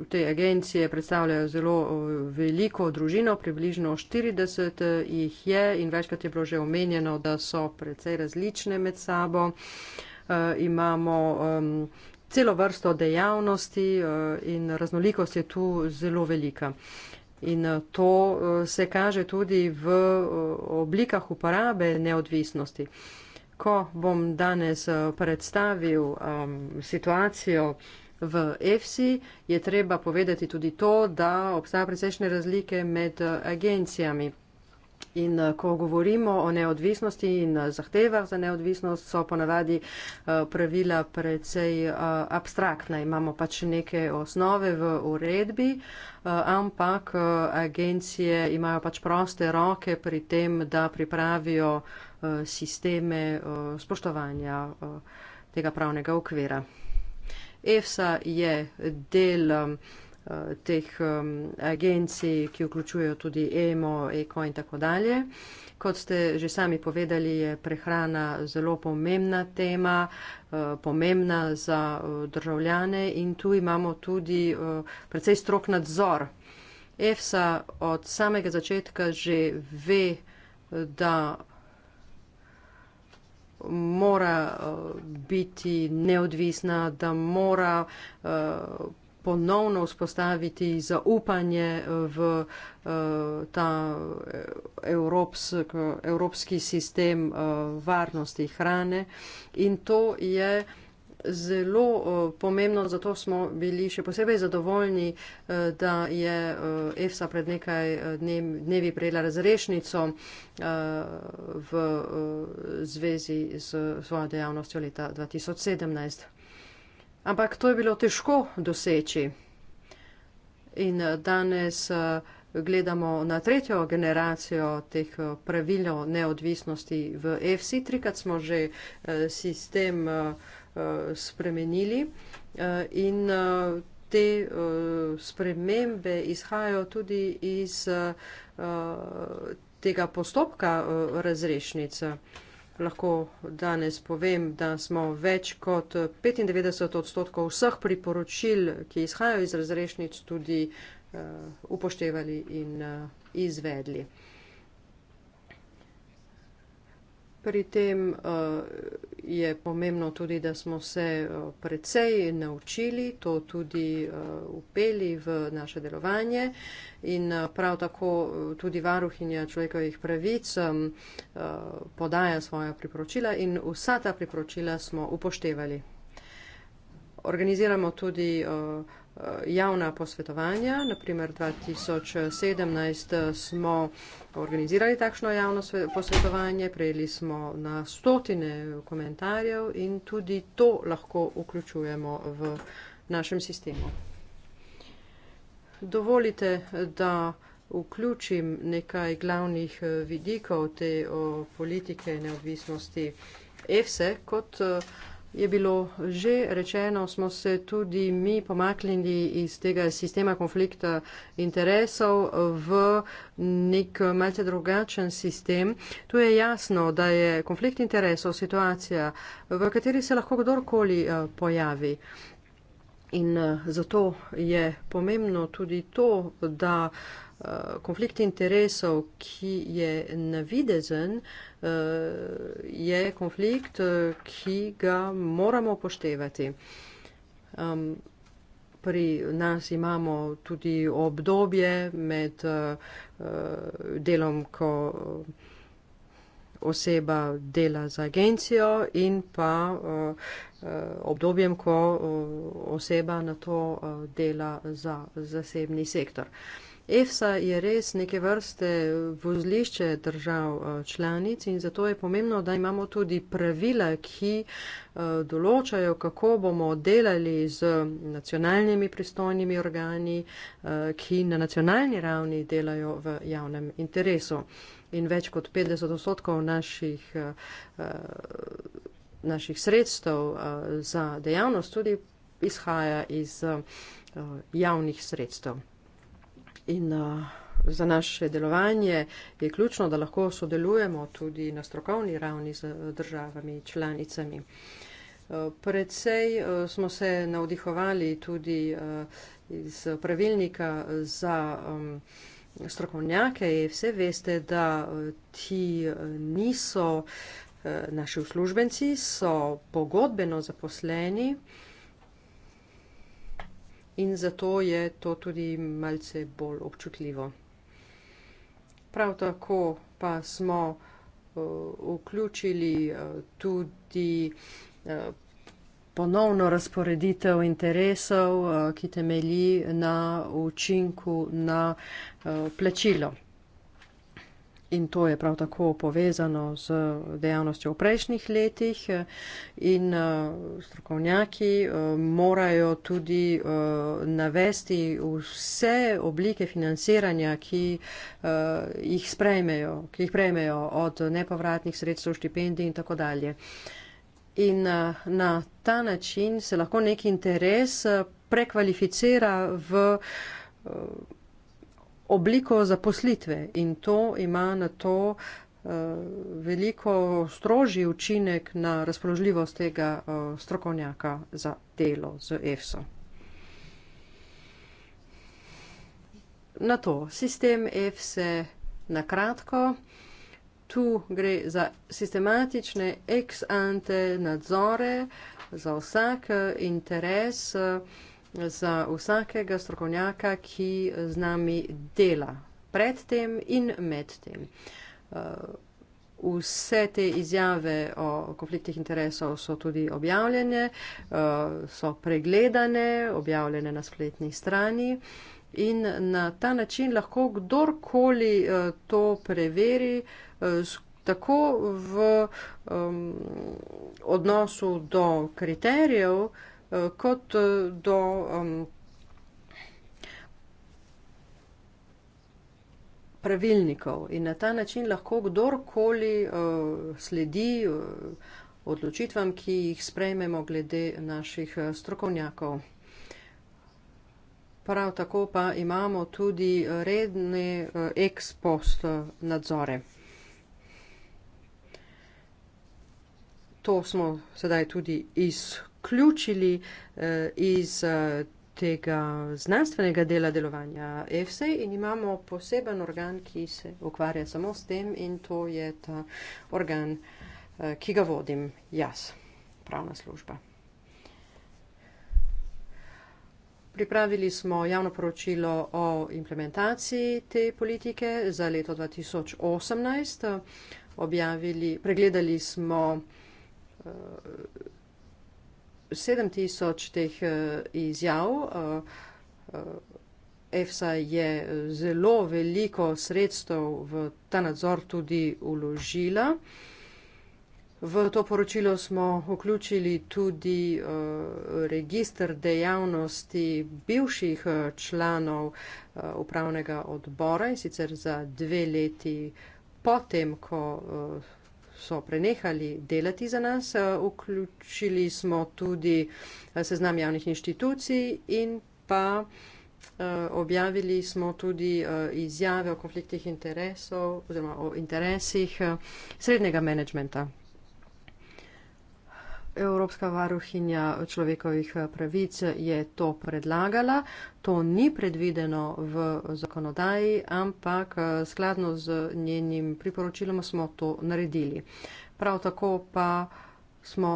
te agencije predstavljajo zelo eh, veliko družino, približno 40 eh, jih je in večkrat je bilo že omenjeno, da so precej različne med sabo. Eh, imamo celo vrsto dejavnosti in raznolikost je tu zelo velika. In to se kaže tudi v oblikah uporabe neodvisnosti. Ko bom danes predstavil um, situacijo, uh, V EFSI je treba povedati tudi to, da obstaja precejšnje razlike med eh, agencijami. In eh, ko govorimo o neodvisnosti in eh, zahtevah za neodvisnost, so ponavadi pravila precej abstraktna. Imamo pač neke osnove v uredbi, ampak agencije imajo pač proste roke pri tem, da pripravijo sisteme spoštovanja tega pravnega okvira. EFSA je del um, uh, teh um, agencij, ki vključujejo tudi EMO, ECO in tako dalje. Kot ste že sami povedali, je prehrana zelo pomembna tema, uh, pomembna za uh, državljane in tu imamo tudi precej strok nadzor. EFSA od samega začetka že ve, da mora eh, biti neodvisna, da mora eh, ponovno vzpostaviti zaupanje eh, v ta evropsk, evropski sistem varnosti hrane. In to je zelo eh, pomembno, zato smo bili še posebej zadovoljni, eh, da je eh, EFSA pred nekaj dnevi prejela razrešnico v zvezi z svojo dejavnostjo leta 2017. Ampak to je bilo težko doseči. In danes gledamo na tretjo generacijo teh pravilov neodvisnosti v EFSI. Trikrat smo že sistem Eh, spremenili. Eh, in eh, te spremembe izhajajo tudi iz tega postopka razrešnice. Lahko danes povem, da smo več kot 95 odstotkov vseh priporočil, ki izhajajo iz razrešnic, tudi upoštevali in izvedli. pri tem eh, je pomembno tudi, da smo se eh, precej naučili, to tudi upeli eh, v naše delovanje in prav tako tudi varuhinja človekovih pravic podaja svoja priporočila in vsa ta priporočila smo upoštevali. Organiziramo tudi uh, Eh, javna posvetovanja. Naprimer, 2017 smo organizirali takšno javno posvetovanje, prejeli smo na stotine komentarjev in tudi to lahko vključujemo v našem sistemu. Dovolite, da vključim nekaj glavnih eh, vidikov te politike neodvisnosti EFSE kot eh, Je bilo že rečeno, smo se tudi mi pomaknili iz tega sistema konflikta interesov v nek malce drugačen sistem. Tu je jasno, da je konflikt interesov situacija, v kateri se lahko kdorkoli eh, pojavi. In eh, zato je pomembno tudi to, da. Eh, konflikt interesov, ki je navidezen, uh, je konflikt, eh, ki ga moramo poštevati. Um, pri nas imamo tudi obdobje med uh, delom, ko oseba dela za agencijo in pa uh, obdobjem, ko uh, oseba na to uh, dela za zasebni sektor. Um, EFSA je res neke vrste vozlišče držav eh, članic in zato je pomembno, da imamo tudi pravila, ki eh, določajo, kako bomo delali z nacionalnimi pristojnimi organi, eh, ki na nacionalni ravni delajo v javnem interesu. In več kot 50 odstotkov naših, naših sredstev za dejavnost tudi izhaja iz javnih sredstev. In uh, za naše delovanje je ključno, da lahko sodelujemo tudi na strokovni ravni z državami članicami. Predvsej smo se navdihovali tudi iz pravilnika za strokovnjake. Vse veste, da ti niso naši uslužbenci, so pogodbeno zaposleni in zato je to tudi malce bolj občutljivo. Prav tako pa smo eh, vključili eh, tudi eh, ponovno razporeditev interesov, ki temelji na učinku na plačilo. In to je prav tako povezano z dejavnostjo v prejšnjih letih in eh, strokovnjaki eh, morajo tudi eh, navesti vse oblike financiranja, ki jih sprejmejo, ki jih prejmejo od nepovratnih sredstev, štipendij in tako dalje. In na ta način se lahko nek interes prekvalificira v obliko zaposlitve in to ima na to eh, veliko strožji učinek na razpoložljivost tega eh, strokovnjaka za delo z EFSO. Na to sistem EFSE na kratko. Tu gre za sistematične ex ante nadzore za vsak eh, interes za vsakega strokovnjaka, ki z nami dela predtem in medtem. Uh, vse te izjave o konfliktih interesov so tudi objavljene, uh, so pregledane, objavljene na spletni strani. In na ta način lahko kdorkoli uh, to preveri, tako v um, odnosu do kriterijev, uh, kot eh, do pravilnikov. In na ta način lahko kdorkoli eh, sledi eh, odločitvam, ki jih sprejmemo glede naših strokovnjakov. Prav tako pa imamo tudi redne ex post nadzore. To smo sedaj tudi izkušali izključili eh, iz eh, tega znanstvenega dela delovanja EFSA in imamo poseben organ, ki se ukvarja samo s tem in to je ta organ, eh, ki ga vodim jaz, pravna služba. Pripravili smo javno poročilo o implementaciji te politike za leto 2018. Eh, objavili, pregledali smo eh, 7000 teh uh, izjav. Uh, uh, EFSA je zelo veliko sredstev v ta nadzor tudi uložila. V to poročilo smo vključili tudi uh, registr dejavnosti bivših članov uh, upravnega odbora in sicer za dve leti potem, ko uh, so prenehali delati za nas. Vključili smo tudi eh, seznam javnih inštitucij in pa eh, objavili smo tudi eh, izjave o konfliktih interesov oziroma o interesih srednjega menedžmenta. Evropska varuhinja človekovih eh, pravic je to predlagala. To ni predvideno v zakonodaji, ampak eh, skladno z njenim priporočilom smo to naredili. Prav tako pa smo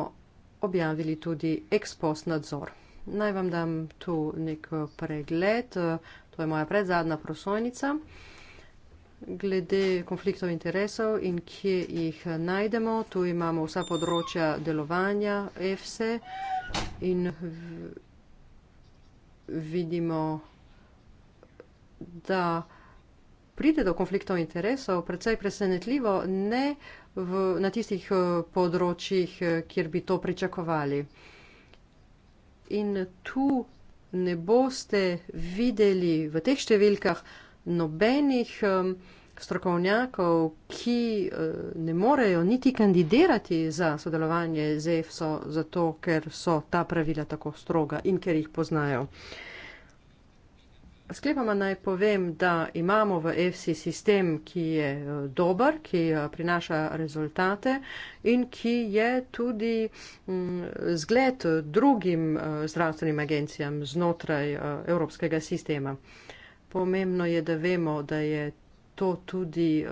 objavili tudi ekspost nadzor. Naj vam dam tu nek eh, pregled. To je moja predzadnja prosojnica glede konfliktov interesov in kje jih najdemo. Tu imamo vsa področja delovanja EFSE in vidimo, da pride do konfliktov interesov predvsej presenetljivo, ne v, na tistih eh, področjih, eh, kjer bi to pričakovali. In tu ne boste videli v teh številkah, nobenih strokovnjakov, ki eh, ne morejo niti kandidirati za sodelovanje z EFSO, zato ker so ta pravila tako stroga in ker jih poznajo. Sklepama naj povem, da imamo v EFSI sistem, ki je eh, dober, ki eh, prinaša rezultate in ki je tudi mm, zgled drugim zdravstvenim agencijam znotraj evropskega sistema pomembno je, da vemo, da je to tudi eh,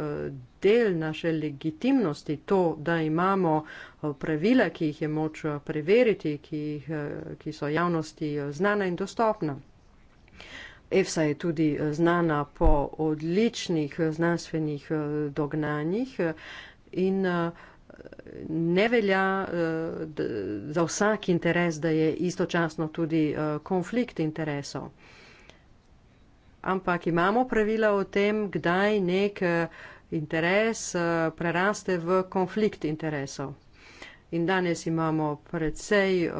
del naše legitimnosti, to, da imamo eh, pravila, ki jih je moč eh, preveriti, ki, jih, ki so javnosti znana in dostopna. EFSA je tudi znana po odličnih znanstvenih dognanjih in ne velja za vsak interes, da je istočasno tudi konflikt interesov. Ampak imamo pravila o tem, kdaj nek eh, interes eh, preraste v konflikt interesov. In danes imamo predvsej eh,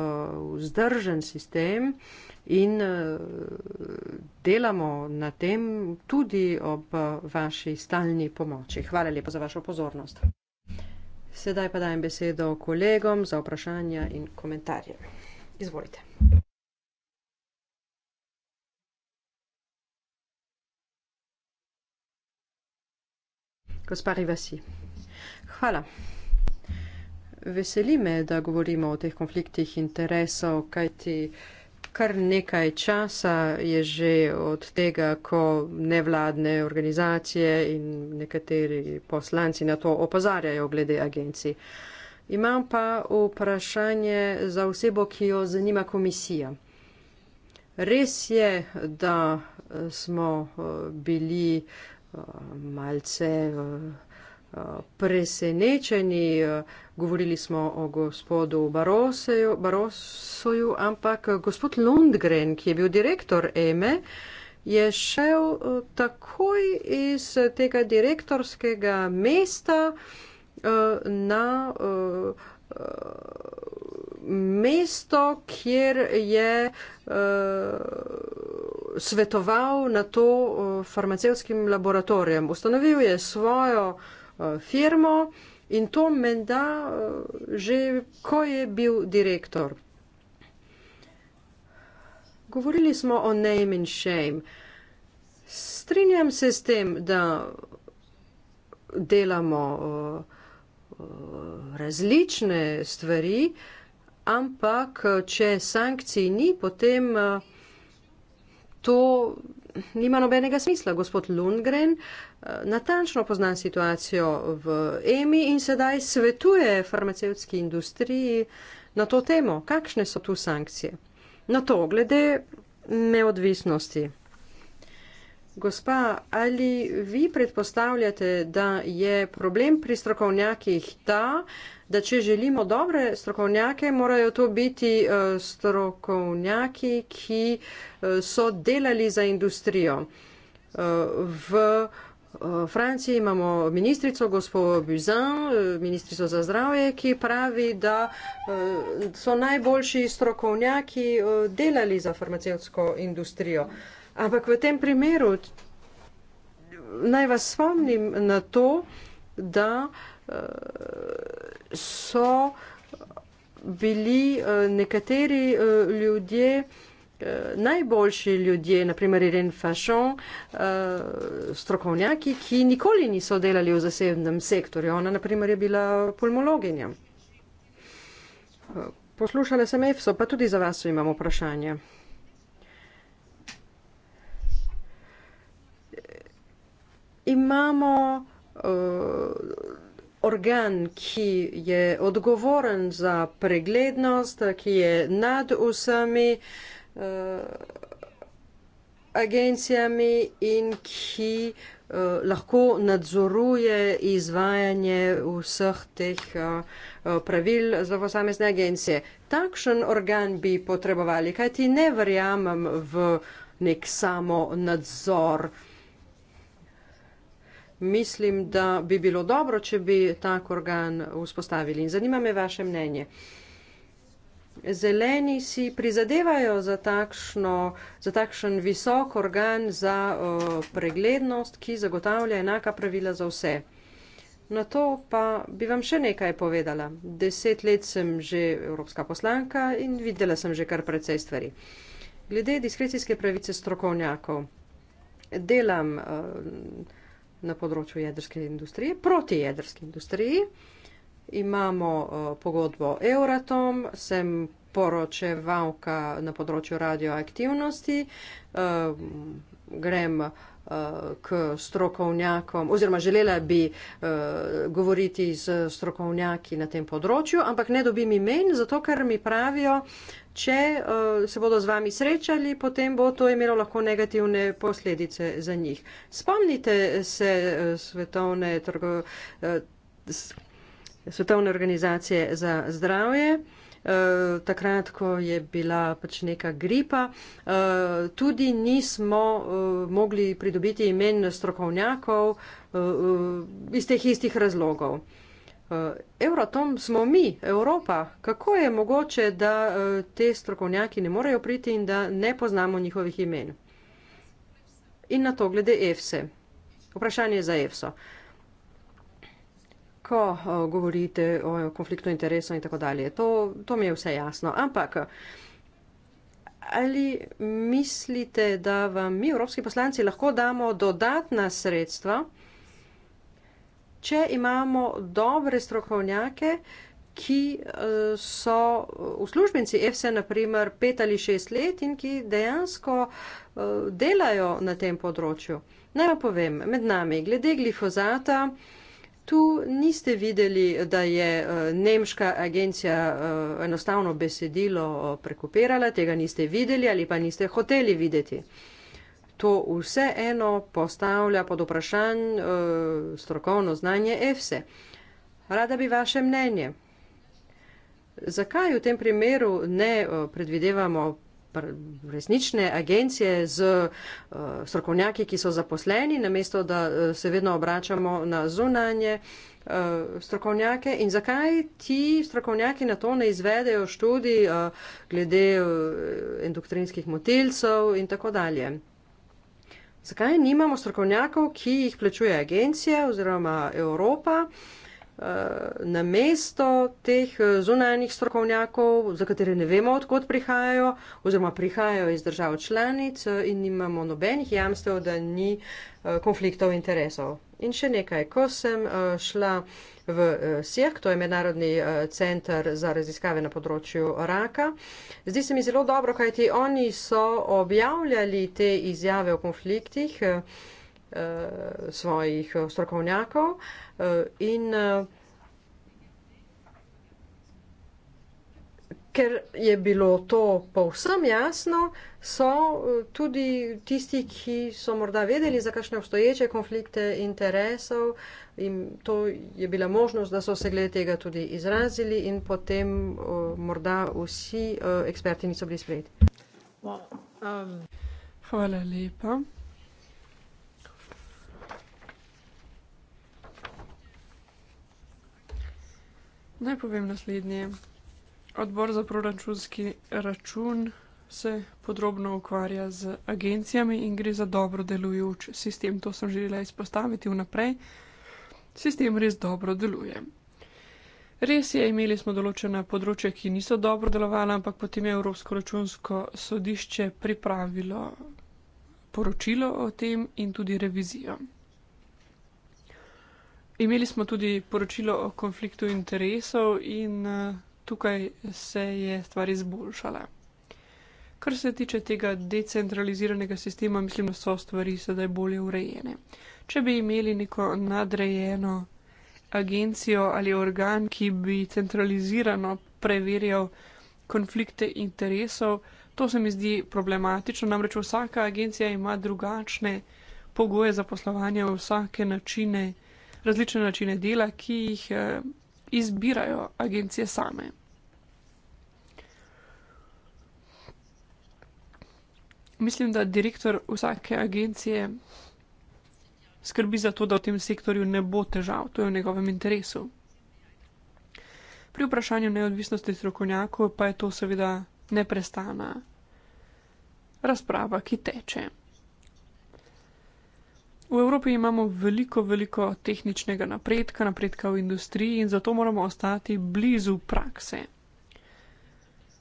vzdržen sistem in delamo na tem tudi ob vaši stalni pomoči. Hvala lepa za vašo pozornost. Sedaj pa dajem besedo kolegom za vprašanja in komentarje. Izvolite. gospari Vasi. Hvala. Veseli me, da govorimo o teh konfliktih interesov, kajti kar nekaj časa je že od tega, ko nevladne organizacije in nekateri poslanci na to opozarjajo glede agencij. Imam pa vprašanje za osebo, ki jo zanima komisija. Res je, da smo eh, bili malce eh, presenečeni. Eh, govorili smo o gospodu Barosoju, ampak gospod Lundgren, ki je bil direktor EME, je šel eh, takoj iz tega direktorskega mesta na mesto, kjer je uh, svetoval na to uh, farmacevskim laboratorijem. Ustanovil je svojo uh, firmo in to menda uh, že, ko je bil direktor. Govorili smo o name and shame. Strinjam se s tem, da delamo uh, različne stvari, ampak če sankcij ni, potem eh, to nima nobenega smisla. Gospod Lundgren eh, natančno pozna situacijo v EMI in sedaj svetuje farmacevtski industriji na to temo, kakšne so tu sankcije. Na to glede neodvisnosti. Gospa, ali vi predpostavljate, da je problem pri strokovnjakih ta, da če želimo dobre strokovnjake, morajo to biti eh, strokovnjaki, ki eh, so delali za industrijo? Eh, v Franciji imamo ministrico, gospod Buzan, ministrico za zdravje, ki pravi, da so najboljši strokovnjaki delali za farmacijsko industrijo. Uh, Ampak v tem primeru naj vas spomnim na to, da eh, so bili eh, nekateri eh, ljudje, najboljši ljudje, naprimer Iren Fashon, strokovnjaki, ki nikoli niso delali v zasebnem sektorju. Ona naprimer je bila pulmologinja. Poslušala sem EFSO, pa tudi za vas imamo vprašanje. imamo uh, organ, ki je odgovoren za preglednost, ki je nad vsemi uh, agencijami in ki uh, lahko nadzoruje izvajanje vseh teh uh, pravil za posamezne agencije. Takšen organ bi potrebovali, kajti ne verjamem v nek samo nadzor. Uh, mislim, da bi bilo dobro, če bi tak organ vzpostavili. In zanima me vaše mnenje. Zeleni si prizadevajo za, takšno, za takšen visok organ za uh, preglednost, ki zagotavlja enaka pravila za vse. Na to pa bi vam še nekaj povedala. Deset let sem že evropska poslanka in videla sem že kar precej stvari. Glede diskrecijske pravice strokovnjakov. Delam. Uh, na področju jedrske industrije, proti jedrski industriji. Imamo eh, pogodbo Euratom, sem poročevalka na področju radioaktivnosti, eh, grem eh, k strokovnjakom, oziroma želela bi govoriti z strokovnjaki na tem področju, ampak ne dobim imen, zato ker mi pravijo, Če uh, se bodo z vami srečali, potem bo to imelo lahko negativne posledice za njih. Spomnite se uh, svetovne, trgo, uh, svetovne organizacije za zdravje. Uh, takrat, ko je bila pač neka gripa, uh, tudi nismo uh, mogli pridobiti imen strokovnjakov uh, uh, iz teh istih razlogov. Uh, Eh, Euratom smo mi, Evropa. Kako je mogoče, da eh, te strokovnjaki ne morejo priti in da ne poznamo njihovih imen? In na to glede EFSE. Vprašanje za EFSO. Ko eh, govorite o konfliktu interesov in tako dalje, to, to mi je vse jasno. Ampak ali mislite, da vam mi, evropski poslanci, lahko damo dodatna sredstva? če imamo dobre strokovnjake, ki eh, so uslužbenci FSE naprimer pet ali šest let in ki dejansko eh, delajo na tem področju. Naj vam povem, med nami, glede glifozata, tu niste videli, da je eh, nemška agencija enostavno besedilo prekopirala, tega niste videli ali pa niste hoteli videti to vseeno postavlja pod vprašanj uh, strokovno znanje EFSE. Rada bi vaše mnenje. Zakaj v tem primeru ne uh, predvidevamo pr resnične agencije z uh, strokovnjaki, ki so zaposleni, namesto da uh, se vedno obračamo na zunanje uh, strokovnjake? In zakaj ti strokovnjaki na to ne izvedejo študij uh, glede uh, endoktrinskih motilcev in tako dalje? Zakaj nimamo strokovnjakov, ki jih plačuje agencije oziroma Evropa, Eh, na mesto teh eh, zunanjih strokovnjakov, za katere ne vemo, odkot prihajajo, oziroma prihajajo iz držav članic eh, in nimamo nobenih jamstev, da ni konfliktov interesov. In še nekaj, ko sem šla v SIEH, to je mednarodni center za raziskave na področju raka, zdi se mi zelo dobro, kajti oni so objavljali te izjave o konfliktih. Eh, svojih eh, strokovnjakov eh, in ker je bilo to povsem jasno, so tudi tisti, ki so morda vedeli za kakšne obstoječe konflikte interesov in to je bila možnost, da so se glede tega tudi izrazili in potem morda vsi eksperti niso bili sprejeti. Hvala lepa. Naj povem naslednje. Odbor za proračunski račun se podrobno ukvarja z agencijami in gre za dobro delujoč sistem. To sem želela izpostaviti vnaprej. Sistem res dobro deluje. Res je, imeli smo določena področja, ki niso dobro delovala, ampak potem je Evropsko računsko sodišče pripravilo poročilo o tem in tudi revizijo. Imeli smo tudi poročilo o konfliktu interesov in eh, tukaj se je stvar izboljšala. Kar se tiče tega decentraliziranega sistema, mislim, da so stvari sedaj bolje urejene. Če bi imeli neko nadrejeno agencijo ali organ, ki bi centralizirano preverjal konflikte interesov, to se mi zdi problematično. Namreč vsaka agencija ima drugačne pogoje za poslovanje, vsake načine različne načine dela, ki jih eh, izbirajo agencije same. Mislim, da direktor vsake agencije skrbi za to, da v tem sektorju ne bo težav, to je v njegovem interesu. Pri vprašanju neodvisnosti strokovnjakov pa je to seveda neprestana razprava, ki teče. V Evropi imamo veliko, veliko tehničnega napredka, napredka v industriji in zato moramo ostati blizu prakse.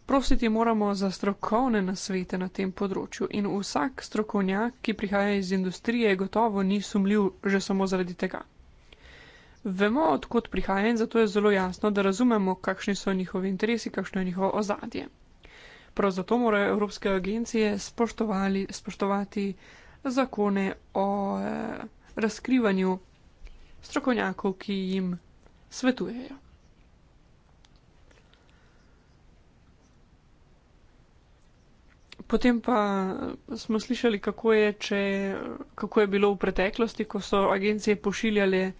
Prositi moramo za strokovne nasvete na tem področju in vsak strokovnjak, ki prihaja iz industrije, gotovo ni sumljiv že samo zaradi tega. Vemo, odkot prihaja in zato je zelo jasno, da razumemo, kakšni so njihovi interesi, kakšno je njihovo ozadje. Prav zato morajo evropske agencije spoštovati zakone o eh, razkrivanju strokovnjakov, ki jim svetujejo. Potem pa smo slišali, kako je, če, kako je bilo v preteklosti, ko so agencije pošiljale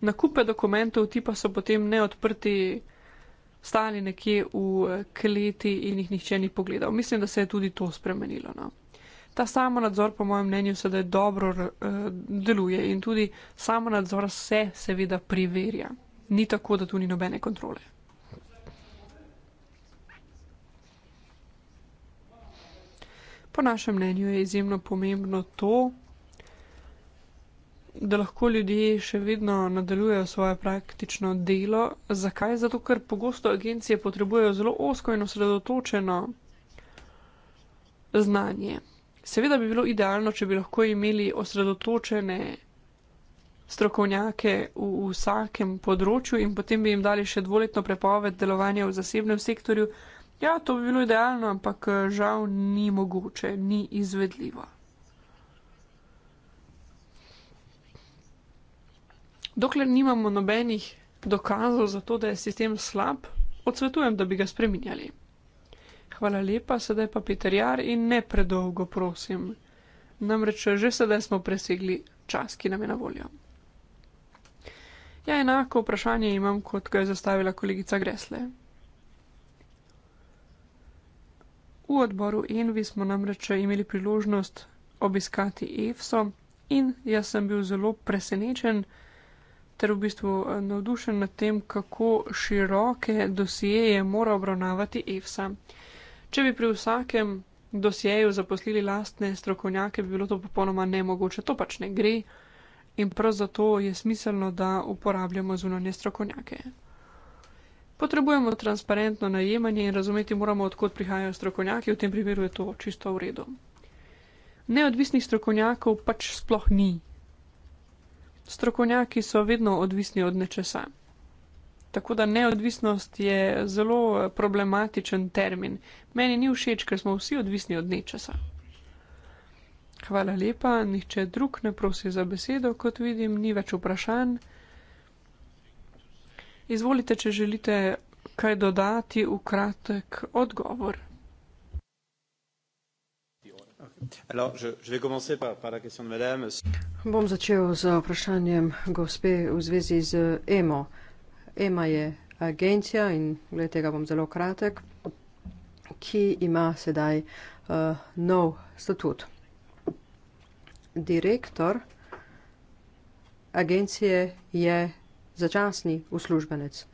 nakupe dokumentov, ti pa so potem neodprti stali nekje v eh, kleti in jih nihče ni pogledal. Mislim, da se je tudi to spremenilo. No? ta samo nadzor, po mojem mnenju, sedaj dobro uh, deluje in tudi samo nadzor se seveda preverja. Ni tako, da tu ni nobene kontrole. Po našem mnenju je izjemno pomembno to, da lahko ljudje še vedno nadaljujejo svoje praktično delo. Zakaj? Zato, ker pogosto agencije potrebujejo zelo osko in osredotočeno znanje. Seveda bi bilo idealno, če bi lahko imeli osredotočene strokovnjake v vsakem področju in potem bi jim dali še dvoletno prepoved delovanja v zasebnem sektorju. Ja, to bi bilo idealno, ampak eh, žal ni mogoče, ni izvedljivo. Dokler nimamo nobenih dokazov za to, da je sistem slab, odsvetujem, da bi ga spreminjali. Hvala lepa, sedaj pa Peter Jar in ne predolgo, prosim. Namreč že sedaj smo presegli čas, ki nam je na voljo. Ja, enako vprašanje imam, kot ga je zastavila kolegica Gresle. V odboru Envi smo namreč imeli priložnost obiskati EFSO in jaz sem bil zelo presenečen ter v bistvu eh, navdušen nad tem, kako široke dosjeje mora obravnavati EFSA. Če bi pri vsakem dosjeju zaposlili lastne strokovnjake, bi bilo to popolnoma nemogoče. To pač ne gre in prav zato je smiselno, da uporabljamo zunanje strokovnjake. Potrebujemo transparentno najemanje in razumeti moramo, odkot prihajajo strokovnjaki, v tem primeru je to čisto v redu. Neodvisnih strokovnjakov pač sploh ni. Strokovnjaki so vedno odvisni od nečesa. Tako da neodvisnost je zelo problematičen termin. Meni ni všeč, ker smo vsi odvisni od nečesa. Hvala lepa, nihče drug ne prosi za besedo, kot vidim, ni več vprašanj. Izvolite, če želite kaj dodati, ukratek odgovor. Bom začel z vprašanjem gospe v zvezi z emo. EMA je agencija in glede tega bom zelo kratek, ki ima sedaj uh, nov statut. Direktor agencije je začasni uslužbenec.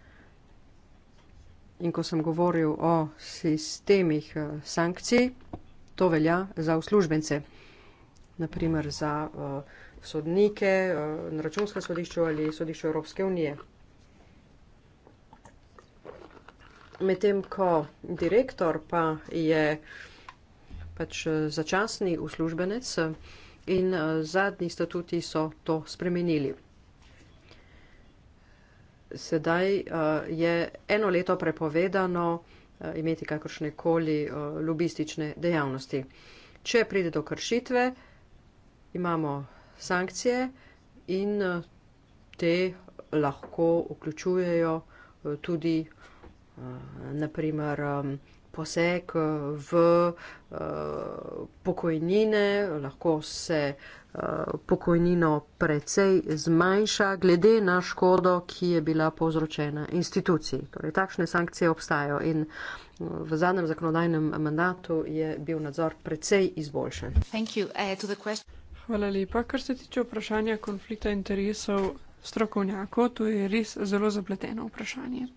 In ko sem govoril o sistemih uh, sankcij, to velja za uslužbence. Naprimer za uh, sodnike uh, na računskem sodišču ali sodišču Evropske unije. medtem ko direktor pa je pač eh, začasni uslužbenec eh, in eh, zadnji statuti so to spremenili. Sedaj je eno leto prepovedano imeti kakršne koli lobistične dejavnosti. Če pride do kršitve, imamo sankcije in te lahko vključujejo tudi naprimer um, poseg v uh, pokojnine, lahko se uh, pokojnino precej zmanjša glede na škodo, ki je bila povzročena instituciji. Torej, takšne sankcije obstajajo in uh, v zadnjem zakonodajnem mandatu je bil nadzor precej izboljšen. Hvala lepa. Kar se tiče vprašanja konflikta interesov strokovnjakov, to je res zelo zapleteno vprašanje.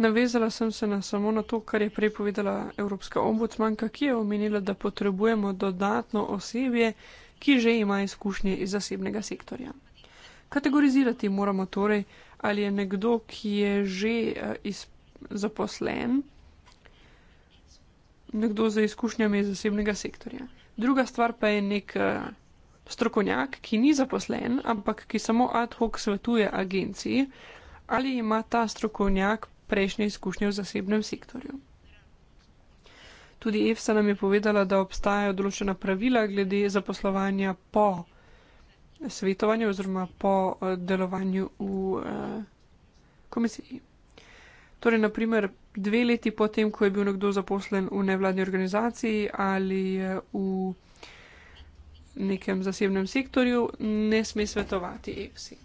Navezala sem se na samo na to, kar je prej povedala Evropska ombudsmanka, ki je omenila, da potrebujemo dodatno osebje, ki že ima izkušnje iz zasebnega sektorja. Kategorizirati moramo torej, ali je nekdo, ki je že eh, iz, zaposlen, nekdo za izkušnjami iz zasebnega sektorja. Druga stvar pa je nek eh, strokovnjak, ki ni zaposlen, ampak ki samo ad hoc svetuje agenciji, ali ima ta strokovnjak prejšnje izkušnje v zasebnem sektorju. Tudi EFSA nam je povedala, da obstajajo določena pravila glede zaposlovanja po svetovanju oziroma po eh, delovanju v eh, komisiji. Torej, naprimer, dve leti potem, ko je bil nekdo zaposlen v nevladni organizaciji ali eh, v nekem zasebnem sektorju, ne sme svetovati EFSA.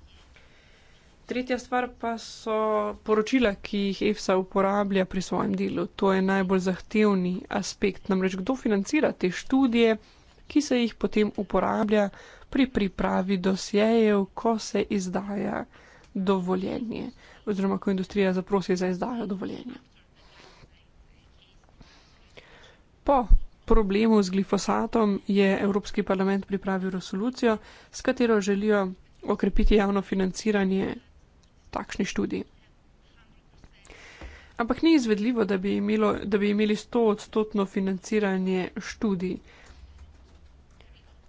Tretja stvar pa so poročila, ki jih EFSA uporablja pri svojem delu. To je najbolj zahtevni aspekt. Namreč kdo financira te študije, ki se jih potem uporablja pri pripravi dosjejev, ko se izdaja dovoljenje oziroma ko industrija zaprosi za izdajo dovoljenja. Po problemu z glifosatom je Evropski parlament pripravil resolucijo, s katero želijo okrepiti javno financiranje takšni študiji. Ampak ni izvedljivo, da bi, imelo, da bi imeli 100-odstotno financiranje študij.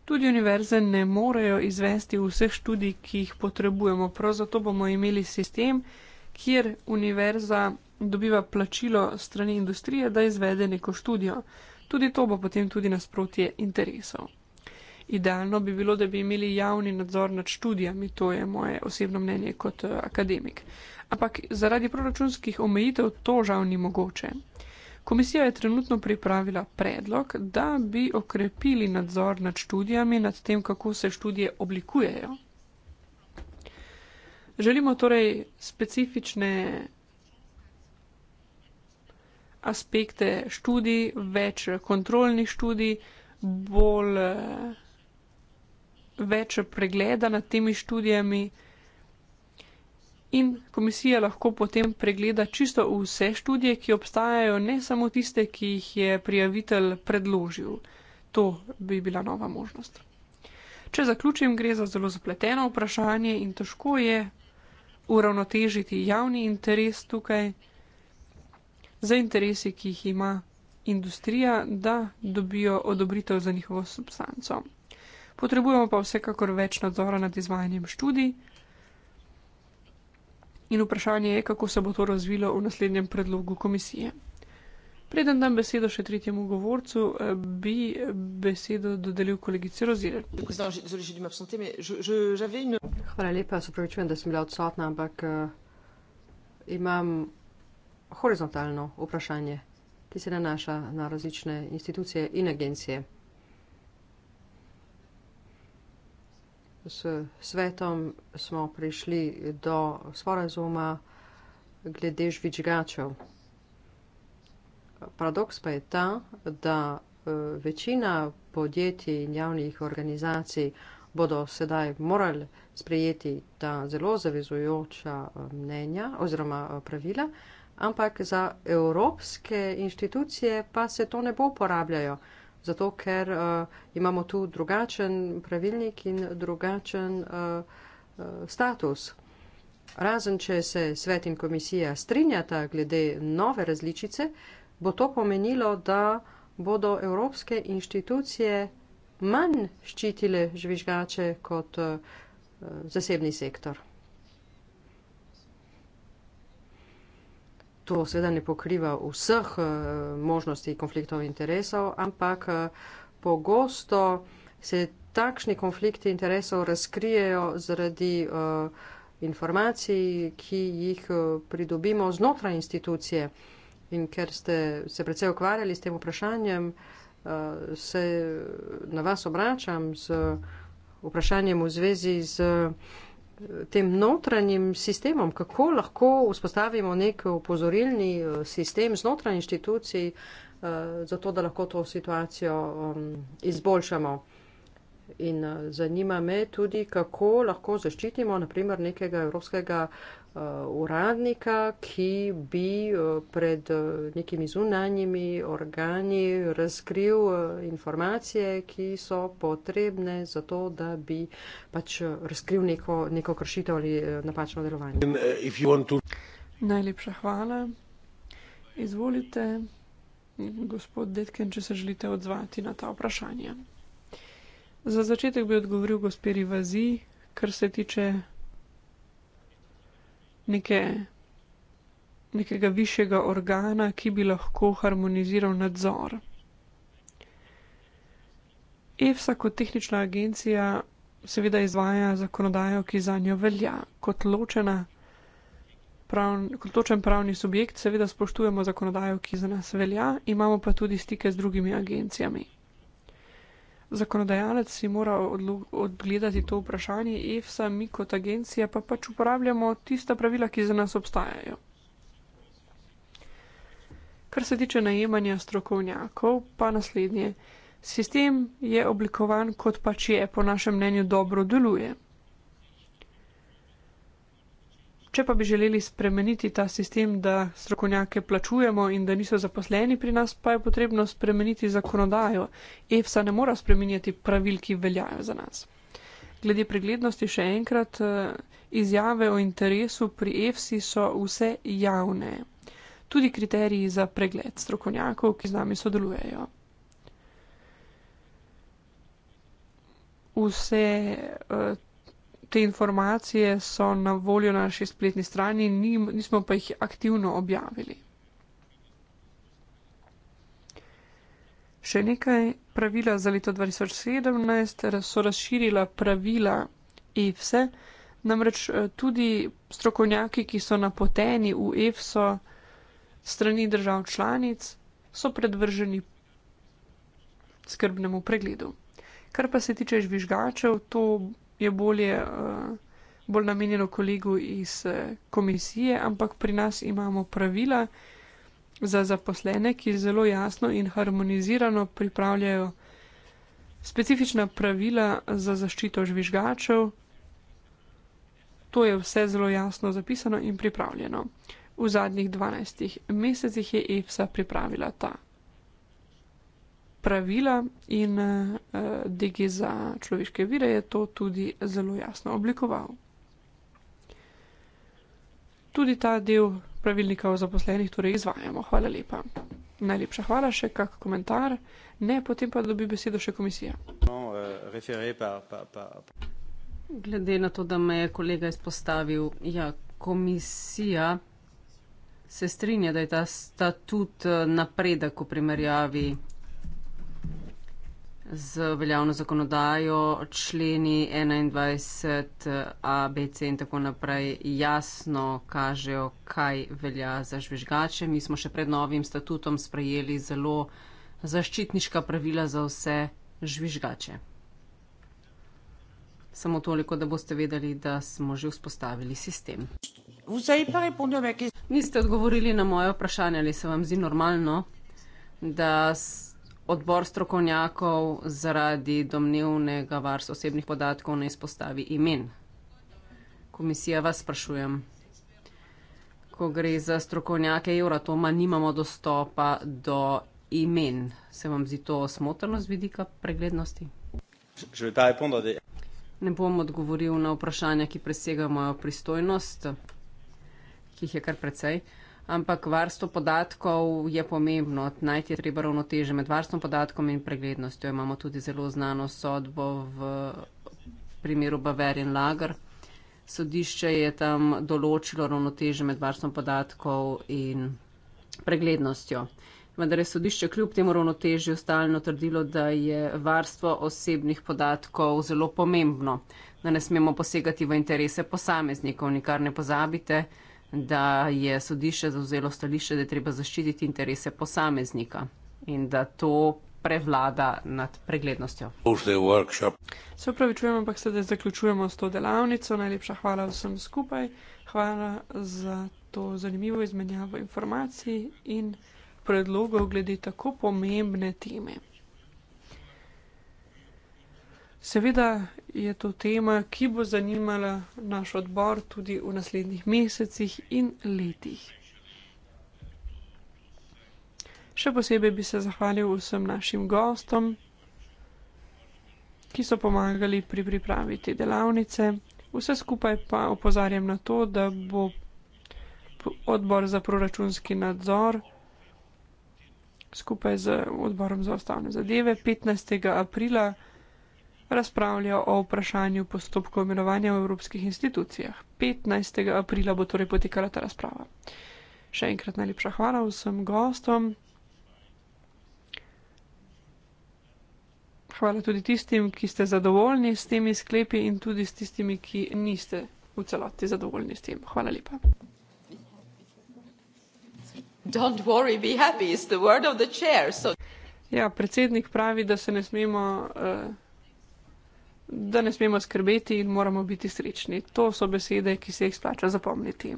Tudi univerze ne morejo izvesti vseh študij, ki jih potrebujemo. Prav zato bomo imeli sistem, kjer univerza dobiva plačilo strani industrije, da izvede neko študijo. Tudi to bo potem tudi nasprotje interesov idealno bi bilo, da bi imeli javni nadzor nad študijami, to je moje osebno mnenje kot eh, akademik. Ampak zaradi proračunskih omejitev to žal ni mogoče. Komisija je trenutno pripravila predlog, da bi okrepili nadzor nad študijami, nad tem, kako se študije oblikujejo. Želimo torej specifične aspekte študij, več kontrolnih študij, bolj. Eh, več pregleda nad temi študijami in komisija lahko potem pregleda čisto vse študije, ki obstajajo, ne samo tiste, ki jih je prijavitelj predložil. To bi bila nova možnost. Če zaključim, gre za zelo zapleteno vprašanje in težko je uravnotežiti javni interes tukaj za interese, ki jih ima industrija, da dobijo odobritev za njihovo substanco potrebujemo pa vsekakor več nadzora nad izvajanjem študij. In vprašanje je, kako se bo to razvilo v naslednjem predlogu komisije. Preden dam besedo še tretjemu govorcu, eh, bi besedo dodelil kolegici Rozirovi. Hvala lepa, se upravičujem, da sem bila odsotna, ampak uh, imam horizontalno vprašanje, ki se nanaša na različne institucije in agencije. s svetom smo prišli do sporazuma glede žvižgačev. Paradoks pa je ta, da e, večina podjetij in javnih organizacij bodo sedaj morali sprejeti ta zelo zavezujoča e, mnenja oziroma e, pravila, ampak za evropske inštitucije pa se to ne bo uporabljalo zato ker uh, imamo tu drugačen pravilnik in drugačen uh, uh, status. Razen, če se svet in komisija strinjata glede nove različice, bo to pomenilo, da bodo evropske inštitucije manj ščitile žvižgače kot uh, zasebni sektor. to seveda ne pokriva vseh eh, možnosti konfliktov interesov, ampak eh, pogosto se takšni konflikti interesov razkrijejo zaradi eh, informacij, ki jih pridobimo znotraj institucije. In ker ste se predvsej ukvarjali s tem vprašanjem, se na vas obračam z vprašanjem v zvezi z tem notranjim sistemom, kako lahko vzpostavimo nek upozorilni eh, sistem znotraj inštitucij, eh, zato da lahko to situacijo um, izboljšamo in eh, zanima me tudi, kako lahko zaščitimo naprimer nekega evropskega eh, uradnika, ki bi eh, pred nekimi zunanjimi organi razkril informacije, ki so potrebne za to, da bi pač razkril neko, neko kršitev ali napačno delovanje. Najlepša hvala. Izvolite, gospod Detken, če se želite odzvati na ta vprašanja. Za začetek bi odgovoril gospe Rivazi, kar se tiče neke, nekega višjega organa, ki bi lahko harmoniziral nadzor. EFSA kot tehnična agencija seveda izvaja zakonodajo, ki zanjo velja. Kot ločena kot ločen pravni subjekt seveda spoštujemo zakonodajo, ki za nas velja, imamo pa tudi stike z drugimi agencijami zakonodajalec si mora odgledati to vprašanje EFSA, mi kot agencija pa pač uporabljamo tista pravila, ki za nas obstajajo. Kar se tiče najemanja strokovnjakov, pa naslednje. Sistem je oblikovan, kot pač je, po našem mnenju dobro deluje. Če pa bi želeli spremeniti ta sistem, da strokovnjake plačujemo in da niso zaposleni pri nas, pa je potrebno spremeniti zakonodajo. EFSA ne mora spremenjati pravil, ki veljajo za nas. Glede preglednosti še enkrat, eh, izjave o interesu pri EFSI so vse javne. Tudi kriteriji za pregled strokovnjakov, ki z nami sodelujejo. Vse eh, te informacije so na voljo na naši spletni strani, nismo pa jih aktivno objavili. Še nekaj pravila za leto 2017 so razširila pravila EFSE, e, namreč eh, tudi strokovnjaki, ki so napoteni v EFSO strani držav članic, so predvrženi skrbnemu pregledu. Kar pa se tiče žvižgačev, to je bolje, uh, bolj namenjeno kolegu iz uh, komisije, ampak pri nas imamo pravila za zaposlene, ki zelo jasno in harmonizirano pripravljajo specifična pravila za zaščito žvižgačev. To je vse zelo jasno zapisano in pripravljeno. V zadnjih 12 mesecih je EFSA pripravila ta pravila in uh, eh, DG za človeške vire je to tudi zelo jasno oblikoval. Tudi ta del pravilnika o zaposlenih torej izvajamo. Hvala lepa. Najlepša hvala, še kak komentar. Ne, potem pa dobi besedo še komisija. No, eh, Glede na to, da me je kolega izpostavil, ja, komisija se strinja, da je ta statut eh, napredek v primerjavi z veljavno zakonodajo členi 21, ABC in tako naprej jasno kažejo, kaj velja za žvižgače. Mi smo še pred novim statutom sprejeli zelo zaščitniška pravila za vse žvižgače. Samo toliko, da boste vedeli, da smo že vzpostavili sistem. Niste odgovorili na moje vprašanje, ali se vam zdi normalno, da odbor strokovnjakov zaradi domnevnega varstva osebnih podatkov ne izpostavi imen. Komisija vas sprašujem. Ko gre za strokovnjake Euratoma, nimamo dostopa do imen. Se vam zdi to smotrno z vidika preglednosti? Ne bom odgovoril na vprašanja, ki presegajo mojo pristojnost, ki jih je kar precej ampak varstvo podatkov je pomembno. Najti je treba ravnoteže med varstvom podatkom in preglednostjo. Imamo tudi zelo znano sodbo v primeru Bavarian Lager. Sodišče je tam določilo ravnoteže med varstvom podatkov in preglednostjo. Vendar je sodišče kljub temu ravnotežju stalno trdilo, da je varstvo osebnih podatkov zelo pomembno, da ne smemo posegati v interese posameznikov. Nikar ne pozabite, da je sodišče zauzelo stališče, da je treba zaščititi interese posameznika in da to prevlada nad preglednostjo. Se upravičujemo, ampak sedaj zaključujemo s to delavnico. Najlepša hvala vsem skupaj. Hvala za to zanimivo izmenjavo informacij in predlogov glede tako pomembne teme. Seveda je to tema, ki bo zanimala naš odbor tudi v naslednjih mesecih in letih. Še posebej bi se zahvalil vsem našim gostom, ki so pomagali pri pripravi te delavnice. Vse skupaj pa opozarjam na to, da bo odbor za proračunski nadzor skupaj z odborom za ustavne zadeve 15. aprila razpravlja o vprašanju postopkov imenovanja v evropskih institucijah. 15. aprila bo torej potekala ta razprava. Še enkrat najlepša hvala vsem gostom. Hvala tudi tistim, ki ste zadovoljni s temi sklepi in tudi s tistimi, ki niste v celoti zadovoljni s tem. Hvala lepa. Don't worry, be happy is the word of the chair. So... Ja, predsednik pravi, da se ne smemo. Uh, da ne smemo skrbeti in moramo biti srečni. To so besede, ki se jih splača zapomniti.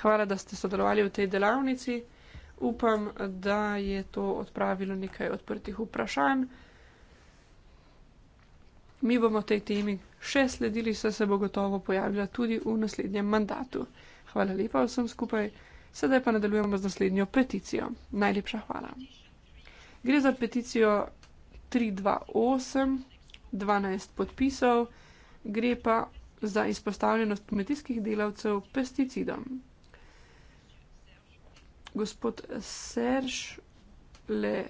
Hvala, da ste sodelovali v tej delavnici. Upam, da je to odpravilo nekaj odprtih vprašanj. Mi bomo tej temi še sledili, saj se bo gotovo pojavila tudi v naslednjem mandatu. Hvala lepa vsem skupaj. Sedaj pa nadaljujemo z naslednjo peticijo. Najlepša hvala. Gre za peticijo 328. 12 podpisov, gre pa za izpostavljenost kmetijskih delavcev pesticidom. Gospod Serž Le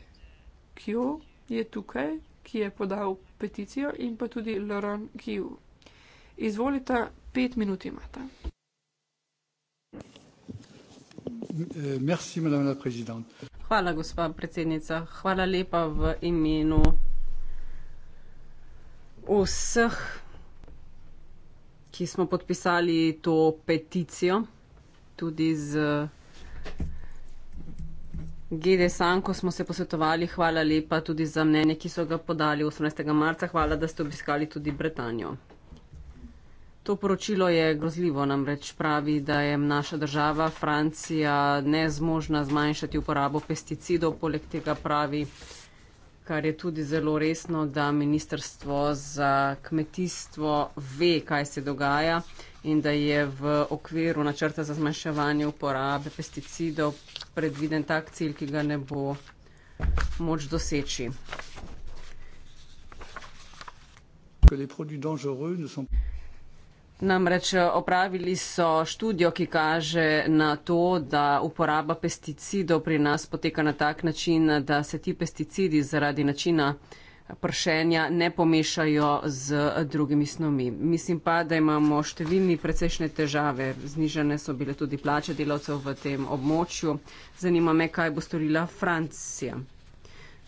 Kjo je tukaj, ki je podal peticijo in pa tudi Loran Kiju. Izvolite, pet minut imate. Merci, Hvala, gospa predsednica. Hvala lepa v imenu vseh, ki smo podpisali to peticijo, tudi z GD Sanko smo se posvetovali, hvala lepa tudi za mnenje, ki so ga podali 18. marca, hvala, da ste obiskali tudi Britanijo. To poročilo je grozljivo, namreč pravi, da je naša država, Francija, nezmožna zmanjšati uporabo pesticidov, poleg tega pravi, da je kar je tudi zelo resno, da Ministrstvo za kmetijstvo ve, kaj se dogaja in da je v okviru načrta za zmanjševanje uporabe pesticidov predviden tak cilj, ki ga ne bo moč doseči. Ne so... Namreč eh, opravili so študijo, ki kaže na to, da uporaba pesticidov pri nas poteka na tak način, da se ti pesticidi zaradi načina pršenja ne pomešajo z drugimi snovmi. Mislim pa, da imamo številni precejšnje težave. Znižene so bile tudi plače delavcev v tem območju. Zanima me, kaj bo storila Francija.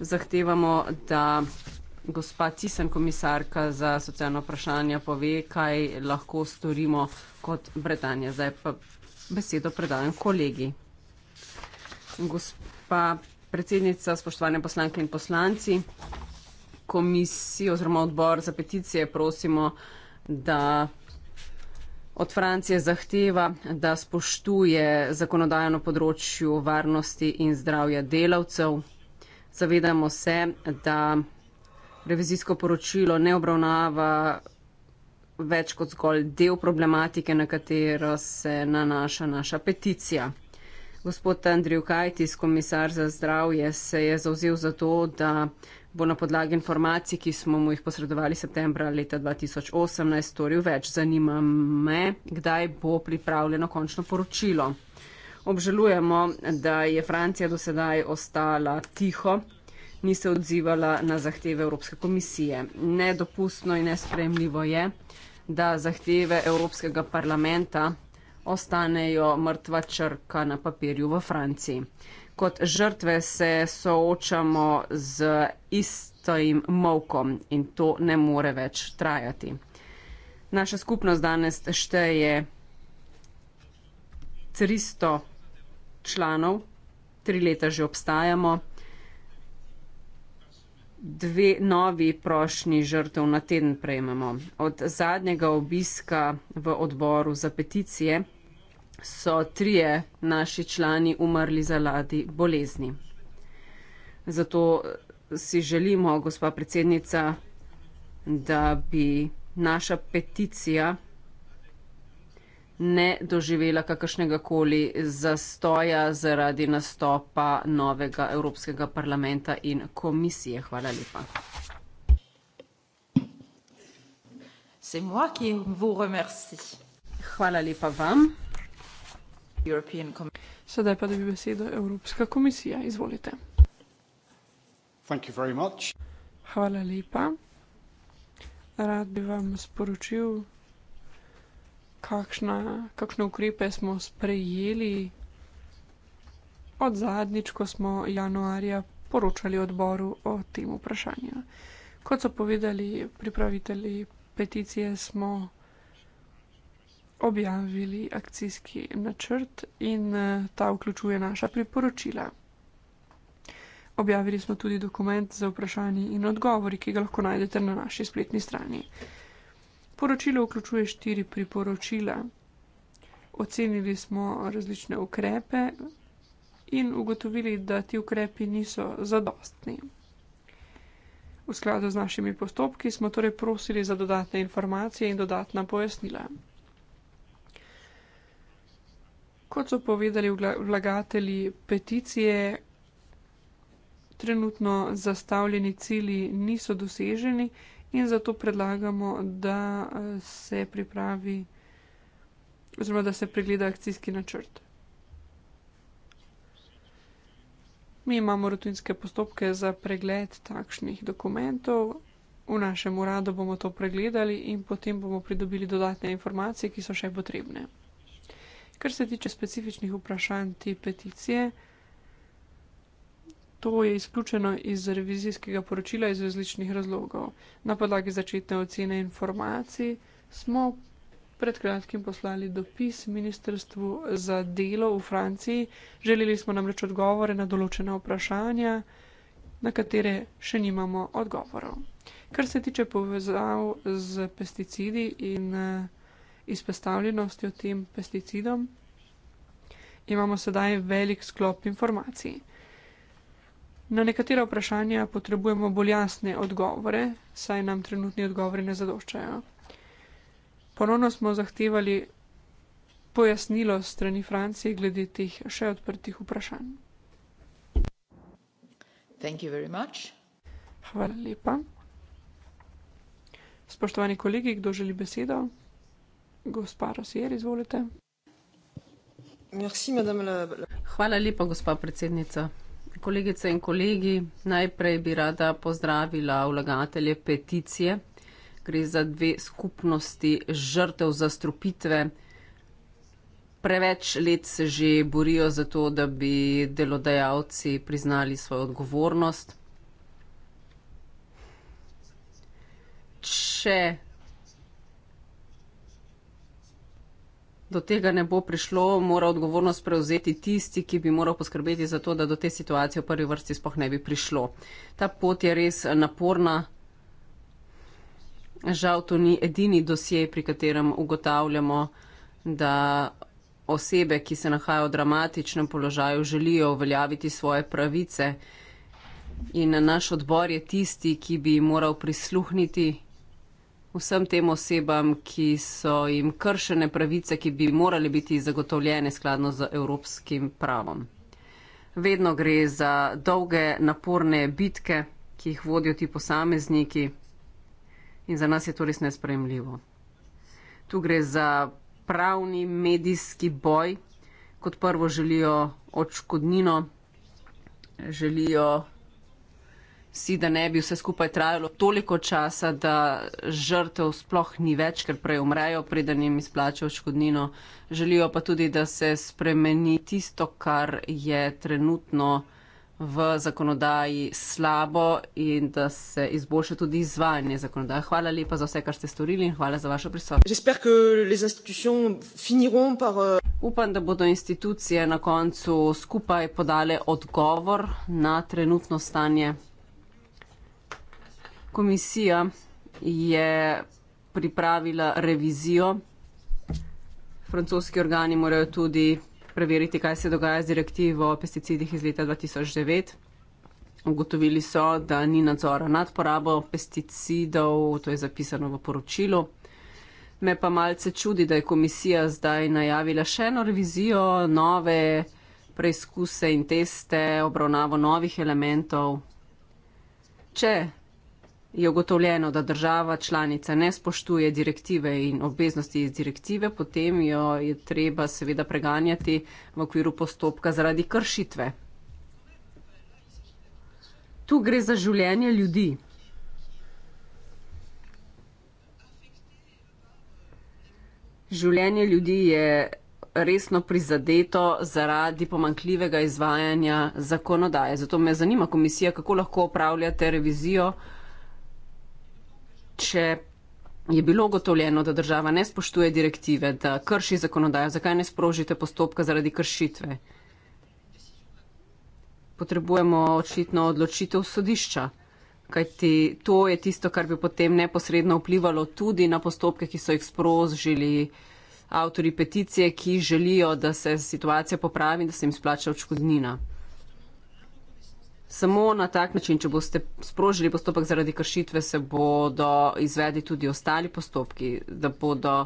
Zahtevamo, da gospa Cisen, komisarka za socialno vprašanje, pove, kaj lahko storimo kot Bretanja. Zdaj pa besedo predajam kolegi. Gospa predsednica, spoštovane poslanke in poslanci, komisijo oziroma odbor za peticije prosimo, da. Od Francije zahteva, da spoštuje zakonodajo na področju varnosti in zdravja delavcev. Zavedamo se, da revizijsko poročilo ne obravnava več kot zgolj del problematike, na katero se nanaša naša peticija. Gospod Andrej Kajtis, komisar za zdravje, se je zauzel za to, da bo na podlagi informacij, ki smo mu jih posredovali septembra leta 2018, storil več. Zanima me, kdaj bo pripravljeno končno poročilo. Obžalujemo, da je Francija do sedaj ostala tiho ni se odzivala na zahteve Evropske komisije. Nedopustno in nespremljivo je, da zahteve Evropskega parlamenta ostanejo mrtva črka na papirju v Franciji. Kot žrtve se soočamo z istojim mokom in to ne more več trajati. Naša skupnost danes šteje 300 članov, tri leta že obstajamo dve novi prošnji žrtev na teden prejmemo. Od zadnjega obiska v odboru za peticije so trije naši člani umrli zaradi bolezni. Zato si želimo, gospa predsednica, da bi naša peticija ne doživela kakršnega koli zastoja zaradi nastopa novega Evropskega parlamenta in komisije. Hvala lepa. Hvala lepa vam. Sedaj pa dobi besedo Evropska komisija. Izvolite. Hvala lepa. Rad bi vam sporočil kakšna, kakšne ukrepe smo sprejeli od zadnjič, ko smo januarja poročali odboru o tem vprašanju. Kot so povedali pripravitelji peticije, smo objavili akcijski načrt in eh, ta vključuje naša priporočila. Objavili smo tudi dokument za vprašanje in odgovori, ki ga lahko najdete na naši spletni strani. Poročilo vključuje štiri priporočila. Ocenili smo različne ukrepe in ugotovili, da ti ukrepi niso zadostni. V skladu z našimi postopki smo torej prosili za dodatne informacije in dodatna pojasnila. Kot so povedali vlagatelji peticije, trenutno zastavljeni cili niso doseženi in zato predlagamo, da eh, se pripravi oziroma da se pregleda akcijski načrt. Mi imamo rutinske postopke za pregled takšnih dokumentov, v našem uradu bomo to pregledali in potem bomo pridobili dodatne informacije, ki so še potrebne. Kar se tiče specifičnih vprašanj te peticije, To je izključeno iz revizijskega poročila iz različnih razlogov. Na podlagi začetne ocene informacij smo pred kratkim poslali dopis Ministrstvu za delo v Franciji. Želeli smo namreč odgovore na določene vprašanja, na katere še nimamo odgovorov. Kar se tiče povezav z pesticidi in eh, izpostavljenostjo tem pesticidom, imamo sedaj velik sklop informacij. Na nekatera vprašanja potrebujemo bolj jasne odgovore, saj nam trenutni odgovori ne zadoščajo. Ponovno smo zahtevali pojasnilo strani Francije glede teh še odprtih vprašanj. Hvala lepa. Spoštovani kolegi, kdo želi besedo? Gospa Rosier, izvolite. Hvala lepa, gospa predsednica. Kolegice in kolegi, najprej bi rada pozdravila vlagatelje peticije. Gre za dve skupnosti žrtev zastrupitve. Preveč let se že borijo za to, da bi delodajalci priznali svojo odgovornost. Če do tega ne bo prišlo, mora odgovornost prevzeti tisti, ki bi moral poskrbeti za to, da do te situacije v prvi vrsti spoh ne bi prišlo. Ta pot je res naporna. Žal to ni edini dosje, pri katerem ugotavljamo, da osebe, ki se nahajajo v dramatičnem položaju, želijo uveljaviti svoje pravice. In naš odbor je tisti, ki bi moral prisluhniti vsem tem osebam, ki so jim kršene pravice, ki bi morale biti zagotovljene skladno z evropskim pravom. Vedno gre za dolge, naporne bitke, ki jih vodijo ti posamezniki in za nas je to res nespremljivo. Tu gre za pravni medijski boj, kot prvo želijo odškodnino, želijo si, da ne bi vse skupaj trajalo toliko časa, da žrtev sploh ni več, ker prej umrejo, preden jim izplačajo škodnino. Želijo pa tudi, da se spremeni tisto, kar je trenutno v zakonodaji slabo in da se izboljša tudi izvajanje zakonodaje. Hvala lepa za vse, kar ste storili in hvala za vašo prisotnost. Euh, Upam, da bodo institucije na koncu skupaj podale odgovor na trenutno stanje komisija je pripravila revizijo. Francoski organi morajo tudi preveriti, kaj se dogaja z direktivo o pesticidih iz leta 2009. Ugotovili so, da ni nadzora nad porabo pesticidov, to je zapisano v poročilu. Me pa malce čudi, da je komisija zdaj najavila še eno revizijo, nove preizkuse in teste, obravnavo novih elementov. Če je ugotovljeno, da država članica ne spoštuje direktive in obveznosti iz direktive, potem jo je treba seveda preganjati v okviru postopka zaradi kršitve. Tu gre za življenje ljudi. Življenje ljudi je resno prizadeto zaradi pomankljivega izvajanja zakonodaje. Zato me zanima, komisija, kako lahko upravljate revizijo če je bilo ugotovljeno, da država ne spoštuje direktive, da krši zakonodajo, zakaj ne sprožite postopka zaradi kršitve? Potrebujemo očitno odločitev sodišča, kajti to je tisto, kar bi potem neposredno vplivalo tudi na postopke, ki so jih sprožili avtori peticije, ki želijo, da se situacija popravi in da se jim splača odškodnina. Samo na tak način, če boste sprožili postopek zaradi kršitve, se bodo izvedli tudi ostali postopki, da bodo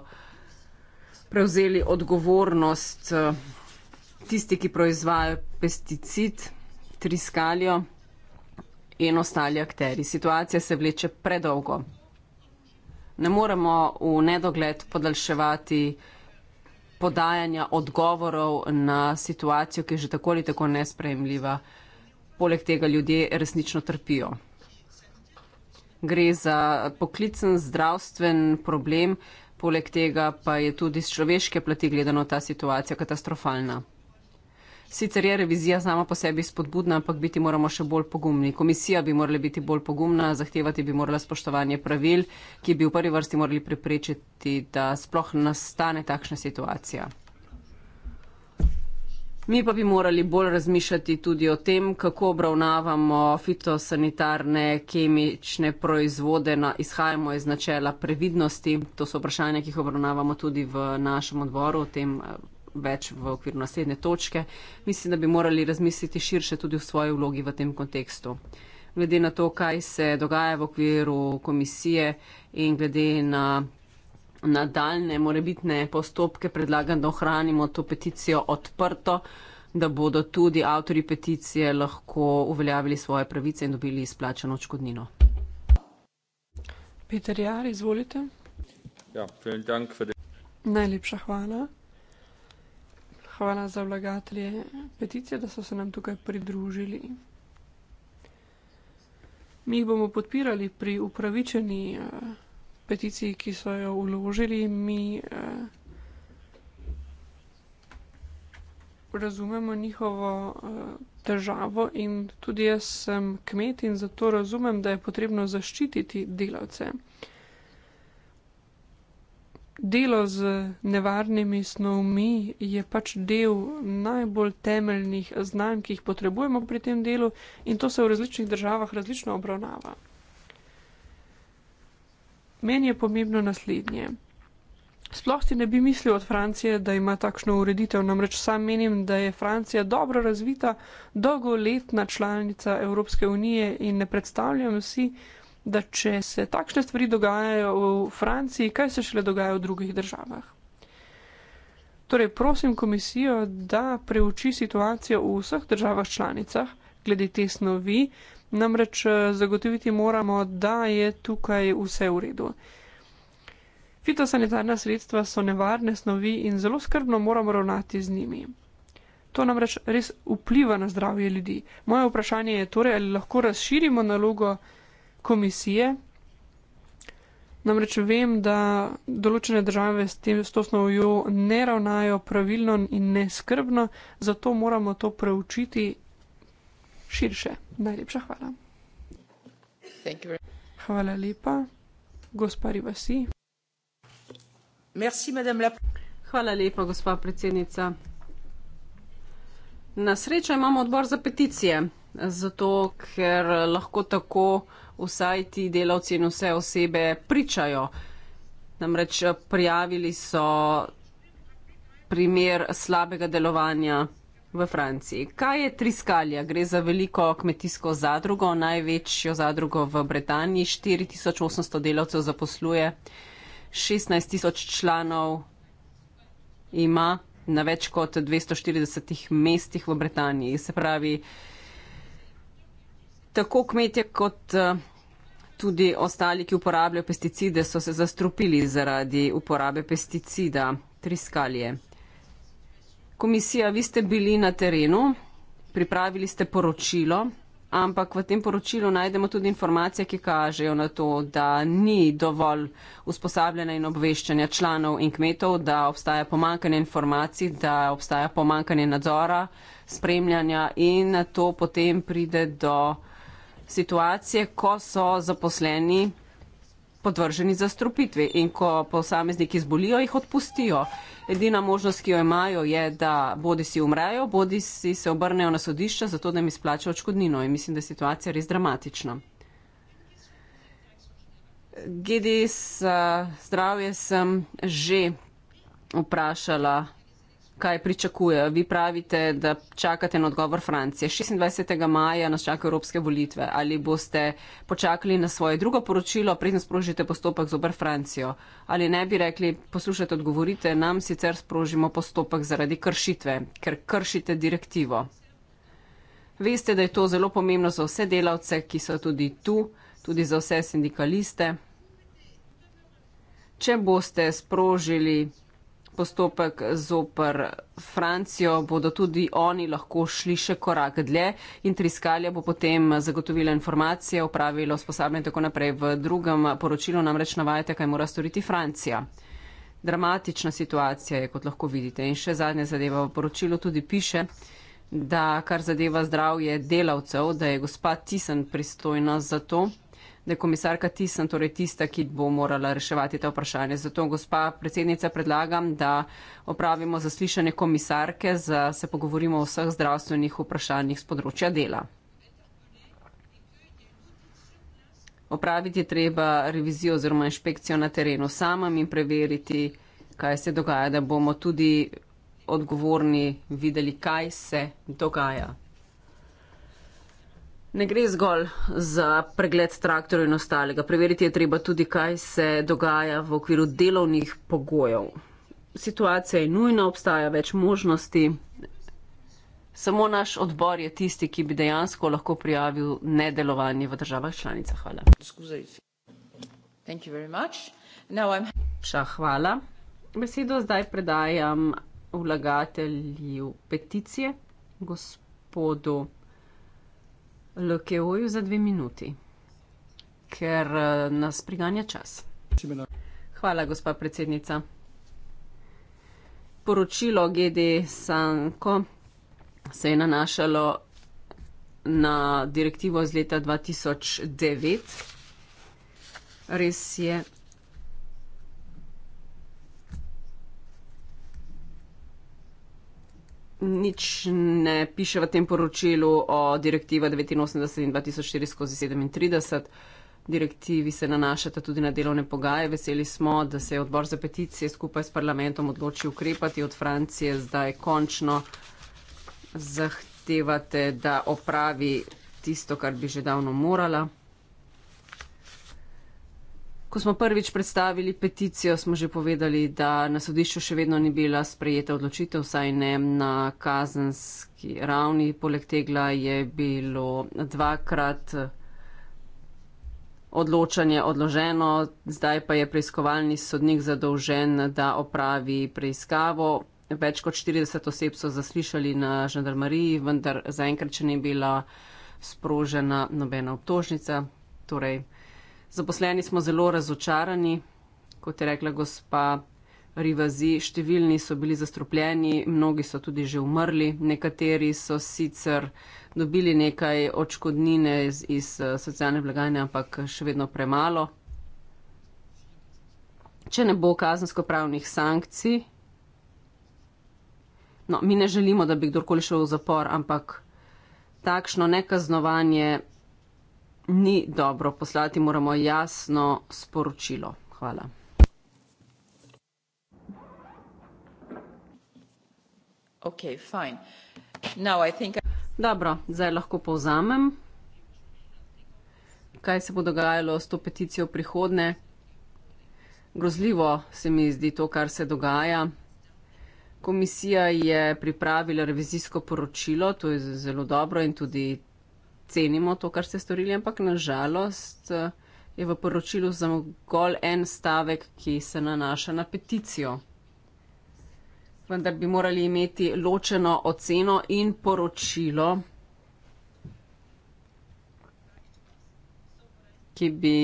prevzeli odgovornost eh, tisti, ki proizvajajo pesticid, triskalijo in ostali akteri. Situacija se vleče predolgo. Ne moremo v nedogled podaljševati podajanja odgovorov na situacijo, ki je že tako ali tako nespremljiva poleg tega ljudje resnično trpijo. Gre za poklicen zdravstven problem, poleg tega pa je tudi z človeške plati gledano ta situacija katastrofalna. Sicer je revizija sama po sebi spodbudna, ampak biti moramo še bolj pogumni. Komisija bi morala biti bolj pogumna, zahtevati bi morala spoštovanje pravil, ki bi v prvi vrsti morali preprečiti, da sploh nastane takšna situacija. Mi pa bi morali bolj razmišljati tudi o tem, kako obravnavamo fitosanitarne kemične proizvode, na, izhajamo iz načela previdnosti. To so vprašanja, ki jih obravnavamo tudi v našem odboru, o tem eh, več v okviru naslednje točke. Mislim, da bi morali razmisliti širše tudi v svoji vlogi v tem kontekstu. Glede na to, kaj se dogaja v okviru komisije in glede na nadaljne morebitne postopke, predlagam, da ohranimo to peticijo odprto, da bodo tudi avtori peticije lahko uveljavili svoje pravice in dobili izplačeno očkodnino. Peter Jar, izvolite. Ja, dank, Najlepša hvala. Hvala za vlagatelje peticije, da so se nam tukaj pridružili. Mi jih bomo podpirali pri upravičeni. Uh, peticiji, ki so jo vložili, mi eh, razumemo njihovo eh, težavo in tudi jaz sem kmet in zato razumem, da je potrebno zaščititi delavce. Delo z nevarnimi snovmi je pač del najbolj temeljnih znanj, ki jih potrebujemo pri tem delu in to se v različnih državah različno obravnava. Meni je pomembno naslednje. Sploh si ne bi mislil od Francije, da ima takšno ureditev, namreč sam menim, da je Francija dobro razvita, dolgoletna članica Evropske unije in ne predstavljam si, da če se takšne stvari dogajajo v Franciji, kaj se šele dogaja v drugih državah. Torej, prosim komisijo, da preuči situacijo v vseh državah članicah glede te snovi Namreč eh, zagotoviti moramo, da je tukaj vse v redu. Fitosanitarna sredstva so nevarne snovi in zelo skrbno moramo ravnati z njimi. To namreč res vpliva na zdravje ljudi. Moje vprašanje je torej, ali lahko razširimo nalogo komisije. Namreč vem, da določene države s tem stosnovjo ne ravnajo pravilno in neskrbno, zato moramo to preučiti širše. Najlepša hvala. Hvala lepa, gospa Rivasi. Merci, la... Hvala lepa, gospa predsednica. Na srečo imamo odbor za peticije, zato ker lahko tako vsaj ti delavci in vse osebe pričajo. Namreč prijavili so primer slabega delovanja v Franciji. Kaj je Triskalija? Gre za veliko kmetijsko zadrugo, največjo zadrugo v Britaniji. 4800 delavcev zaposluje, 16000 članov ima na več kot 240 mestih v Britaniji. Se pravi, tako kmetje kot eh, tudi ostali, ki uporabljajo pesticide, so se zastrupili zaradi uporabe pesticida Triskalije. Komisija, vi ste bili na terenu, pripravili ste poročilo, ampak v tem poročilu najdemo tudi informacije, ki kažejo na to, da ni dovolj usposabljanja in obveščanja članov in kmetov, da obstaja pomankanje informacij, da obstaja pomankanje nadzora, spremljanja in to potem pride do situacije, ko so zaposleni podvrženi zastrupitvi in ko posamezniki zbolijo, jih odpustijo. Edina možnost, ki jo imajo, je, da bodi si umrajo, bodi si se obrnejo na sodišča, zato da jim izplačajo očkodnino. In mislim, da je situacija res dramatična. Gedis, eh, zdravje sem že vprašala kaj pričakujejo. Vi pravite, da čakate na odgovor Francije. 26. maja nas čakajo evropske volitve. Ali boste počakali na svoje drugo poročilo, preden sprožite postopek z obr Francijo? Ali ne bi rekli, poslušajte, odgovorite, nam sicer sprožimo postopek zaradi kršitve, ker kršite direktivo. Veste, da je to zelo pomembno za vse delavce, ki so tudi tu, tudi za vse sindikaliste. Če boste sprožili postopek zoper Francijo, bodo tudi oni lahko šli še korak dlje in Triskalja bo potem zagotovila informacije, upravilo sposabljanje in tako naprej. V drugem poročilu namreč navajate, kaj mora storiti Francija. Dramatična situacija je, kot lahko vidite. In še zadnja zadeva v poročilu tudi piše, da kar zadeva zdravje delavcev, da je gospa Tisen pristojna za to, da je komisarka Tisan torej tista, ki bo morala reševati ta vprašanje. Zato, gospa predsednica, predlagam, da opravimo zaslišanje komisarke, da se pogovorimo o vseh zdravstvenih vprašanjih z področja dela. Opraviti je treba revizijo oziroma inšpekcijo na terenu samem in preveriti, kaj se dogaja, da bomo tudi odgovorni videli, kaj se dogaja. Ne gre zgolj za pregled traktorjev in ostalega. Preveriti je treba tudi, kaj se dogaja v okviru delovnih pogojev. Situacija je nujna, obstaja več možnosti. Samo naš odbor je tisti, ki bi dejansko lahko prijavil nedelovanje v državah članicah. Hvala. Ša, hvala. Besedo zdaj predajam vlagatelju peticije, gospodu. LKO-ju za dve minuti, ker eh, nas priganja čas. Hvala, gospa predsednica. Poročilo GD Sanko se je nanašalo na direktivo iz leta 2009. Res je. nič ne piše v tem poročilu o direktiva 89 in 2004 skozi 37. Direktivi se nanašata tudi na delovne pogaje. Veseli smo, da se je odbor za peticije skupaj s parlamentom odločil ukrepati od Francije. Zdaj končno zahtevate, da opravi tisto, kar bi že davno morala. Ko smo prvič predstavili peticijo, smo že povedali, da na sodišču še vedno ni bila sprejeta odločitev, saj ne na kazenski ravni. Poleg tega je bilo dvakrat odločanje odloženo, zdaj pa je preiskovalni sodnik zadolžen, da opravi preiskavo. Več kot 40 oseb so zaslišali na žandarmariji, vendar zaenkrat še ni bila sprožena nobena obtožnica. Torej, Zaposleni smo zelo razočarani, kot je rekla gospa Rivazi, številni so bili zastrupljeni, mnogi so tudi že umrli, nekateri so sicer dobili nekaj očkodnine iz, iz eh, socialne blagajne, ampak še vedno premalo. Če ne bo kazensko pravnih sankcij, no, mi ne želimo, da bi kdorkoli šel v zapor, ampak takšno nekaznovanje ni dobro. Poslati moramo jasno sporočilo. Hvala. Okay, I... Dobro, zdaj lahko povzamem, kaj se bo dogajalo s to peticijo prihodne. Grozljivo se mi zdi to, kar se dogaja. Komisija je pripravila revizijsko poročilo, to je zelo dobro in tudi cenimo to, kar ste storili, ampak nažalost eh, je v poročilu samo gol en stavek, ki se nanaša na peticijo. Vendar bi morali imeti ločeno oceno in poročilo, ki bi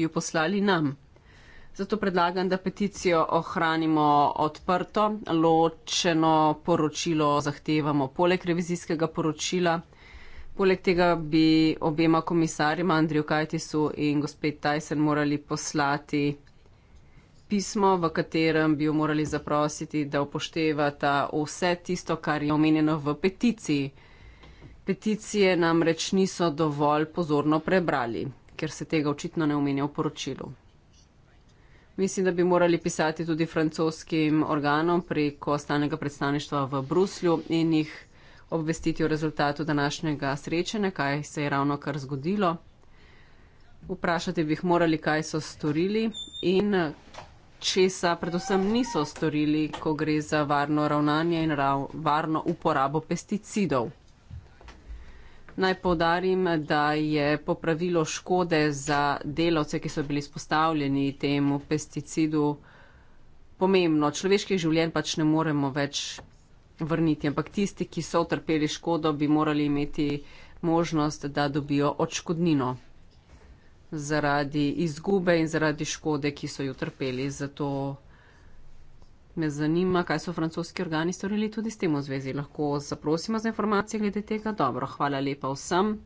jo poslali nam. Zato predlagam, da peticijo ohranimo odprto, ločeno poročilo zahtevamo poleg revizijskega poročila. Poleg tega bi obema komisarjema, Andriju Kajtisu in gospod Tyson, morali poslati pismo, v katerem bi jo morali zaprositi, da upoštevata vse tisto, kar je omenjeno v peticiji. Peticije namreč niso dovolj pozorno prebrali, ker se tega očitno ne omenja v poročilu. Mislim, da bi morali pisati tudi francoskim organom preko stalnega predstavništva v Bruslju in jih obvestiti o rezultatu današnjega srečanja, kaj se je ravno kar zgodilo. Vprašati bi jih morali, kaj so storili in česa predvsem niso storili, ko gre za varno ravnanje in rav, varno uporabo pesticidov. Naj povdarim, da je popravilo škode za delavce, ki so bili izpostavljeni temu pesticidu, pomembno. Človeških življenj pač ne moremo več vrniti. Ampak tisti, ki so utrpeli škodo, bi morali imeti možnost, da dobijo odškodnino zaradi izgube in zaradi škode, ki so jo utrpeli. Zato me zanima, kaj so francoski organi storili tudi s tem v zvezi. Lahko zaprosimo za informacije glede tega. Dobro, hvala lepa vsem.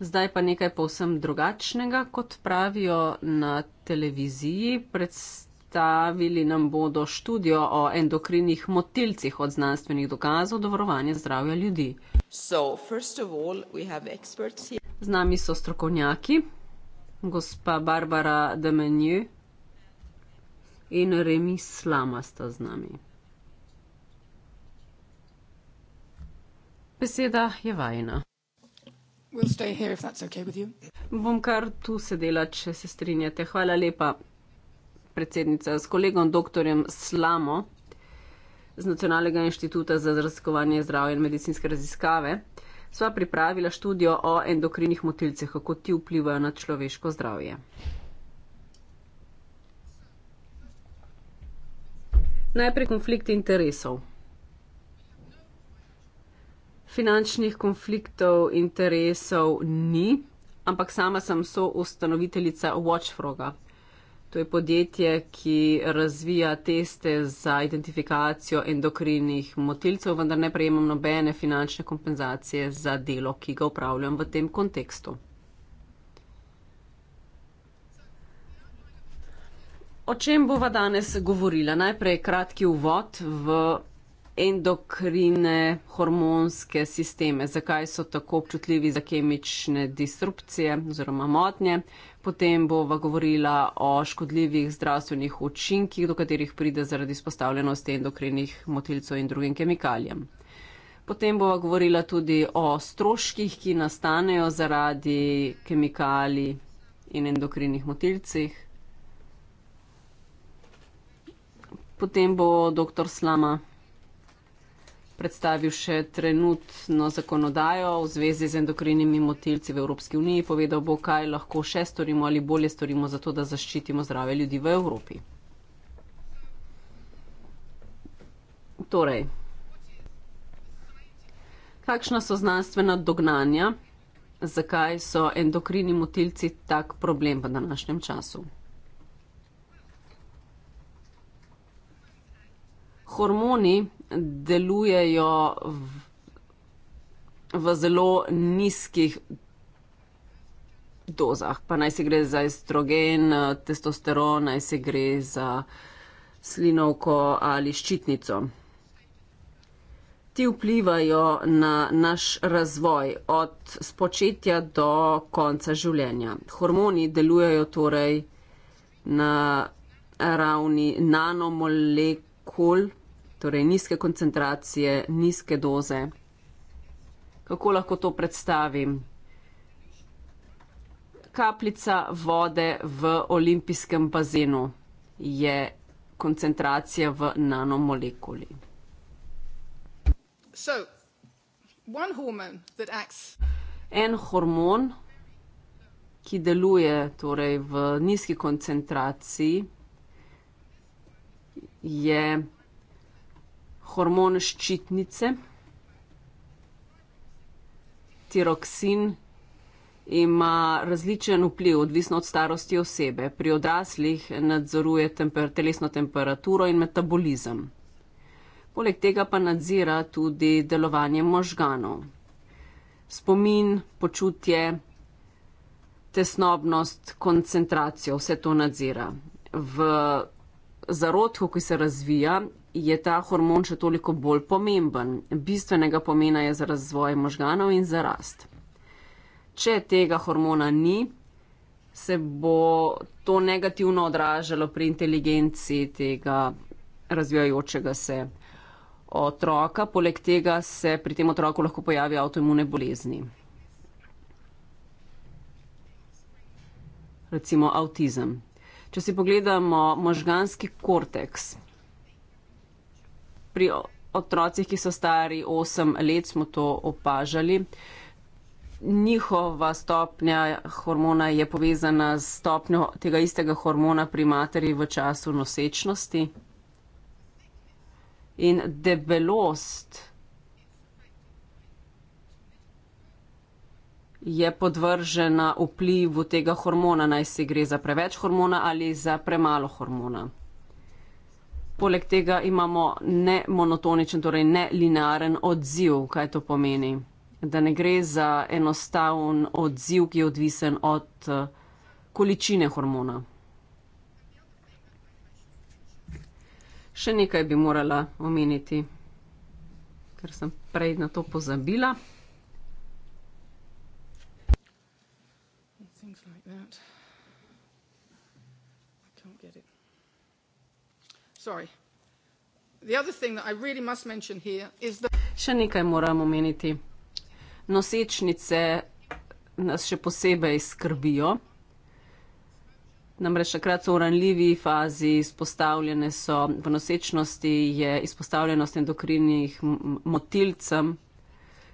Zdaj pa nekaj povsem drugačnega, kot pravijo na televiziji. Predst predstavili nam bodo študijo o endokrinih motilcih od znanstvenih dokazov do varovanja zdravja ljudi. So, all, Z nami so strokovnjaki, gospa Barbara Demenju in Remi Slama sta z nami. Beseda je vajna. We'll okay Bom kar tu sedela, če se strinjate. Hvala lepa predsednica s kolegom dr. Slamo z Nacionalnega inštituta za raziskovanje zdravja in medicinske raziskave, sva pripravila študijo o endokrinih motilcih, kako ti vplivajo na človeško zdravje. Najprej konflikt interesov. Finančnih konfliktov interesov ni, ampak sama sem soustanoviteljica Watchfroga, To je podjetje, ki razvija teste za identifikacijo endokrinih motilcev, vendar ne prejemam nobene finančne kompenzacije za delo, ki ga upravljam v tem kontekstu. O čem bova danes govorila? Najprej kratki uvod v endokrine, hormonske sisteme, zakaj so tako občutljivi za kemične disrupcije oziroma motnje. Potem bova govorila o škodljivih zdravstvenih učinkih, do katerih pride zaradi izpostavljenosti endokrinih motilcev in drugim kemikalijam. Potem bova govorila tudi o stroških, ki nastanejo zaradi kemikalij in endokrinih motilcih. Potem bo doktor Slama predstavil še trenutno zakonodajo v zvezi z endokrinimi motilci v Evropski uniji, povedal bo, kaj lahko še storimo ali bolje storimo za to, da zaščitimo zdrave ljudi v Evropi. Torej, kakšna so znanstvena dognanja, zakaj so endokrini motilci tak problem v današnjem času? Hormoni delujejo v, v zelo nizkih dozah. Pa naj se gre za estrogen, testosteron, naj se gre za slinovko ali ščitnico. Ti vplivajo na naš razvoj od spočetja do konca življenja. Hormoni delujejo torej na ravni nanomolekul, torej nizke koncentracije, nizke doze. Kako lahko to predstavim? Kapljica vode v olimpijskem bazenu je koncentracija v nanomolekuli. So, acts... En hormon, ki deluje torej v nizki koncentraciji, je hormon ščitnice, tiroksin, ima različen vpliv, odvisno od starosti osebe. Pri odraslih nadzoruje temper, telesno temperaturo in metabolizem. Poleg tega pa nadzira tudi delovanje možganov. Spomin, počutje, tesnobnost, koncentracijo, vse to nadzira. V zarodku, ki se razvija, je ta hormon še toliko bolj pomemben. Bistvenega pomena je za razvoj možganov in za rast. Če tega hormona ni, se bo to negativno odražalo pri inteligenci tega razvijajočega se otroka. Poleg tega se pri tem otroku lahko pojavijo avtoimune bolezni. Recimo avtizem. Če si pogledamo možganski korteks, pri otrocih, ki so stari 8 let, smo to opažali. Njihova stopnja hormona je povezana s stopnjo tega istega hormona pri materi v času nosečnosti. In debelost je podvržena vplivu tega hormona, naj si gre za preveč hormona ali za premalo hormona. Poleg tega imamo ne monotoničen, torej ne linearen odziv. Kaj to pomeni? Da ne gre za enostaven odziv, ki je odvisen od eh, količine hormona. Še nekaj bi morala omeniti, ker sem prej na to pozabila. Sorry. The other thing that I really must mention here is that... Še nekaj moram omeniti. Nosečnice nas še posebej skrbijo. Namreč takrat so v ranljivi fazi izpostavljene so, v nosečnosti je izpostavljenost endokrinih motilcem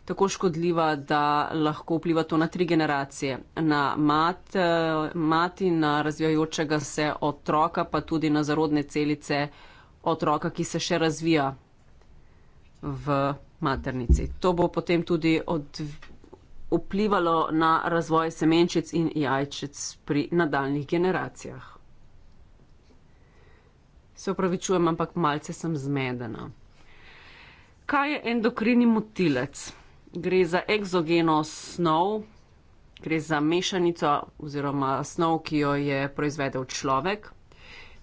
tako škodljiva, da lahko vpliva to na tri generacije, na mat, eh, mati, na razvijajočega se otroka, pa tudi na zarodne celice otroka, ki se še razvija v maternici. To bo potem tudi od, vplivalo na razvoj semenčic in jajčic pri nadaljnih generacijah. Se opravičujem, ampak malce sem zmedena. Kaj je endokrini motilec? gre za egzogeno snov, gre za mešanico oziroma snov, ki jo je proizvedel človek.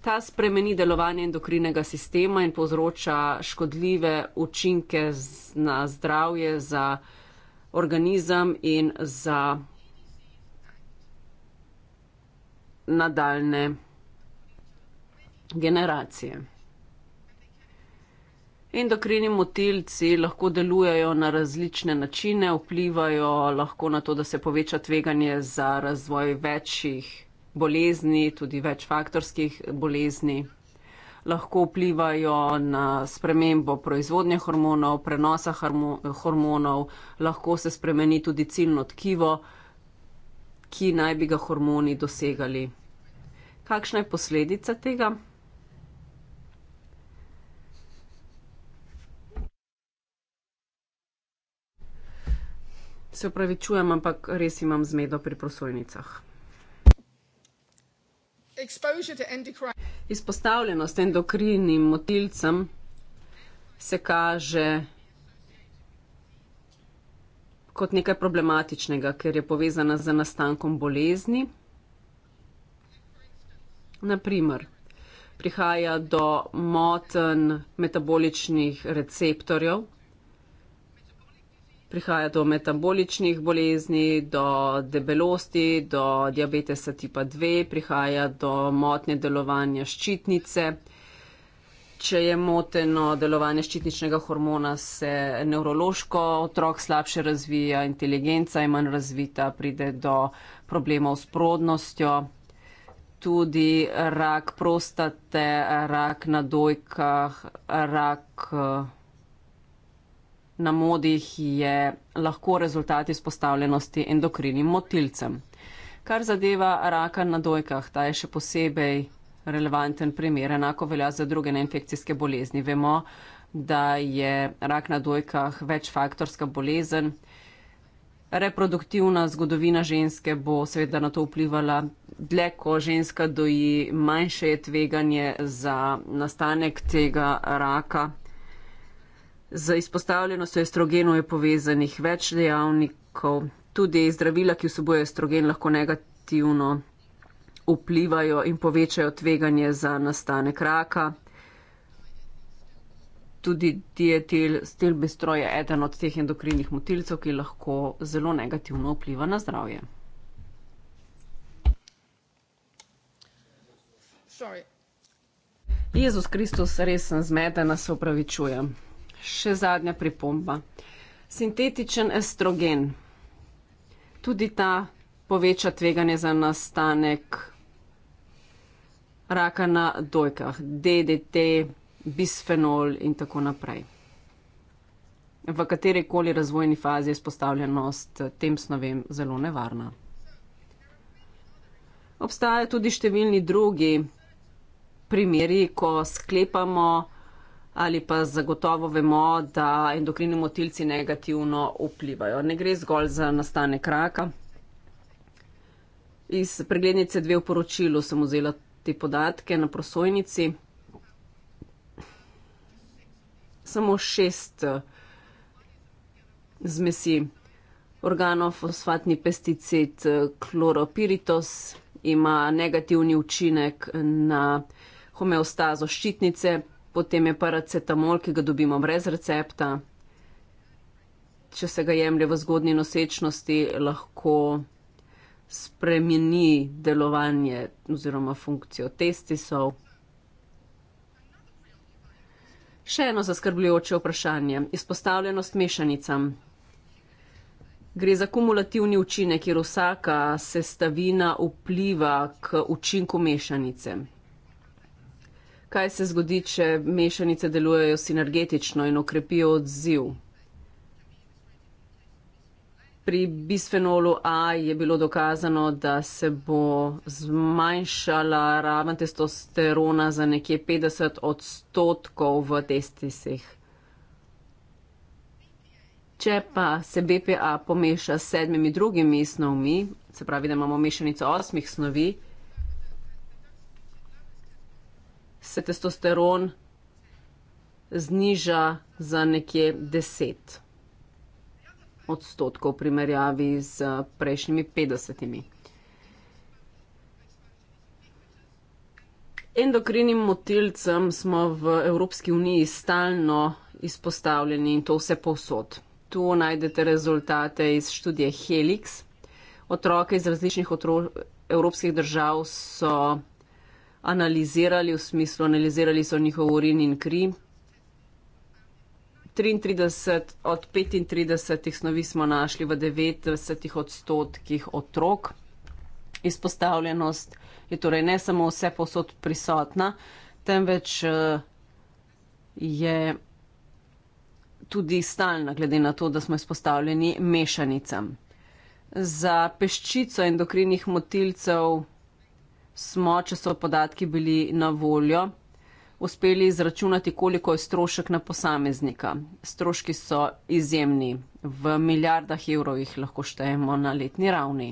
Ta spremeni delovanje endokrinega sistema in povzroča škodljive učinke na zdravje, za organizem in za nadaljne generacije. Endokrini motilci lahko delujejo na različne načine, vplivajo lahko na to, da se poveča tveganje za razvoj večjih bolezni, tudi večfaktorskih bolezni. Lahko vplivajo na spremembo proizvodnje hormonov, prenosa hormonov, lahko se spremeni tudi ciljno tkivo, ki naj bi ga hormoni dosegali. Kakšna je posledica tega? Se upravičujem, ampak res imam zmedo pri prosojnicah. Izpostavljenost endokrinim motilcem se kaže kot nekaj problematičnega, ker je povezana z nastankom bolezni. Naprimer, prihaja do motenj metaboličnih receptorjev prihaja do metaboličnih bolezni, do debelosti, do diabetesa tipa 2, prihaja do motnje delovanja ščitnice. Če je moteno delovanje ščitničnega hormona, se nevrološko otrok slabše razvija, inteligenca je manj razvita, pride do problemov s prodnostjo. Tudi rak prostate, rak na dojkah, rak. Uh, na modih je lahko rezultat izpostavljenosti endokrinim motilcem. Kar zadeva raka na dojkah, ta je še posebej relevanten primer, enako velja za druge neinfekcijske bolezni. Vemo, da je rak na dojkah večfaktorska bolezen. Reproduktivna zgodovina ženske bo seveda na to vplivala. Dlje, ko ženska doji, manjše je tveganje za nastanek tega raka. Z izpostavljenostjo estrogenov je povezanih več dejavnikov, tudi zdravila, ki vsebojejo estrogen, lahko negativno vplivajo in povečajo tveganje za nastanek raka. Tudi dietil stilbestroj je eden od teh endokrinih motilcev, ki lahko zelo negativno vpliva na zdravje. Sorry. Jezus Kristus, res sem zmedena, se opravičujem še zadnja pripomba. Sintetičen estrogen. Tudi ta poveča tveganje za nastanek raka na dojkah, DDT, bisfenol in tako naprej. V kateri koli razvojni fazi je spostavljenost tem snovem zelo nevarna. Obstajajo tudi številni drugi primeri, ko sklepamo, ali pa zagotovo vemo, da endokrini motilci negativno vplivajo. Ne gre zgolj za nastanek raka. Iz preglednice dve v poročilu sem vzela te podatke na prosojnici. Samo šest eh, zmesi organofosfatni pesticid eh, kloropiritos ima negativni učinek na homeostazo ščitnice, potem je paracetamol, ki ga dobimo brez recepta. Če se ga jemlje v zgodnji nosečnosti, lahko spremeni delovanje oziroma funkcijo testisov. Še eno zaskrbljujoče vprašanje. Izpostavljenost mešanicam. Gre za kumulativni učinek, kjer vsaka sestavina vpliva k učinku mešanice. Kaj se zgodi, če mešanice delujejo sinergetično in okrepijo odziv? Pri bisfenolu A je bilo dokazano, da se bo zmanjšala raven testosterona za nekje 50 odstotkov v testisih. Če pa se BPA pomeša s sedmimi drugimi snovmi, se pravi, da imamo mešanico osmih snovi, se testosteron zniža za nekje 10 odstotkov v primerjavi z eh, prejšnjimi 50. Endokrinim motilcem smo v Evropski uniji stalno izpostavljeni in to vse povsod. Tu najdete rezultate iz študije Helix. Otroke iz različnih evropskih držav so analizirali, v smislu analizirali so njihov urin in kri. 33 od 35 snovi smo našli v 90 odstotkih otrok. Izpostavljenost je torej ne samo vse posod prisotna, temveč eh, je tudi stalna, glede na to, da smo izpostavljeni mešanicam. Za peščico endokrinih motilcev smo, če so podatki bili na voljo, uspeli izračunati, koliko je strošek na posameznika. Stroški so izjemni, v milijardah evrov jih lahko štejemo na letni ravni.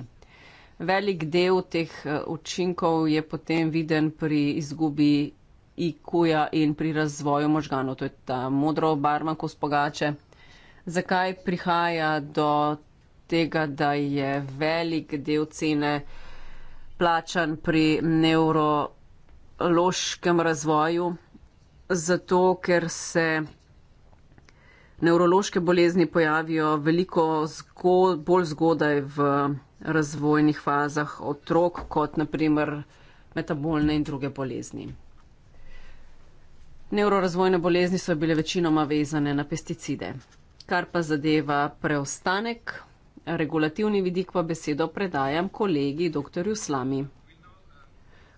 Velik del teh eh, učinkov je potem viden pri izgubi IQ-ja in pri razvoju možganov. To je ta modro barva, ko spogače. Zakaj prihaja do tega, da je velik del cene plačan pri nevrološkem razvoju, zato ker se nevrološke bolezni pojavijo veliko zgo, bolj zgodaj v razvojnih fazah otrok, kot naprimer metabolne in druge bolezni. Nevrorazvojne bolezni so bile večinoma vezane na pesticide. Kar pa zadeva preostanek regulativni vidik pa besedo predajam kolegi dr. Slami.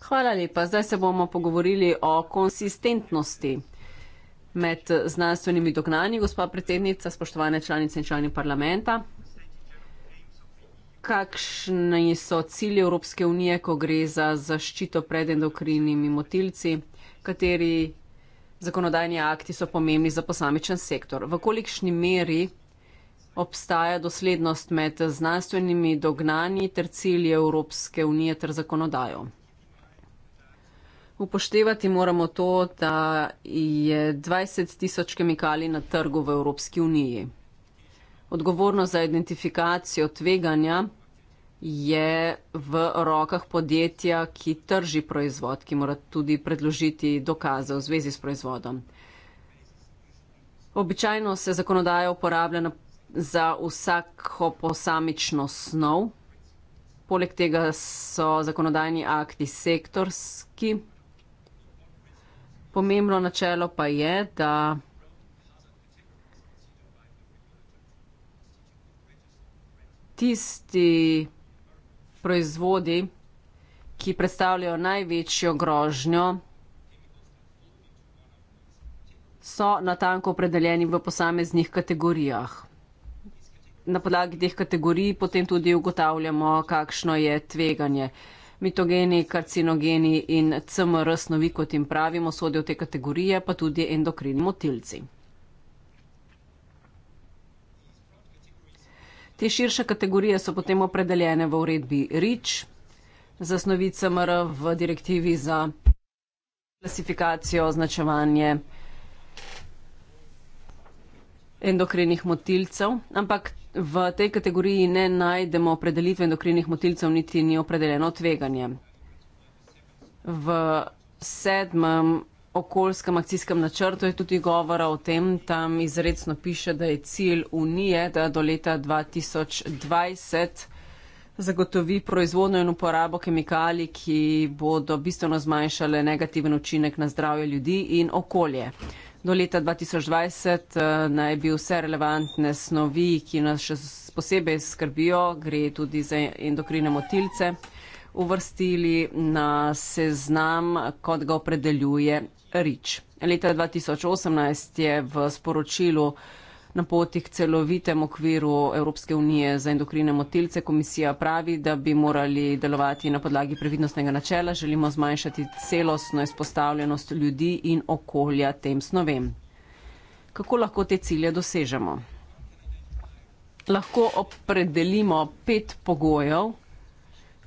Hvala lepa. Zdaj se bomo pogovorili o konsistentnosti med znanstvenimi dognanji, gospa predsednica, spoštovane članice in člani parlamenta. Kakšni so cilji Evropske unije, ko gre za zaščito pred endokrinimi motilci, kateri zakonodajni akti so pomembni za posamičen sektor? V kolikšni meri obstaja doslednost med znanstvenimi dognanji ter cilji Evropske unije ter zakonodajo. Upoštevati moramo to, da je 20 tisoč kemikalij na trgu v Evropski uniji. Odgovorno za identifikacijo tveganja je v rokah podjetja, ki trži proizvod, ki mora tudi predložiti dokaze v zvezi s proizvodom. Običajno se zakonodaja uporablja na za vsako posamično snov. Poleg tega so zakonodajni akti sektorski. Pomembno načelo pa je, da tisti proizvodi, ki predstavljajo največjo grožnjo, so natanko opredeljeni v posameznih kategorijah na podlagi teh kategorij potem tudi ugotavljamo, kakšno je tveganje. Mitogeni, karcinogeni in CMR snovi, kot jim pravimo, sodijo v te kategorije, pa tudi endokrini motilci. Te širše kategorije so potem opredeljene v uredbi RIČ, za snovi CMR v direktivi za klasifikacijo, označevanje endokrinih motilcev, ampak v tej kategoriji ne najdemo opredelitve endokrinih motilcev, niti ni opredeljeno tveganje. V sedmem okoljskem akcijskem načrtu je tudi govora o tem, tam izredno piše, da je cilj Unije, da do leta 2020 zagotovi proizvodno in uporabo kemikalij, ki bodo bistveno zmanjšale negativen učinek na zdravje ljudi in okolje. Do leta 2020 eh, naj bi vse relevantne snovi, ki nas še posebej skrbijo, gre tudi za endokrine motilce, uvrstili na seznam, kot ga opredeljuje REACH. Leta 2018 je v sporočilu na poti k celovitem okviru Evropske unije za endokrine motilce. Komisija pravi, da bi morali delovati na podlagi previdnostnega načela. Želimo zmanjšati celostno izpostavljenost ljudi in okolja tem snovem. Kako lahko te cilje dosežemo? Lahko opredelimo pet pogojev,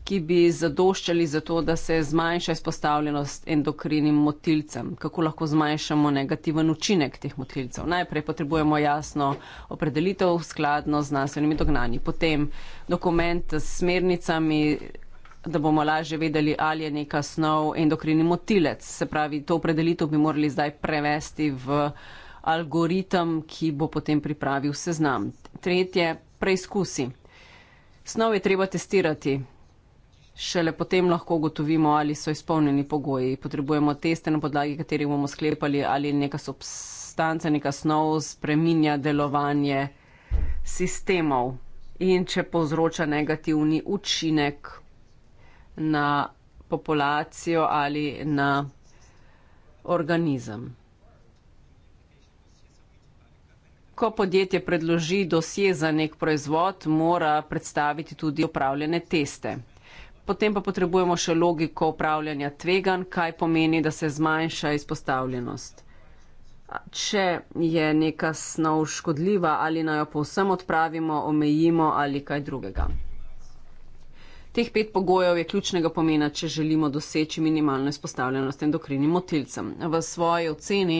ki bi zadoščali za to, da se zmanjša izpostavljenost endokrinim motilcem. Kako lahko zmanjšamo negativen učinek teh motilcev? Najprej potrebujemo jasno opredelitev skladno z znanstvenimi dognani, potem dokument s smernicami, da bomo lažje vedeli, ali je neka snov endokrini motilec. Se pravi, to opredelitev bi morali zdaj prevesti v algoritem, ki bo potem pripravil seznam. Tretje, preizkusi. Snov je treba testirati, šele potem lahko ugotovimo, ali so izpolnjeni pogoji. Potrebujemo teste, na podlagi katerih bomo sklepali, ali neka substanca, neka snov spreminja delovanje sistemov in če povzroča negativni učinek na populacijo ali na organizem. Ko podjetje predloži dosje za nek proizvod, mora predstaviti tudi opravljene teste potem pa potrebujemo še logiko upravljanja tveganj, kaj pomeni, da se zmanjša izpostavljenost. Če je neka snov škodljiva, ali naj jo povsem odpravimo, omejimo ali kaj drugega. Teh pet pogojev je ključnega pomena, če želimo doseči minimalno izpostavljenost endokrinim motilcem. V svoji oceni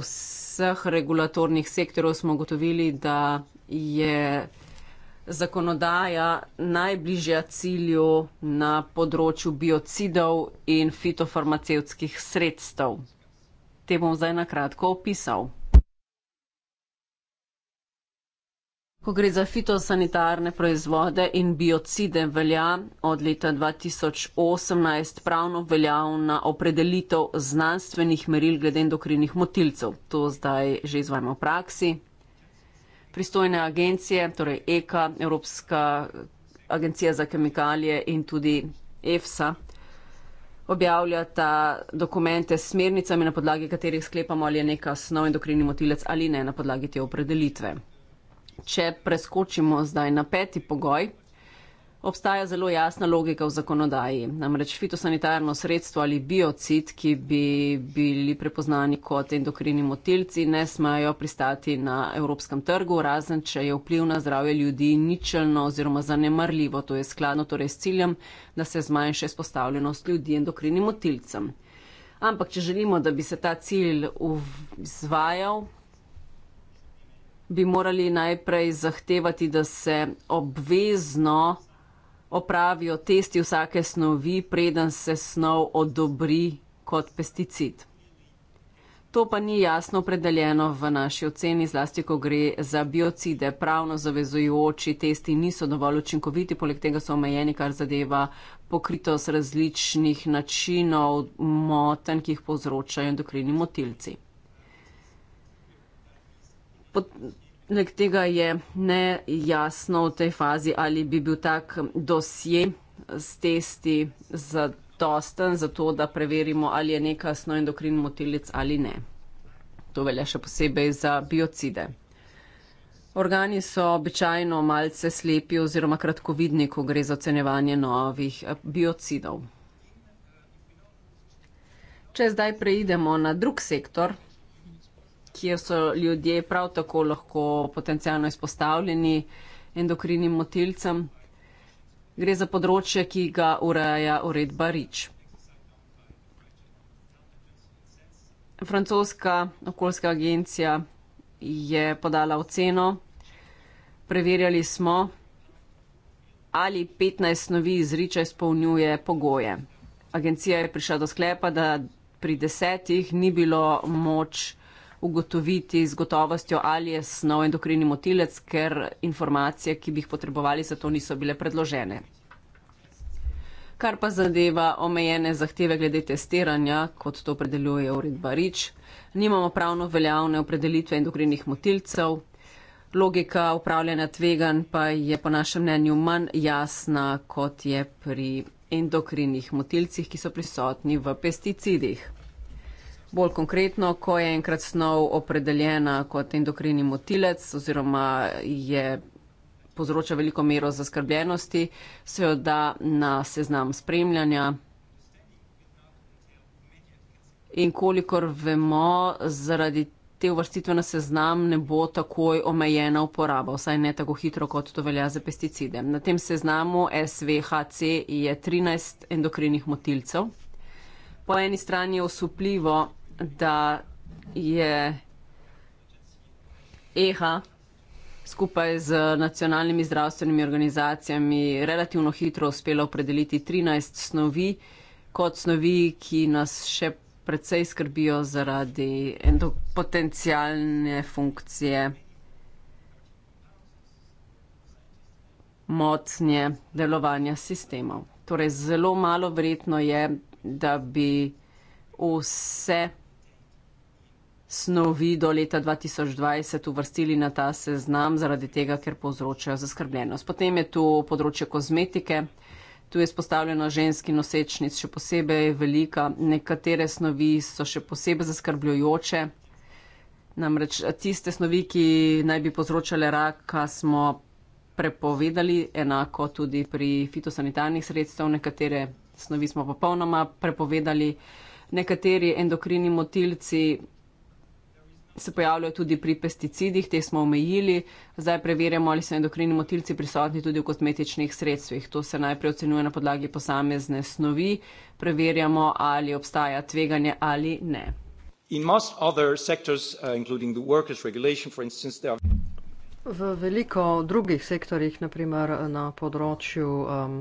vseh regulatornih sektorov smo ugotovili, da je zakonodaja najbližja cilju na področju biocidov in fitofarmacevskih sredstev. Te bom zdaj nakratko opisal. Ko gre za fitosanitarne proizvode in biocide, velja od leta 2018 pravno veljavna opredelitev znanstvenih meril glede endokrinih motilcev. To zdaj že izvajamo v praksi, pristojne agencije, torej EKA, Evropska agencija za kemikalije in tudi EFSA objavljata dokumente s smernicami, na podlagi katerih sklepamo, ali je neka snov endokrini motilec ali ne, na podlagi te opredelitve. Če preskočimo zdaj na peti pogoj, Obstaja zelo jasna logika v zakonodaji. Namreč fitosanitarno sredstvo ali biocid, ki bi bili prepoznani kot endokrini motilci, ne smajo pristati na evropskem trgu, razen če je vpliv na zdravje ljudi ničelno oziroma zanemarljivo. To je skladno torej s ciljem, da se zmanjša izpostavljenost ljudi endokrini motilcem. Ampak, če želimo, da bi se ta cilj izvajal, bi morali najprej zahtevati, da se obvezno opravijo testi vsake snovi, preden se snov odobri kot pesticid. To pa ni jasno opredeljeno v naši oceni, zlasti ko gre za biocide. Pravno zavezujoči testi niso dovolj učinkoviti, poleg tega so omejeni, kar zadeva pokritost različnih načinov moten, ki jih povzročajo endokrini motilci. Leg tega je nejasno v tej fazi, ali bi bil tak dosje s testi zadosten za to, da preverimo, ali je neka snov endokrin motilic ali ne. To velja še posebej za biocide. Organi so običajno malce slepi oziroma kratkovidni, ko gre za ocenjevanje novih biocidov. Če zdaj preidemo na drug sektor, kjer so ljudje prav tako lahko potencialno izpostavljeni endokrinim motilcem. Gre za področje, ki ga ureja uredba RIČ. Francoska okoljska agencija je podala oceno. Preverjali smo, ali 15 snovi iz RIČA izpolnjuje pogoje. Agencija je prišla do sklepa, da pri desetih ni bilo moč ugotoviti z gotovostjo, ali je snov endokrini motilec, ker informacije, ki bi jih potrebovali, za to niso bile predložene. Kar pa zadeva omejene zahteve glede testiranja, kot to predeljuje uredba Rič, nimamo pravno veljavne opredelitve endokrinih motilcev. Logika upravljanja tvegan pa je po našem mnenju manj jasna, kot je pri endokrinih motilcih, ki so prisotni v pesticidih bolj konkretno, ko je enkrat snov opredeljena kot endokrini motilec oziroma je povzroča veliko mero zaskrbljenosti, se jo da na seznam spremljanja. In kolikor vemo, zaradi te uvrstitve na seznam ne bo takoj omejena uporaba, vsaj ne tako hitro, kot to velja za pesticide. Na tem seznamu SVHC je 13 endokrinih motilcev. Po eni strani je osupljivo, da je EHA skupaj z nacionalnimi zdravstvenimi organizacijami relativno hitro uspela opredeliti 13 snovi kot snovi, ki nas še predvsej skrbijo zaradi potencijalne funkcije motnje delovanja sistemov. Torej, zelo malo verjetno je, da bi vse snovi do leta 2020 uvrstili na ta seznam zaradi tega, ker povzročajo zaskrbljenost. Potem je tu področje kozmetike. Tu je spostavljeno ženski nosečnic, še posebej velika. Nekatere snovi so še posebej zaskrbljujoče. Namreč tiste snovi, ki naj bi povzročale raka, smo prepovedali, enako tudi pri fitosanitarnih sredstev. Nekatere snovi smo popolnoma prepovedali. Nekateri endokrini motilci se pojavljajo tudi pri pesticidih, te smo omejili. Zdaj preverjamo, ali so endokrini motilci prisotni tudi v kosmetičnih sredstvih. To se najprej ocenjuje na podlagi posamezne snovi, preverjamo, ali obstaja tveganje ali ne. Sectors, uh, instance, are... V veliko drugih sektorjih, naprimer na področju um,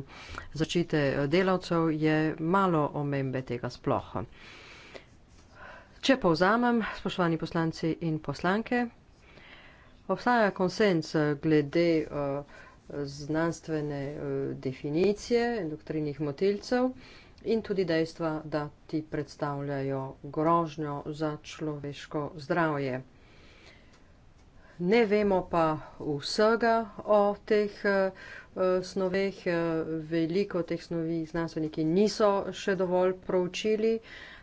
začite uh, delavcev, je malo omembe tega sploha. Če povzamem, spoštovani poslanci in poslanke, obstaja konsens eh, glede eh, znanstvene eh, definicije endokrinih motilcev in tudi dejstva, da ti predstavljajo grožnjo za človeško zdravje. Ne vemo pa vsega o teh snoveh, veliko teh snovi znanstveniki niso še dovolj proučili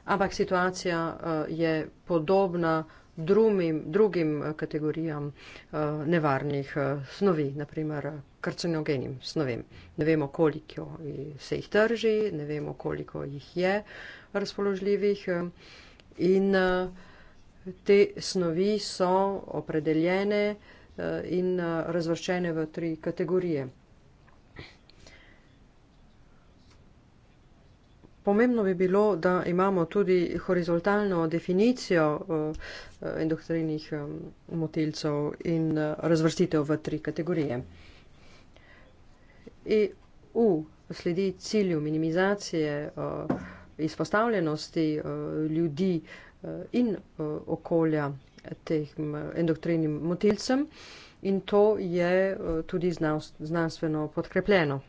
ampak situacija eh, je podobna drugim, drugim eh, kategorijam eh, nevarnih snovi, naprimer karcinogenim snovem. Ne vemo, koliko se jih drži, ne vemo, koliko jih je razpoložljivih in te snovi so opredeljene in razvrščene v tri kategorije. Pomembno bi bilo, da imamo tudi horizontalno definicijo eh, eh, endokrinih eh, motilcev in razvrstitev v tri kategorije. EU sledi cilju minimizacije izpostavljenosti ljudi in okolja tem endokrinim motilcem in to je tudi znanstveno podkrepljeno.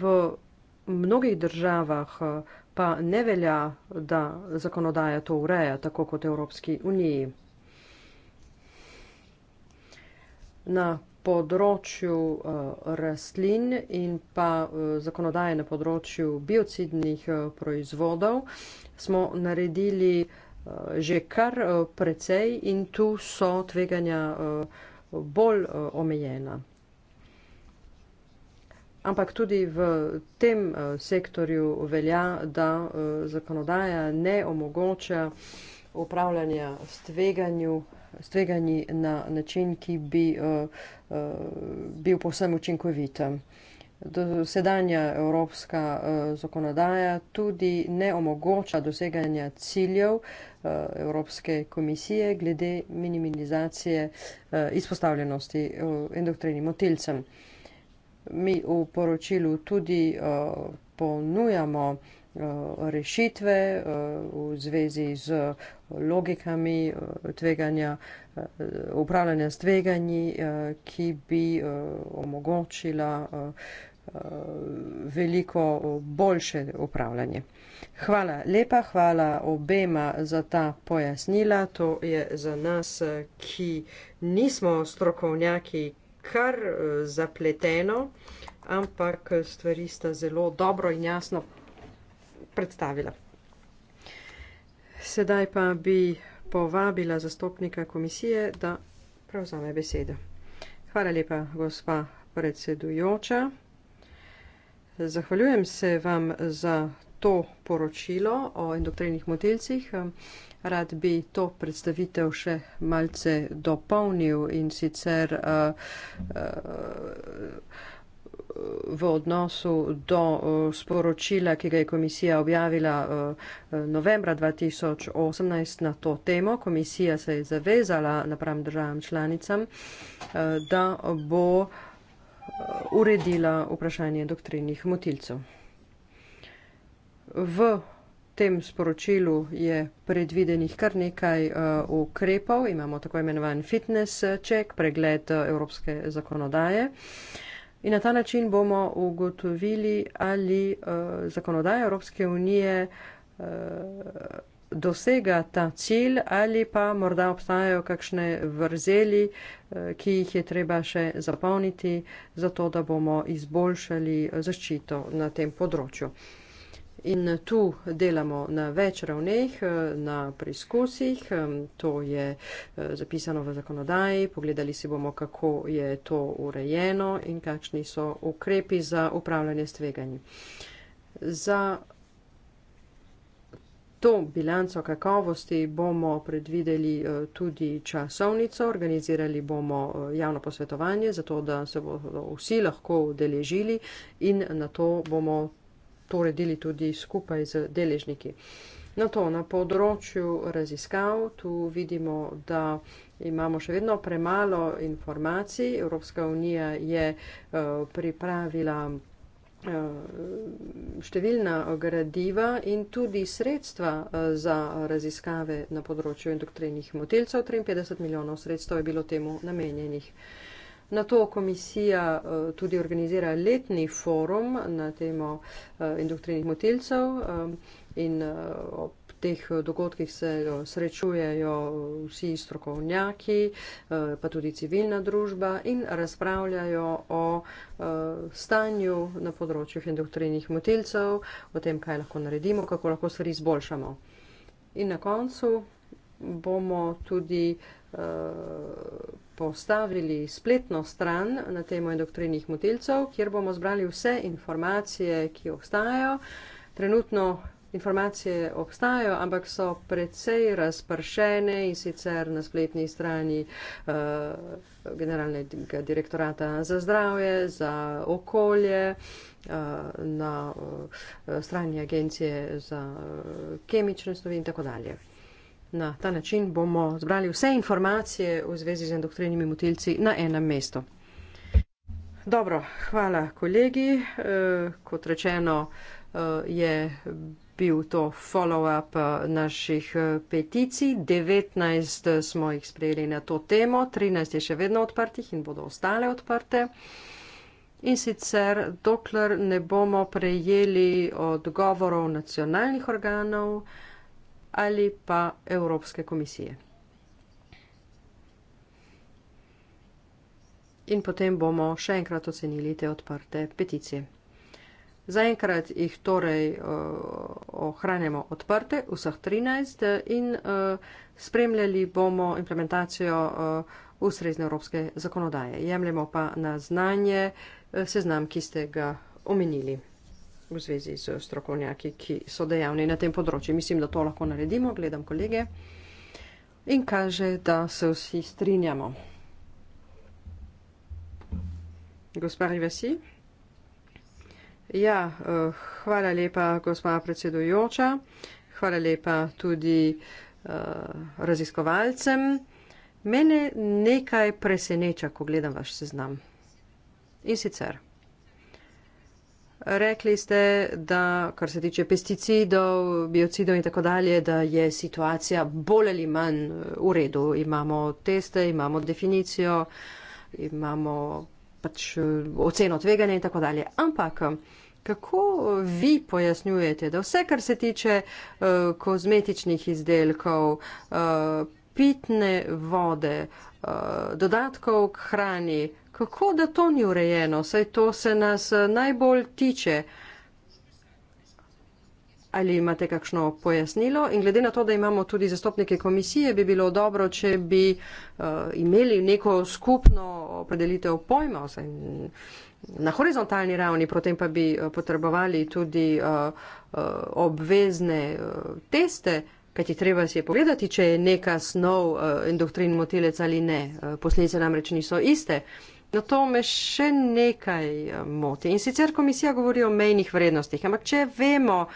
v mnogih državah eh, pa ne velja, da zakonodaja to ureja, tako kot Evropski uniji. Na področju eh, rastlin in pa eh, zakonodaje na področju biocidnih proizvodov smo naredili že kar precej in tu so tveganja bolj omejena. Ampak tudi v tem eh, sektorju velja, da eh, zakonodaja ne omogoča upravljanja s, tveganju, s tveganji na način, ki bi eh, bil posebno učinkovit. Sedanja evropska zakonodaja tudi ne omogoča doseganja ciljev Evropske komisije glede minimalizacije izpostavljenosti endokrinim motilcem mi v poročilu tudi eh, ponujamo eh, rešitve eh, v zvezi z logikami tveganja, upravljanja s tveganji, ki bi omogočila veliko boljše upravljanje. Hvala lepa, hvala obema za ta pojasnila. To je za nas, ki nismo strokovnjaki, kar eh, zapleteno, ampak eh, stvari sta zelo dobro in jasno predstavila. Sedaj pa bi povabila zastopnika komisije, da prevzame besedo. Hvala lepa, gospa predsedujoča. Zahvaljujem se vam za to poročilo o endokrinih motilcih. Rad bi to predstavitev še malce dopolnil in sicer eh, eh, v odnosu do eh, sporočila, ki ga je komisija objavila novembra 2018 na to temo. Komisija se je zavezala napram državam članicam, da bo uredila vprašanje doktrinih motilcev. V tem sporočilu je predvidenih kar nekaj uh, ukrepov. Imamo tako imenovan fitness check, pregled uh, evropske zakonodaje. In na ta način bomo ugotovili, ali uh, zakonodaja Evropske unije uh, dosega ta cilj ali pa morda obstajajo kakšne vrzeli, uh, ki jih je treba še zapolniti, zato da bomo izboljšali zaščito na tem področju. In tu delamo na več ravneh, eh, na preizkusih, eh, to je eh, zapisano v zakonodaji, pogledali si bomo, kako je to urejeno in kakšni so ukrepi za upravljanje s tveganji. Za to bilanco kakovosti bomo predvideli tudi časovnico, organizirali bomo javno posvetovanje, zato da se bodo vsi lahko udeležili in na to bomo uredili tudi skupaj z deležniki. Na to, na področju raziskav, tu vidimo, da imamo še vedno premalo informacij. Evropska unija je eh, pripravila eh, številna gradiva in tudi sredstva eh, za raziskave na področju endoktrinih motilcev. 53 milijonov sredstev je bilo temu namenjenih. Na to komisija eh, tudi organizira letni forum na temo endokrinih eh, motilcev eh, in ob teh dogodkih se srečujejo vsi strokovnjaki, pa tudi civilna družba in razpravljajo o stanju na področjih endokrinih motilcev, o tem, kaj lahko naredimo, kako lahko stvari izboljšamo. In na koncu bomo tudi Eh, postavili spletno stran na temo endoktrinih motilcev, kjer bomo zbrali vse informacije, ki obstajajo. Trenutno informacije obstajajo, ampak so precej razpršene in sicer na spletni strani uh, Generalnega direktorata za zdravje, za okolje, uh, na uh, strani Agencije za kemične snovi in tako dalje. Na ta način bomo zbrali vse informacije v zvezi z endoktrinimi motilci na enem mestu. Dobro, hvala kolegi. Eh, kot rečeno, eh, je bil to follow-up eh, naših peticij. 19 smo jih sprejeli na to temo, 13 je še vedno odprtih in bodo ostale odprte. In sicer, dokler ne bomo prejeli odgovorov nacionalnih organov, ali pa Evropske komisije. In potem bomo še enkrat ocenili te odprte peticije. Zaenkrat jih torej uh, ohranjamo odprte, vseh 13, eh, in uh, spremljali bomo implementacijo uh, ustrezne evropske zakonodaje. Jemljemo pa na znanje uh, seznam, ki ste ga omenili v zvezi z strokovnjaki, ki so dejavni na tem področju. Mislim, da to lahko naredimo, gledam kolege in kaže, da se vsi strinjamo. Gospa Rivesi. Ja, eh, hvala lepa, gospa predsedujoča. Hvala lepa tudi uh, raziskovalcem. Mene nekaj preseneča, ko gledam vaš seznam. In sicer. Rekli ste, da kar se tiče pesticidov, biocidov in tako dalje, da je situacija bolj ali manj eh, v redu. Imamo teste, imamo definicijo, imamo pač eh, oceno tveganja in tako dalje. Ampak eh, kako vi pojasnjujete, da vse, kar se tiče uh, kozmetičnih izdelkov, uh, pitne vode, uh, dodatkov k hrani, uh, Kako da to ni urejeno, saj to se nas eh, najbolj tiče? Ali imate kakšno pojasnilo? In glede na to, da imamo tudi zastopnike komisije, bi bilo dobro, če bi uh, imeli neko skupno opredelitev pojmov na horizontalni ravni, potem pa bi uh, potrebovali tudi uh, uh, obvezne uh, teste, kajti treba si je pogledati, če je neka snov uh, endoktrin motilec ali ne. Uh, posledice namreč niso iste. Uh, Na to me še nekaj eh, moti. In sicer komisija govori o mejnih vrednostih, ampak če vemo,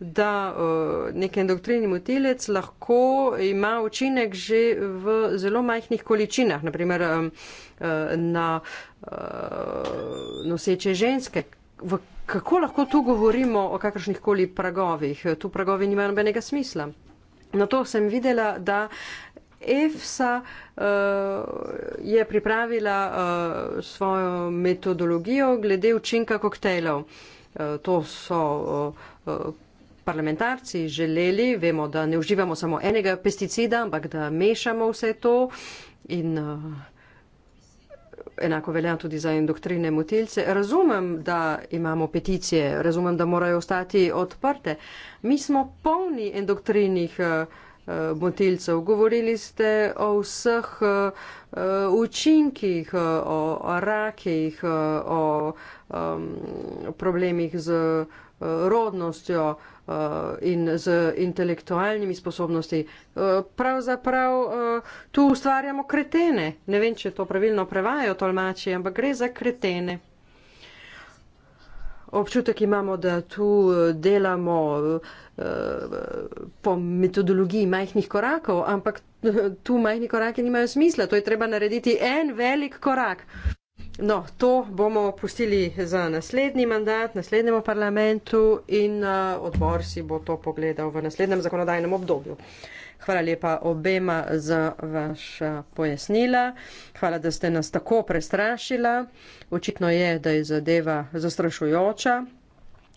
da uh, eh, nek endoktrini motilec lahko ima učinek že v zelo majhnih količinah, naprimer um, uh, na uh, noseče ženske. V kako lahko tu govorimo o kakršnih koli pragovih? Tu pragovi nimajo nobenega smisla. Na to sem videla, da uh, EFSA uh, je pripravila uh, svojo metodologijo glede učinka koktejlov. Uh, to so uh, uh, parlamentarci želeli, vemo, da ne uživamo samo enega pesticida, ampak da mešamo vse to. In, uh, Enako velja tudi za indoktrine motilce. Razumem, da imamo peticije, razumem, da morajo ostati odprte. Mi smo polni indoktrinih uh, Eh, motilcev. Govorili ste o vseh eh, učinkih, eh, o rakih, o problemih z rodnostjo in z intelektualnimi sposobnosti. Pravzaprav tu ustvarjamo kretene. Ne vem, če to pravilno prevajo tolmači, ampak gre za kretene. Občutek imamo, da tu delamo uh, Eh, po metodologiji majhnih korakov, ampak eh, tu majhni koraki nimajo smisla, to je treba narediti en velik korak. No, to bomo pustili za naslednji mandat, naslednjemu parlamentu in eh, odbor si bo to pogledal v naslednjem zakonodajnem obdobju. Hvala lepa obema za vaša pojasnila. Hvala, da ste nas tako prestrašila. Očitno je, da je zadeva zastrašujoča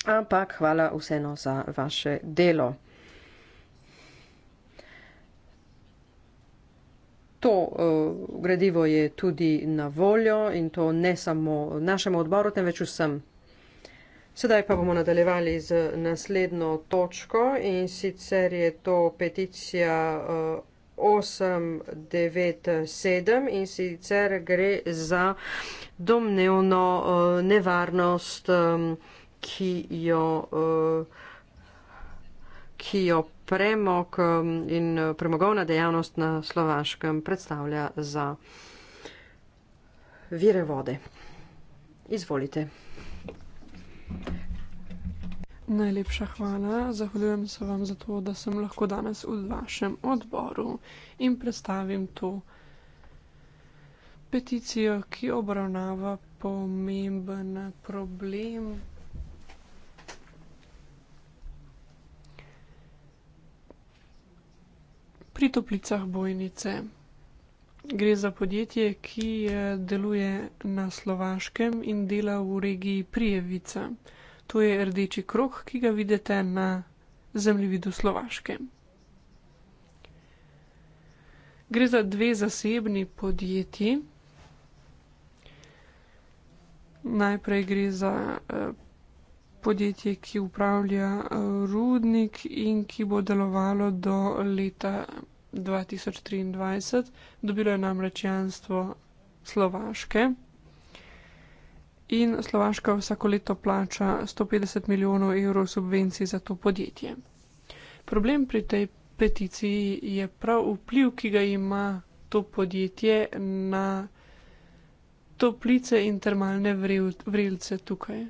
ampak hvala vseeno za vaše delo. To uh, gradivo je tudi na voljo in to ne samo našemu odboru, temveč vsem. Sedaj pa bomo nadaljevali z naslednjo točko in sicer je to peticija uh, eh, 897 in sicer gre za domnevno uh, nevarnost. Um, ki jo, uh, ki jo premog um, in eh, premogovna dejavnost na slovaškem predstavlja za vire vode. Izvolite. Najlepša hvala. Zahvaljujem se vam za to, da sem lahko danes v vašem odboru in predstavim to peticijo, ki obravnava pomemben problem pri toplicah Bojnice. Gre za podjetje, ki eh, deluje na Slovaškem in dela v regiji Prijevica. To je rdeči krog, ki ga vidite na zemljevidu Slovaške. Gre za dve zasebni podjetji. Najprej gre za eh, podjetje, ki upravlja eh, rudnik in ki bo delovalo do leta 2023, dobilo je namreč janstvo Slovaške. In Slovaška vsako leto plača 150 milijonov evrov subvencij za to podjetje. Problem pri tej peticiji je prav vpliv, ki ga ima to podjetje na toplice in termalne vrelce tukaj.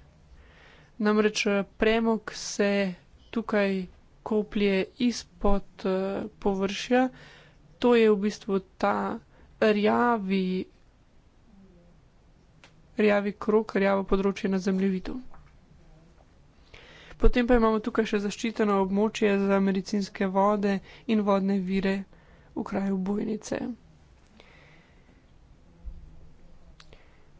Namreč premog se tukaj koplje izpod uh, površja. To je v bistvu ta rjavi, rjavi krok, rjavo področje na zemljevidu. Potem pa imamo tukaj še zaščiteno območje za medicinske vode in vodne vire v kraju bojnice.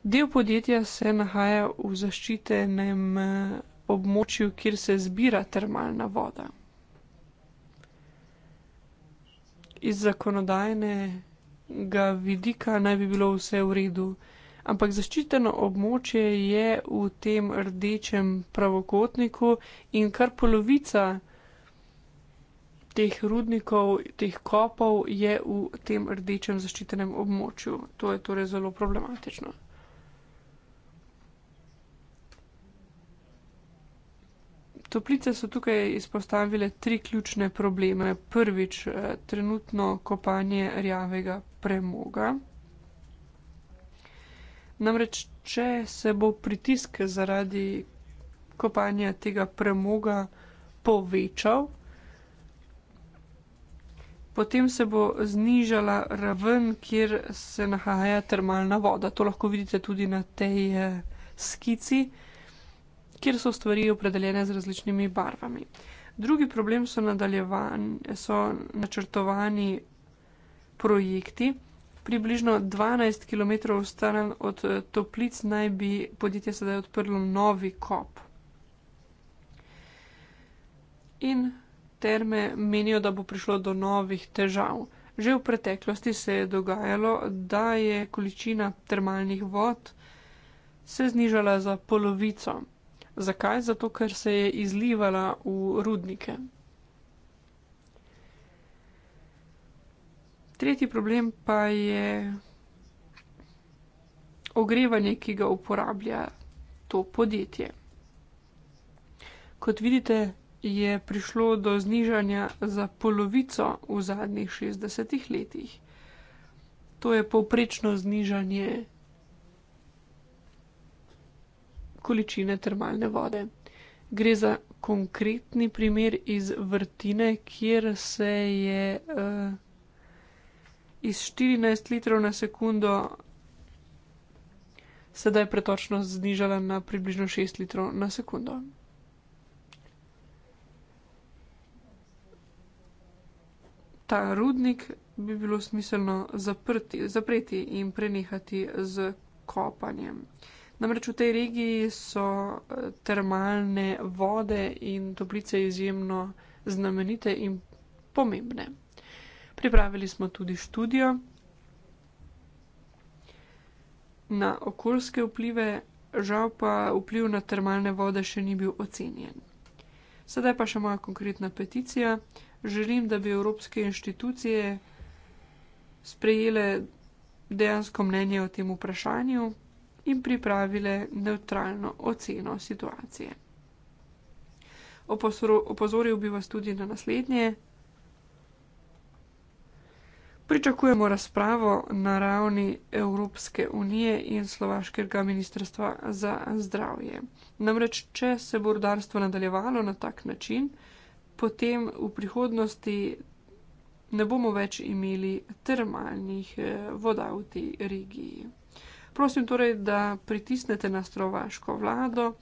Del podjetja se nahaja v zaščitenem eh, območju, kjer se zbira termalna voda. iz zakonodajnega vidika naj bi bilo vse v redu. Ampak zaščiteno območje je v tem rdečem pravokotniku in kar polovica teh rudnikov, teh kopov je v tem rdečem zaščitenem območju. To je torej zelo problematično. Toplice so tukaj izpostavile tri ključne probleme. Prvič, eh, trenutno kopanje rjavega premoga. Namreč, če se bo pritisk zaradi kopanja tega premoga povečal, potem se bo znižala raven, kjer se nahaja termalna voda. To lahko vidite tudi na tej eh, skici kjer so stvari opredeljene z različnimi barvami. Drugi problem so, so načrtovani projekti. Približno 12 km stran od eh, toplic naj bi podjetje sedaj odprlo novi kop. In terme menijo, da bo prišlo do novih težav. Že v preteklosti se je dogajalo, da je količina termalnih vod se znižala za polovico. Zakaj? Zato, ker se je izlivala v rudnike. Tretji problem pa je ogrevanje, ki ga uporablja to podjetje. Kot vidite, je prišlo do znižanja za polovico v zadnjih 60 letih. To je povprečno znižanje. količine termalne vode. Gre za konkretni primer iz vrtine, kjer se je uh, iz 14 litrov na sekundo sedaj pretočnost znižala na približno 6 litrov na sekundo. Ta rudnik bi bilo smiselno zaprti, zapreti in prenehati z kopanjem. Namreč v tej regiji so eh, termalne vode in toplice izjemno znamenite in pomembne. Pripravili smo tudi študijo na okoljske vplive, žal pa vpliv na termalne vode še ni bil ocenjen. Sedaj pa še moja konkretna peticija. Želim, da bi evropske inštitucije sprejele dejansko mnenje o tem vprašanju, in pripravile neutralno oceno situacije. Opozoril bi vas tudi na naslednje. Pričakujemo razpravo na ravni Evropske unije in slovaškega ministrstva za zdravje. Namreč, če se bo rudarstvo nadaljevalo na tak način, potem v prihodnosti ne bomo več imeli termalnih eh, voda v tej regiji prosim, torej, da pritisnete na strovaško vlado,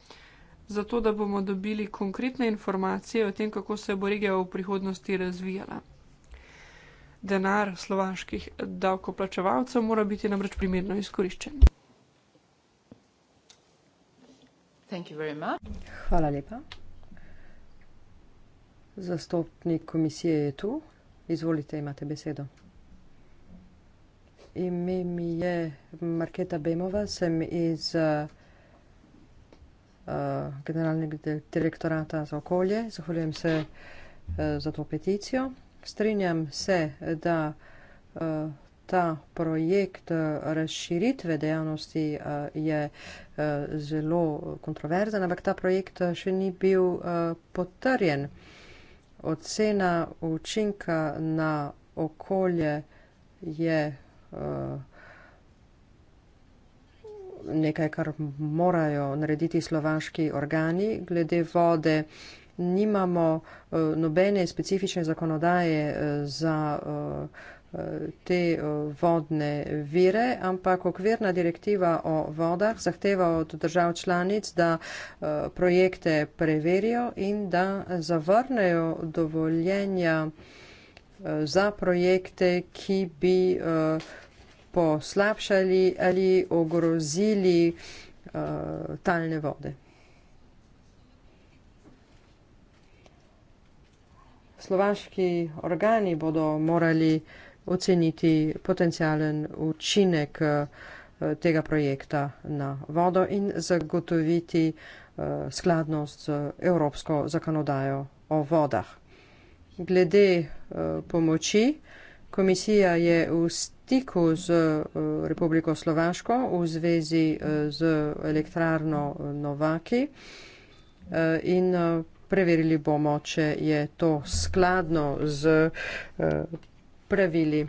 zato da bomo dobili konkretne informacije o tem, kako se bo regija v prihodnosti razvijala. Denar slovaških davkoplačevalcev mora biti namreč primerno izkoriščen. Hvala lepa. Zastopnik komisije je tu. Izvolite, imate besedo ime mi je Marketa Bemova, sem iz uh, generalnega direktorata za okolje. Zahvaljujem se uh, za to peticijo. Strinjam se, da uh, ta projekt razširitve dejavnosti uh, je uh, zelo kontroverzen, ampak ta projekt še ni bil uh, potrjen. Ocena učinka na okolje je Eh, nekaj, kar morajo narediti slovaški organi. Glede vode nimamo eh, nobene specifične zakonodaje eh, za te vodne vire, ampak okvirna direktiva o vodah zahteva od držav članic, da projekte preverijo in da zavrnejo dovoljenja za projekte, ki bi eh, poslabšali ali ogrozili eh, talne vode. Slovaški organi bodo morali oceniti potencijalen učinek eh, tega projekta na vodo in zagotoviti skladnost z evropsko zakonodajo o vodah glede uh, pomoči. Komisija je v stiku z eh, Republiko Slovaško v zvezi eh, z elektrarno Novaki in preverili bomo, če je to skladno z pravili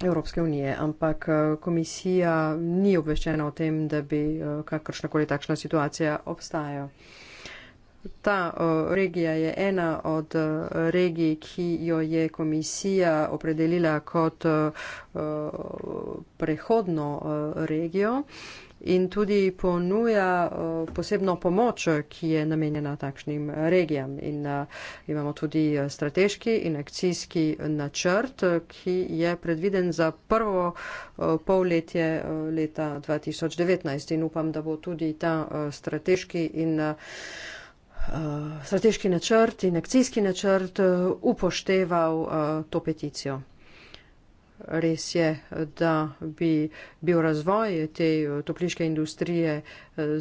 Evropske unije. Ampak komisija ni obveščena o tem, da bi kakršnakoli takšna situacija obstajala. Ta o, regija je ena od o, regij, ki jo je komisija opredelila kot o, prehodno o, regijo in tudi ponuja o, posebno pomoč, ki je namenjena takšnim regijam. In a, imamo tudi strateški in akcijski načrt, ki je predviden za prvo o, polletje o, leta 2019 in upam, da bo tudi ta o, strateški in. A, Eh, strateški načrt in akcijski načrt eh, upošteval eh, to peticijo. Res je, da bi bil razvoj te topliške industrije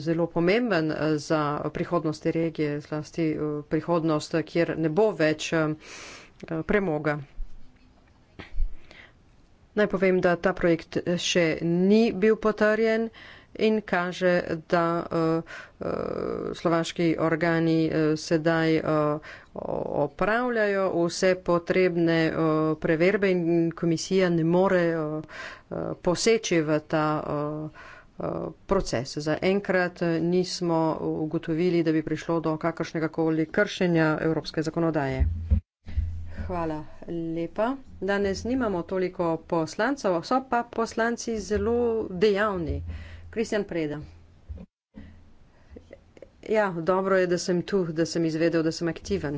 zelo pomemben za prihodnost te regije, zlasti prihodnost, kjer ne bo več premoga. Naj povem, da ta projekt še ni bil potrjen in kaže, da eh, eh, slovaški organi eh, sedaj opravljajo vse potrebne preverbe in komisija ne more poseči v ta proces. Zaenkrat nismo ugotovili, da bi prišlo do kakršnega koli kršenja evropske zakonodaje. Hvala lepa. Danes nimamo toliko poslancev, so pa poslanci zelo dejavni. Kristjan Preda. Ja, dobro je, da sem tu, da sem izvedel, da sem aktiven.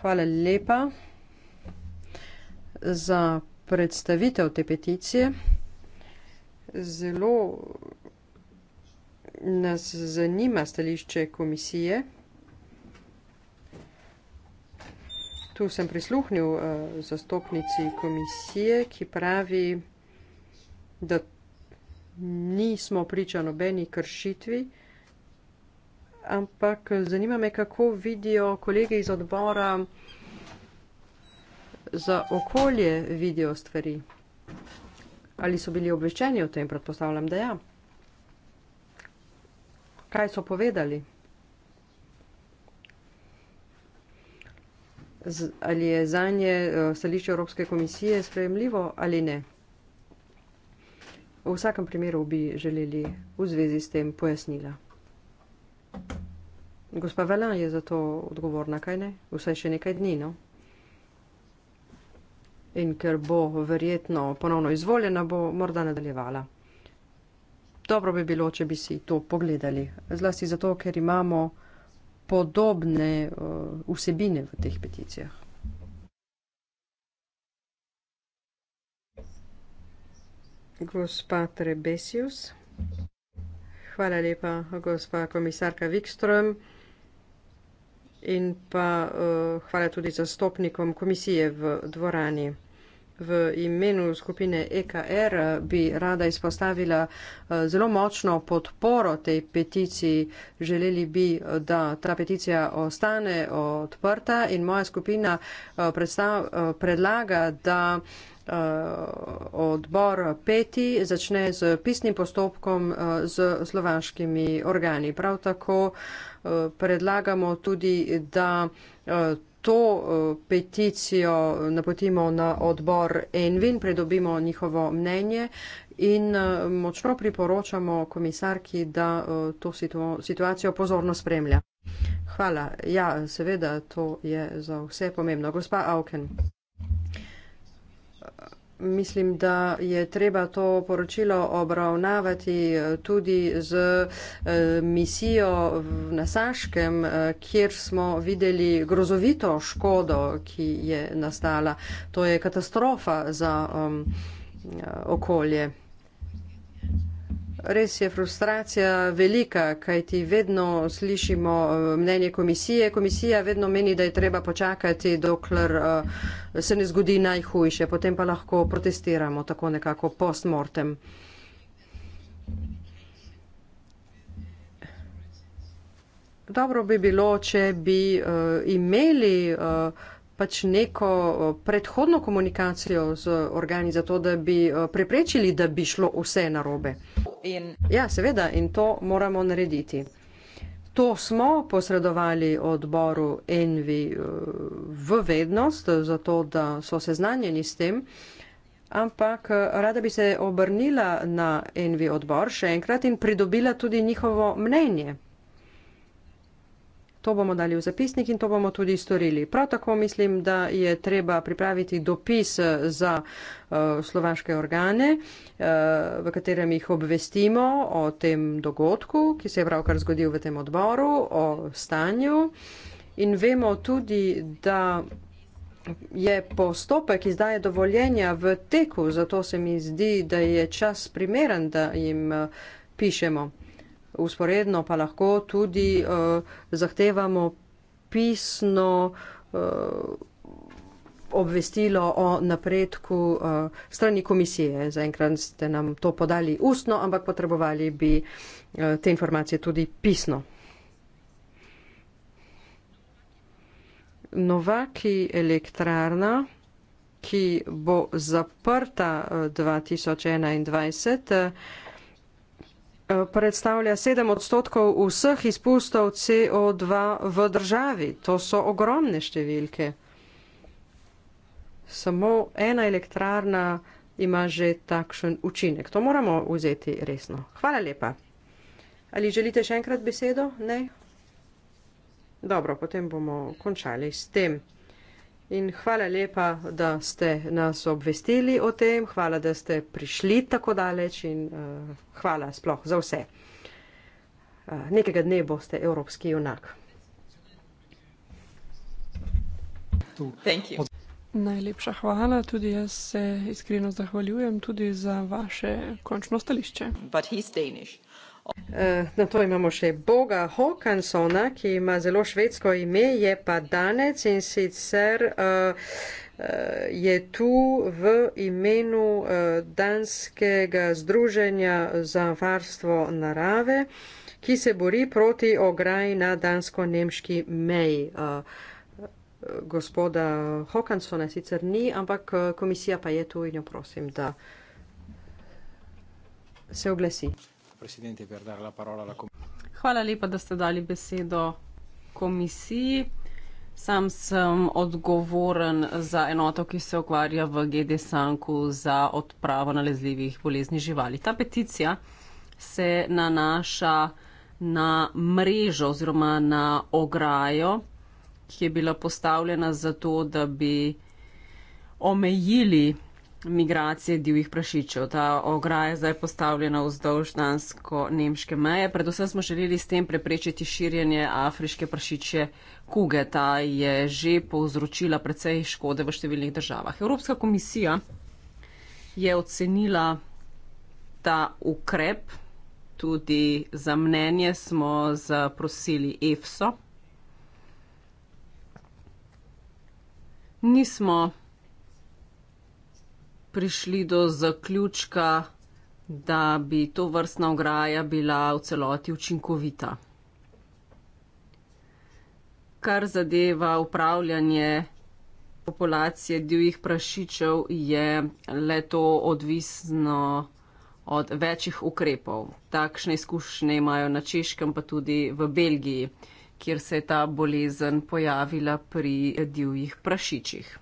Hvala lepa za predstavitev te peticije. Zelo nas zanima stališče komisije. Tu sem prisluhnil uh, zastopnici komisije, ki pravi, da nismo priča nobeni kršitvi, ampak zanima me, kako vidijo kolege iz odbora za okolje vidijo stvari. Ali so bili obveščeni o tem, predpostavljam, da ja. Kaj so povedali? Z, ali je zanje eh, stališče Evropske komisije sprejemljivo ali ne? V vsakem primeru bi želeli v zvezi s tem pojasnila. Gospa Vela je za to odgovorna, kaj ne? Vsaj še nekaj dni, no? In ker bo verjetno ponovno izvoljena, bo morda nadaljevala. Dobro bi bilo, če bi si to pogledali. Zlasti zato, ker imamo podobne uh, vsebine v teh peticijah. Gospa Trebesius. Hvala lepa, gospa komisarka Wikström. In pa uh, hvala tudi zastopnikom komisije v dvorani. V imenu skupine EKR eh, bi rada izpostavila eh, zelo močno podporo tej peticiji. Želeli bi, da ta peticija ostane odprta in moja skupina predlaga, da uh, Eh, odbor peti začne z pisnim postopkom eh, z slovaškimi organi. Prav tako eh, predlagamo tudi, da to peticijo napotimo na odbor Envin, predobimo njihovo mnenje in močno priporočamo komisarki, da to situacijo pozorno spremlja. Hvala. Ja, seveda, to je za vse pomembno. Gospa Auken. Mislim, da je treba to poročilo obravnavati tudi z eh, misijo na Saškem, eh, kjer smo videli grozovito škodo, ki je nastala. To je katastrofa za um, eh, okolje. Res je frustracija velika, kajti vedno slišimo eh, mnenje komisije. Komisija vedno meni, da je treba počakati, dokler eh, se ne zgodi najhujše, potem pa lahko protestiramo tako nekako postmortem. Dobro bi bilo, če bi uh, imeli. Uh, pač neko predhodno komunikacijo z organi, zato da bi preprečili, da bi šlo vse narobe. In... Ja, seveda, in to moramo narediti. To smo posredovali odboru Envi v vednost, zato da so seznanjeni s tem. Ampak rada bi se obrnila na Envi odbor še enkrat in pridobila tudi njihovo mnenje. To bomo dali v zapisnik in to bomo tudi storili. Prav tako mislim, da je treba pripraviti dopis eh, za uh, slovaške organe, uh, v katerem jih obvestimo o tem dogodku, ki se je pravkar zgodil v tem odboru, o stanju. In vemo tudi, da je postopek izdaje dovoljenja v teku, zato se mi zdi, da je čas primeren, da jim pišemo usporedno pa lahko tudi uh, zahtevamo pisno uh, obvestilo o napredku uh, strani komisije. Zaenkrat ste nam to podali ustno, ampak potrebovali bi uh, te informacije tudi pisno. Novaki elektrarna, ki bo zaprta 2021, Eh, predstavlja 7 odstotkov vseh izpustov CO2 v državi. To so ogromne številke. Samo ena elektrarna ima že takšen učinek. To moramo vzeti resno. Hvala lepa. Ali želite še enkrat besedo? Ne? Dobro, potem bomo končali s tem. In hvala lepa, da ste nas obvestili o tem, hvala, da ste prišli tako daleč in uh, hvala sploh za vse. Uh, nekega dne boste evropski junak. Najlepša hvala, tudi jaz se iskreno zahvaljujem tudi za vaše končno stališče. Eh, na to imamo še Boga Håkansona, ki ima zelo švedsko ime, je pa danec in sicer eh, eh, je tu v imenu Danskega združenja za varstvo narave, ki se bori proti ograji na dansko-nemški meji. Gospoda Håkansona sicer ni, ampak komisija pa je tu in jo prosim, da se oglesi presidente, per dare la parola alla Commissione. Hvala lepa, da ste dali besedo komisiji. Sam sem odgovoren za enoto, ki se ukvarja v GD Sanku za odpravo nalezljivih bolezni živali. Ta peticija se nanaša na mrežo oziroma na ograjo, ki je bila postavljena zato, da bi omejili migracije divjih prašičev. Ta ograja je zdaj postavljena vzdolž dansko-nemške meje. Predvsem smo želeli s tem preprečiti širjenje afriške prašičje kuge. Ta je že povzročila precej škode v številnih državah. Evropska komisija je ocenila ta ukrep. Tudi za mnenje smo zaprosili EFSO. Nismo prišli do zaključka, da bi to vrstna ograja bila v celoti učinkovita. Kar zadeva upravljanje populacije divjih prašičev, je le to odvisno od večjih ukrepov. Takšne izkušnje imajo na Češkem, pa tudi v Belgiji, kjer se je ta bolezen pojavila pri divjih prašičih.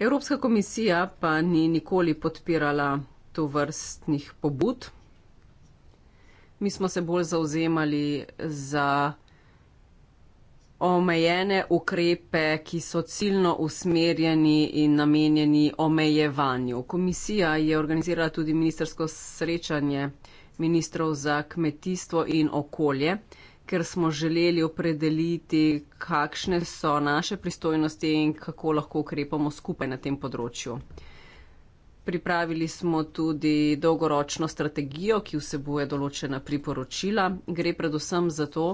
Evropska komisija pa ni nikoli podpirala to vrstnih pobud. Mi smo se bolj zauzemali za omejene ukrepe, ki so ciljno usmerjeni in namenjeni omejevanju. Komisija je organizirala tudi ministersko srečanje ministrov za kmetijstvo in okolje ker smo želeli opredeliti, kakšne so naše pristojnosti in kako lahko ukrepamo skupaj na tem področju. Pripravili smo tudi dolgoročno strategijo, ki vsebuje določena priporočila. Gre predvsem za to,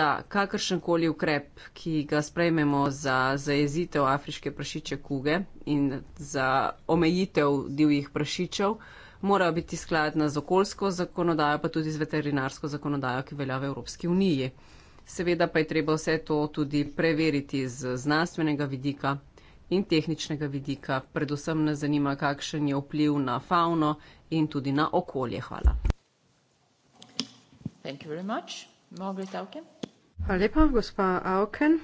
da kakršenkoli ukrep, ki ga sprejmemo za zajezitev afriške prašiče kuge in za omejitev divjih prašičev, morajo biti skladna z okoljsko zakonodajo, pa tudi z veterinarsko zakonodajo, ki velja v Evropski uniji. Seveda pa je treba vse to tudi preveriti z znanstvenega vidika in tehničnega vidika. Predvsem me zanima, kakšen je vpliv na fauno in tudi na okolje. Hvala. Hvala lepa, gospa Auken.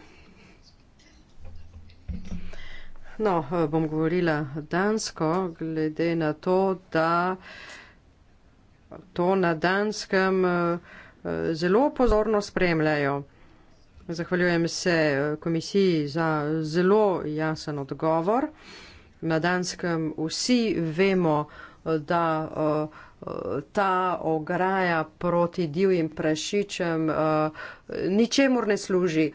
No, eh, bom govorila dansko, glede na to, da to na danskem eh, zelo pozorno spremljajo. Zahvaljujem se eh, komisiji za zelo jasen odgovor. Na danskem vsi vemo, da ta ograja proti divjim prašičem ničemur ne služi.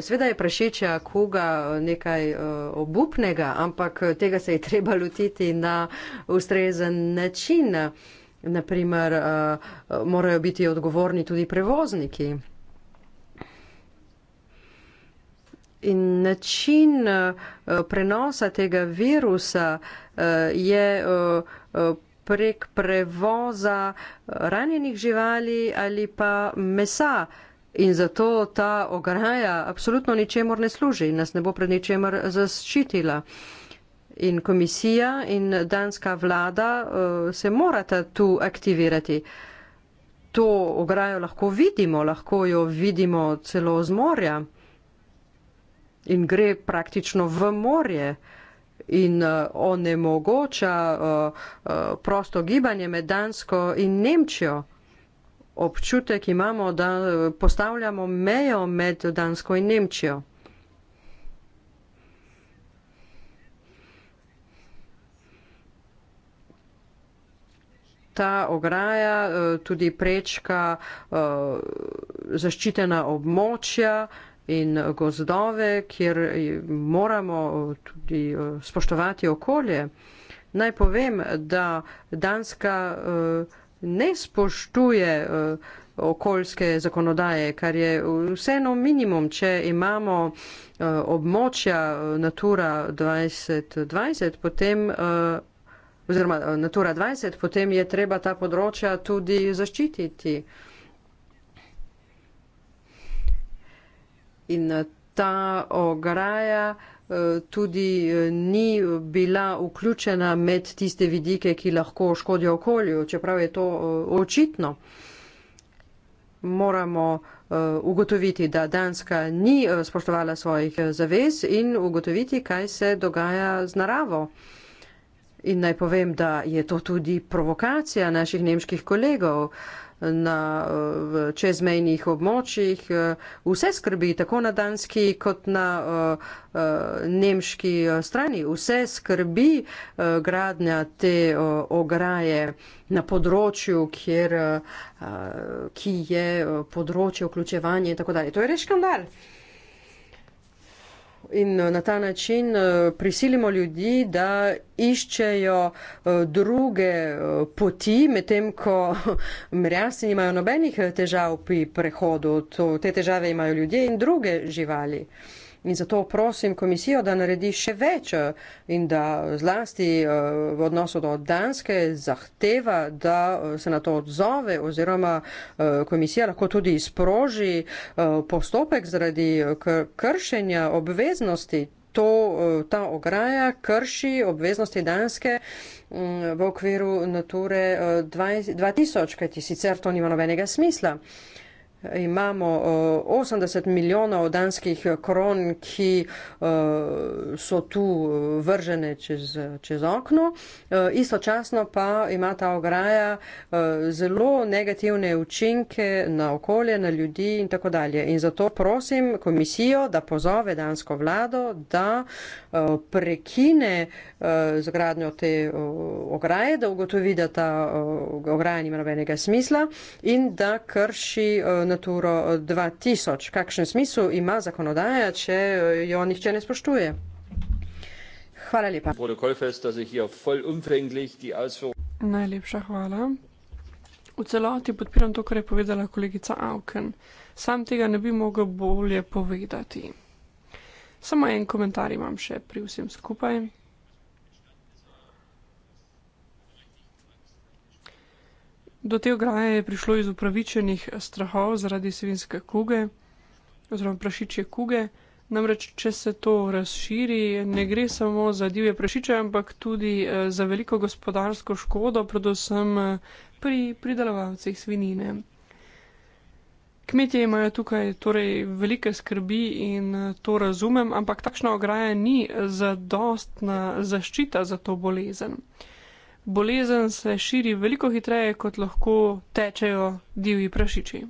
Sveda je prašeča koga eh, nekaj eh, obupnega, ampak eh, tega se je treba lotiti na ustrezen način. Naprimer, morajo biti odgovorni tudi prevozniki. In način prenosa tega virusa je prek prevoza ranjenih živali ali pa mesa. In zato ta ograja apsolutno ničemor ne služi in nas ne bo pred ničemer zaščitila. In komisija in danska vlada uh, se morata tu aktivirati. To ograjo lahko vidimo, lahko jo vidimo celo z morja in gre praktično v morje in uh, onemogoča uh, uh, prosto gibanje med Dansko in Nemčijo občutek imamo, da eh, postavljamo mejo med Dansko in Nemčijo. Ta ograja eh, tudi prečka eh, zaščitena območja in gozdove, kjer moramo tudi spoštovati okolje. Naj povem, da Danska uh, ne spoštuje uh, okoljske zakonodaje, kar je vseeno minimum, če imamo uh, območja eh, Natura 2020, potem. Uh, oziroma Natura 20, potem je treba ta področja tudi zaščititi. In ta ograja uh, Eh, tudi eh, ni bila vključena med tiste vidike, ki lahko škodijo okolju, čeprav je to eh, očitno. Moramo ugotoviti, da Danska ni spoštovala svojih zavez in ugotoviti, kaj se dogaja z naravo. In naj povem, da je to tudi provokacija naših nemških kolegov na čezmejnih območjih. Vse skrbi, tako na danski kot na eh, eh, nemški eh, strani, vse skrbi gradnja te ograje na področju, kjer, ki je področje vključevanja in tako dalje. To je res škandal in eh, na ta način eh, prisilimo ljudi, da iščejo eh, druge poti, medtem ko merjasi nimajo nobenih težav pri prehodu. To, te težave imajo ljudje in druge živali. In zato prosim komisijo, da naredi še več eh, in da zlasti eh, v odnosu do Danske zahteva, da eh, se na to odzove oziroma komisija lahko tudi sproži postopek zaradi kršenja obveznosti. To, ta ograja krši obveznosti Danske mm, v okviru Nature 2000, kajti sicer to nima nobenega smisla imamo 80 milijonov danskih kron, ki so tu vržene čez, čez okno. Istočasno pa ima ta ograja zelo negativne učinke na okolje, na ljudi in tako dalje. In zato prosim komisijo, da pozove dansko vlado, da prekine Eh, zagradnjo te eh, ograje, da ugotovi, da ta eh, ograja nima nobenega smisla in da krši Naturo 2000. Kakšen smisel ima zakonodaja, če jo nihče ne spoštuje? Hvala lepa. Najlepša hvala. V celoti podpiram to, kar je povedala kolegica Auken. Sam tega ne bi mogel bolje povedati. Samo en komentar imam še pri vsem skupaj. Do te ograje je prišlo iz upravičenih strahov zaradi svinske kuge oziroma prašičje kuge. Namreč, če se to razširi, ne gre samo za divje prašiče, ampak tudi eh, za veliko gospodarsko škodo, predvsem eh, pri pridelovalcih svinine. Kmetje imajo tukaj torej velike skrbi in eh, to razumem, ampak takšna ograja ni zadostna zaščita za to bolezen bolezen se širi veliko hitreje, kot lahko tečejo divji prašiči.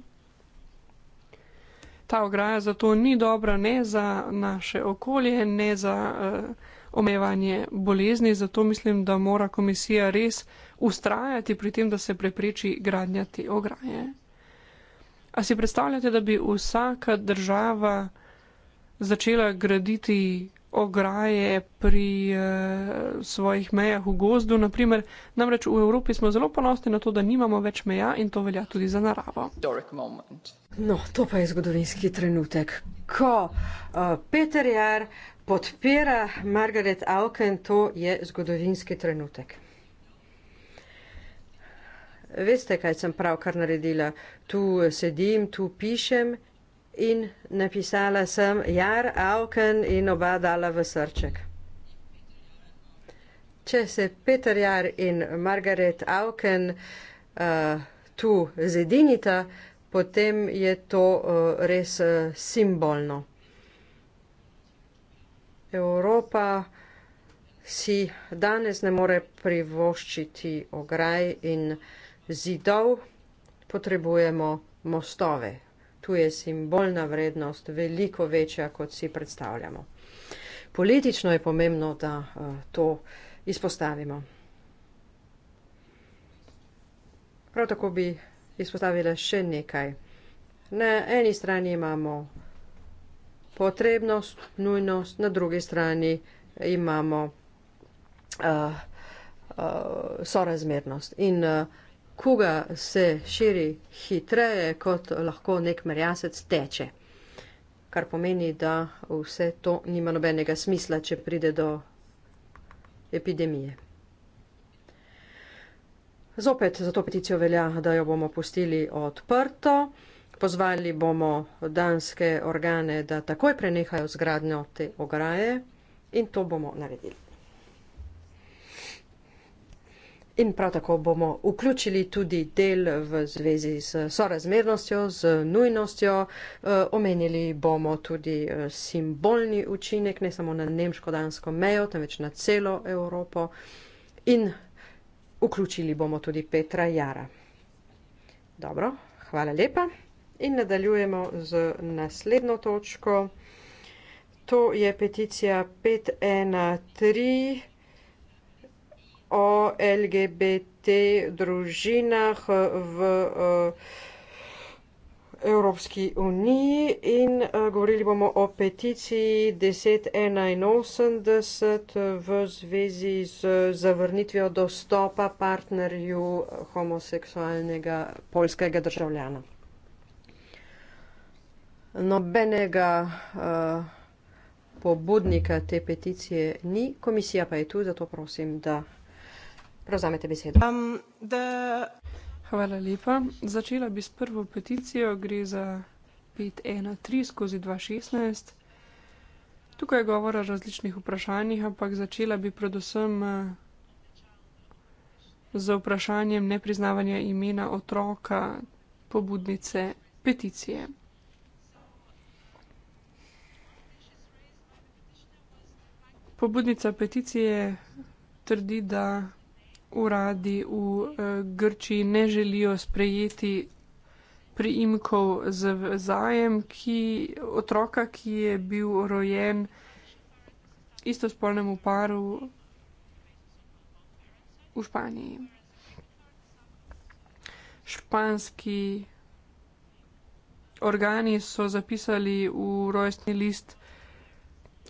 Ta ograja zato ni dobra ne za naše okolje, ne za uh, omejevanje bolezni, zato mislim, da mora komisija res ustrajati pri tem, da se prepreči gradnja te ograje. A si predstavljate, da bi vsaka država začela graditi ograje pri eh, svojih mejah v gozdu. Naprimer, namreč v Evropi smo zelo ponosni na to, da nimamo več meja in to velja tudi za naravo. No, to pa je zgodovinski trenutek, ko uh, Peter Jar podpira Margaret Auken, to je zgodovinski trenutek. Veste, kaj sem pravkar naredila? Tu sedim, tu pišem in napisala sem jar, avken in oba dala v srček. Če se Peter Jar in Margaret Auken uh, tu zedinita, potem je to uh, res uh, simbolno. Evropa si danes ne more privoščiti ograj in zidov, potrebujemo mostove, tu je simbolna vrednost veliko večja, kot si predstavljamo. Politično je pomembno, da eh, to izpostavimo. Prav tako bi izpostavila še nekaj. Na eni strani imamo potrebnost, nujnost, na drugi strani imamo uh, uh, sorazmernost. In uh, kuga se širi hitreje, kot lahko nek merjasec teče. Kar pomeni, da vse to nima nobenega smisla, če pride do epidemije. Zopet za to peticijo velja, da jo bomo pustili odprto. Pozvali bomo danske organe, da takoj prenehajo zgradnjo te ograje in to bomo naredili. In prav tako bomo vključili tudi del v zvezi s sorazmernostjo, z nujnostjo. Eh, omenili bomo tudi eh, simbolni učinek, ne samo na nemško-dansko mejo, temveč na celo Evropo. In vključili bomo tudi Petra Jara. Dobro, hvala lepa. In nadaljujemo z naslednjo točko. To je peticija 513 o LGBT družinah v eh, Evropski uniji in eh, govorili bomo o peticiji 1081 v zvezi z zavrnitvijo dostopa partnerju homoseksualnega polskega državljana. Nobenega uh, pobudnika te peticije ni, komisija pa je tu, zato prosim, da prevzamete besedo. Um, the... Hvala lepa. Začela bi s prvo peticijo, gre za 513 skozi 216. Tukaj je govora o različnih vprašanjih, ampak začela bi predvsem eh, z vprašanjem nepriznavanja imena otroka pobudnice peticije. Pobudnica peticije trdi, da uradi v uh, Grčiji ne želijo sprejeti priimkov z zajem, ki otroka, ki je bil rojen istospolnemu paru v Španiji. Španski organi so zapisali v rojstni list,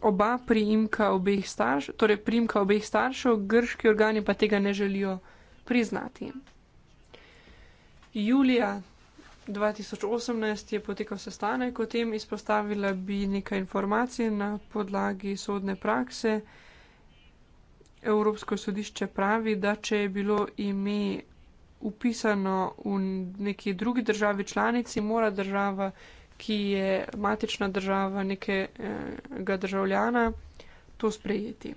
oba priimka obeh staršev, torej priimka obeh staršev, grški organi pa tega ne želijo priznati. Julija 2018 je potekal sestanek, o tem izpostavila bi nekaj informacij na podlagi sodne prakse. Evropsko sodišče pravi, da če je bilo ime upisano v neki drugi državi članici, mora država ki je matična država nekega državljana, to sprejeti.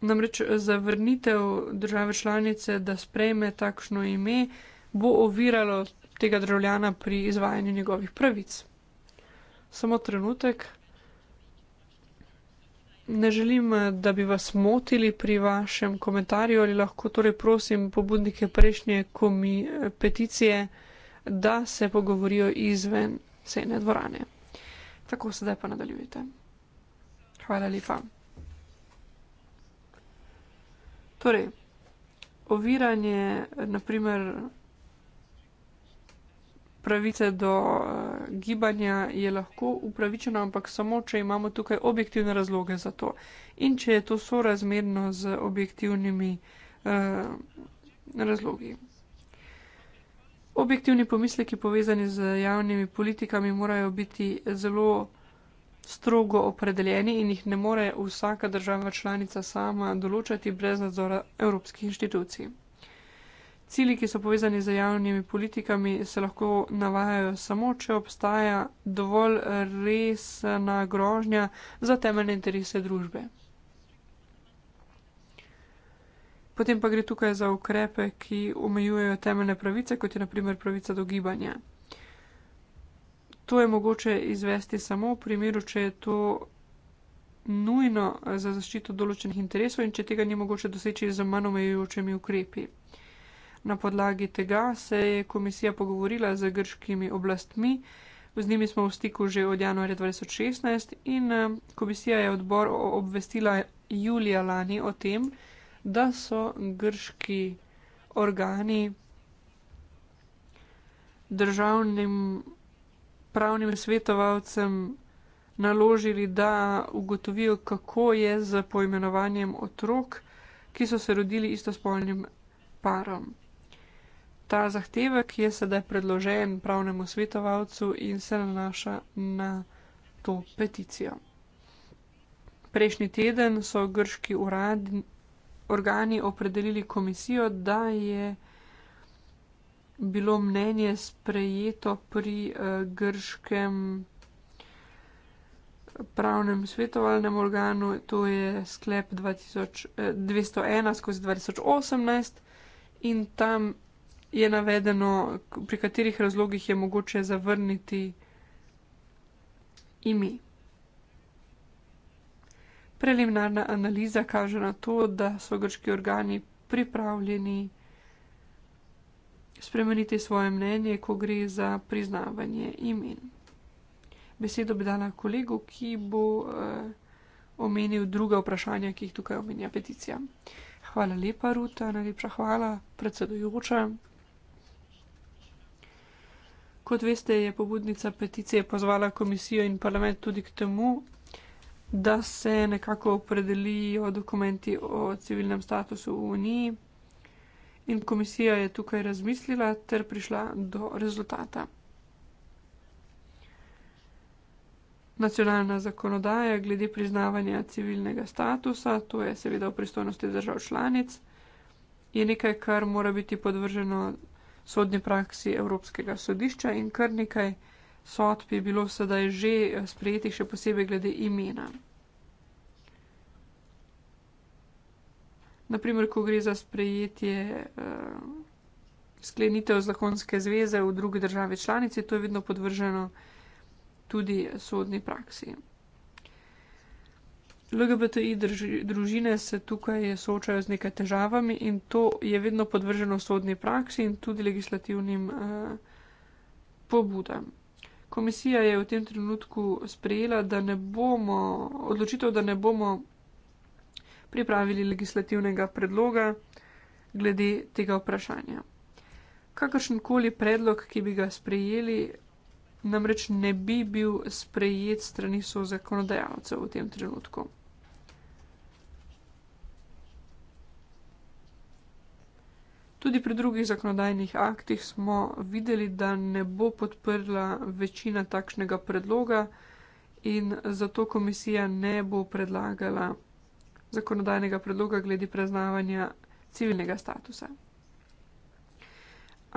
Namreč zavrnitev države članice, da sprejme takšno ime, bo oviralo tega državljana pri izvajanju njegovih pravic. Samo trenutek ne želim, eh, da bi vas motili pri vašem komentarju, ali lahko torej prosim pobudnike prejšnje komi eh, peticije, da se pogovorijo izven sejne dvorane. Tako sedaj pa nadaljujte. Hvala lepa. Torej, oviranje, naprimer, pravice do uh, gibanja je lahko upravičeno, ampak samo, če imamo tukaj objektivne razloge za to. In če je to sorazmerno z objektivnimi uh, razlogi. Objektivni pomisleki povezani z javnimi politikami morajo biti zelo strogo opredeljeni in jih ne more vsaka država članica sama določati brez nadzora evropskih inštitucij. Cili, ki so povezani z javnimi politikami, se lahko navajajo samo, če obstaja dovolj resna grožnja za temeljne interese družbe. Potem pa gre tukaj za ukrepe, ki omejujejo temeljne pravice, kot je naprimer pravica do gibanja. To je mogoče izvesti samo v primeru, če je to nujno za zaščito določenih interesov in če tega ni mogoče doseči z manj omejujočimi ukrepi. Na podlagi tega se je komisija pogovorila z grškimi oblastmi, z njimi smo v stiku že od januarja 2016 in eh, komisija je odbor obvestila julija lani o tem, da so grški organi državnim pravnim svetovalcem naložili, da ugotovijo, kako je z poimenovanjem otrok, ki so se rodili istospolnim parom ta zahtevek je sedaj predložen pravnemu svetovalcu in se nanaša na to peticijo. Prejšnji teden so grški urad, organi opredelili komisijo, da je bilo mnenje sprejeto pri uh, grškem pravnem svetovalnem organu, to je sklep 2000, eh, 201 skozi 2018 in tam je navedeno, pri katerih razlogih je mogoče zavrniti ime. Preliminarna analiza kaže na to, da so grški organi pripravljeni spremeniti svoje mnenje, ko gre za priznavanje imen. Besedo bi dala kolegu, ki bo eh, omenil druga vprašanja, ki jih tukaj omenja peticija. Hvala lepa, Ruta, najlepša hvala, predsedujoča. Kot veste, je pobudnica peticije pozvala komisijo in parlament tudi k temu, da se nekako opredelijo dokumenti o civilnem statusu v Uniji. In komisija je tukaj razmislila ter prišla do rezultata. Nacionalna zakonodaja glede priznavanja civilnega statusa, to je seveda v pristojnosti držav članic, je nekaj, kar mora biti podvrženo sodni praksi Evropskega sodišča in kar nekaj sodb je bilo sedaj že sprejetih, še posebej glede imena. Naprimer, ko gre za sprejetje eh, sklenitev zakonske zveze v drugi državi članici, to je vedno podvrženo tudi sodni praksi. LGBTI družine se tukaj soočajo z nekaj težavami in to je vedno podvrženo sodni praksi in tudi legislativnim eh, pobudam. Komisija je v tem trenutku sprejela, da ne bomo, odločitev, da ne bomo pripravili legislativnega predloga glede tega vprašanja. Kakršenkoli predlog, ki bi ga sprejeli, namreč ne bi bil sprejet strani so zakonodajalcev v tem trenutku. Tudi pri drugih zakonodajnih aktih smo videli, da ne bo podprla večina takšnega predloga in zato komisija ne bo predlagala zakonodajnega predloga glede preznavanja civilnega statusa.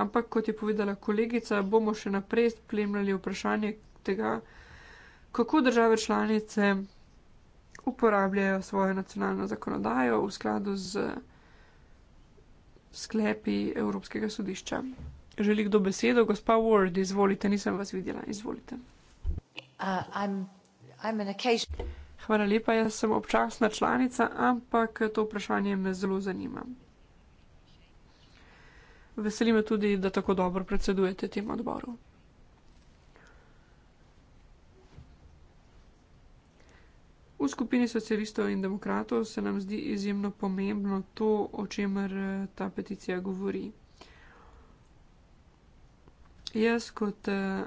Ampak, kot je povedala kolegica, bomo še naprej spremljali vprašanje tega, kako države članice uporabljajo svojo nacionalno zakonodajo v skladu z sklepi Evropskega sodišča. Želi kdo besedo? Gospa Ward, izvolite, nisem vas videla. Izvolite. Uh, I'm, I'm Hvala lepa, jaz sem občasna članica, ampak to vprašanje me zelo zanima. Veseli me tudi, da tako dobro predsedujete tem odboru. V skupini socialistov in demokratov se nam zdi izjemno pomembno to, o čemer eh, ta peticija govori. Jaz kot eh,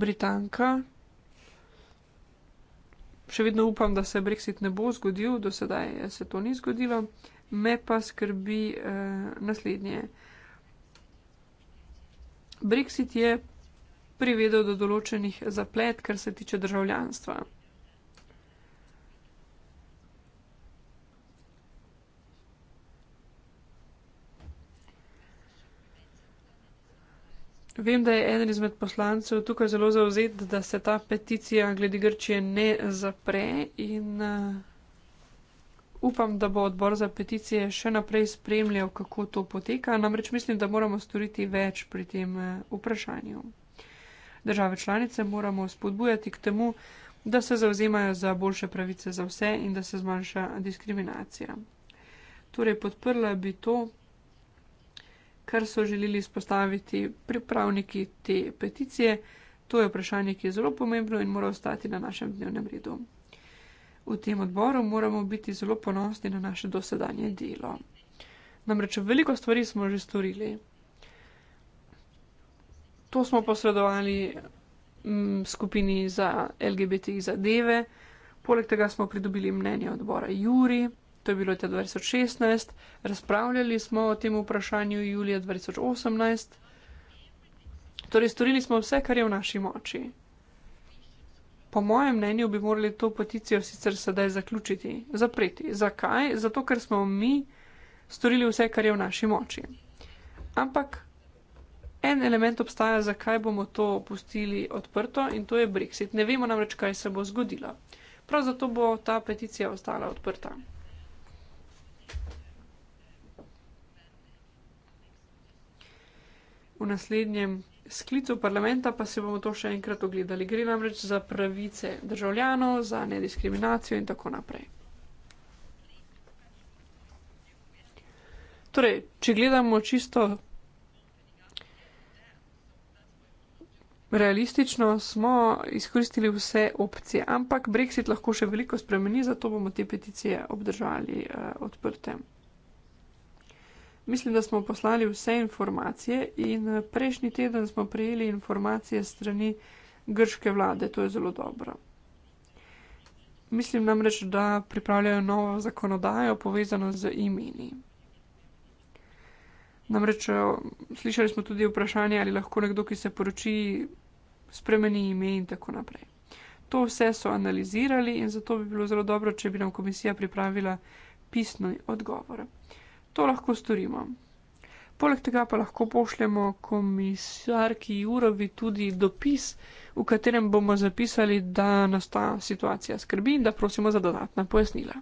Britanka še vedno upam, da se Brexit ne bo zgodil, do sedaj se to ni zgodilo. Me pa skrbi eh, naslednje. Brexit je privedel do določenih zaplet, kar se tiče državljanstva. Vem, da je eden izmed poslancev tukaj zelo zauzet, da se ta peticija glede Grčije ne zapre in uh, upam, da bo odbor za peticije še naprej spremljal, kako to poteka. Namreč mislim, da moramo storiti več pri tem uh, vprašanju. Države članice moramo spodbujati k temu, da se zauzemajo za boljše pravice za vse in da se zmanjša diskriminacija. Torej, podprla bi to kar so želeli izpostaviti pripravniki te peticije. To je vprašanje, ki je zelo pomembno in mora ostati na našem dnevnem redu. V tem odboru moramo biti zelo ponosni na naše dosedanje delo. Namreč veliko stvari smo že storili. To smo posredovali m, mm, skupini za LGBT zadeve, poleg tega smo pridobili mnenje odbora Juri to je bilo leta 2016, razpravljali smo o tem vprašanju julija 2018. Torej, storili smo vse, kar je v naši moči. Po mojem mnenju bi morali to peticijo sicer sedaj zaključiti, zapreti. Zakaj? Zato, ker smo mi storili vse, kar je v naši moči. Ampak en element obstaja, zakaj bomo to pustili odprto in to je Brexit. Ne vemo namreč, kaj se bo zgodilo. Prav zato bo ta peticija ostala odprta. v naslednjem sklicu parlamenta pa si bomo to še enkrat ogledali. Gre namreč za pravice državljanov, za nediskriminacijo in tako naprej. Torej, če gledamo čisto realistično, smo izkoristili vse opcije, ampak Brexit lahko še veliko spremeni, zato bomo te peticije obdržali uh, odprte. Mislim, da smo poslali vse informacije in eh, prejšnji teden smo prejeli informacije strani grške vlade. To je zelo dobro. Mislim namreč, da pripravljajo novo zakonodajo povezano z imeni. Namreč eh, slišali smo tudi vprašanje, ali lahko nekdo, ki se poroči, spremeni ime in tako naprej. To vse so analizirali in zato bi bilo zelo dobro, če bi nam komisija pripravila pisni odgovor. To lahko storimo. Poleg tega pa lahko pošljemo komisarki Jurovi tudi dopis, v katerem bomo zapisali, da nas ta situacija skrbi in da prosimo za dodatna pojasnila.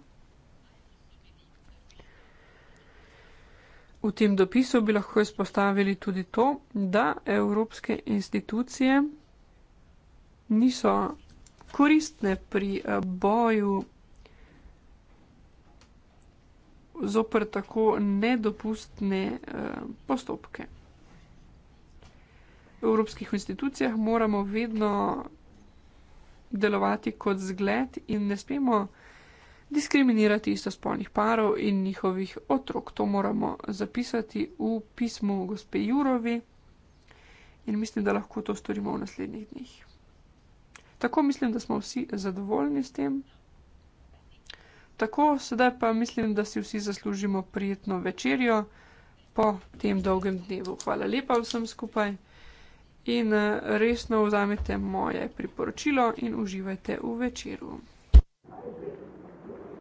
V tem dopisu bi lahko izpostavili tudi to, da evropske institucije niso koristne pri boju zoper tako nedopustne eh, postopke. V evropskih institucijah moramo vedno delovati kot zgled in ne smemo diskriminirati istospolnih parov in njihovih otrok. To moramo zapisati v pismu gospe Jurovi in mislim, da lahko to storimo v naslednjih dneh. Tako mislim, da smo vsi zadovoljni s tem. Tako, sedaj pa mislim, da si vsi zaslužimo prijetno večerjo po tem dolgem dnevu. Hvala lepa vsem skupaj in eh, resno vzamete moje priporočilo in uživajte v večeru.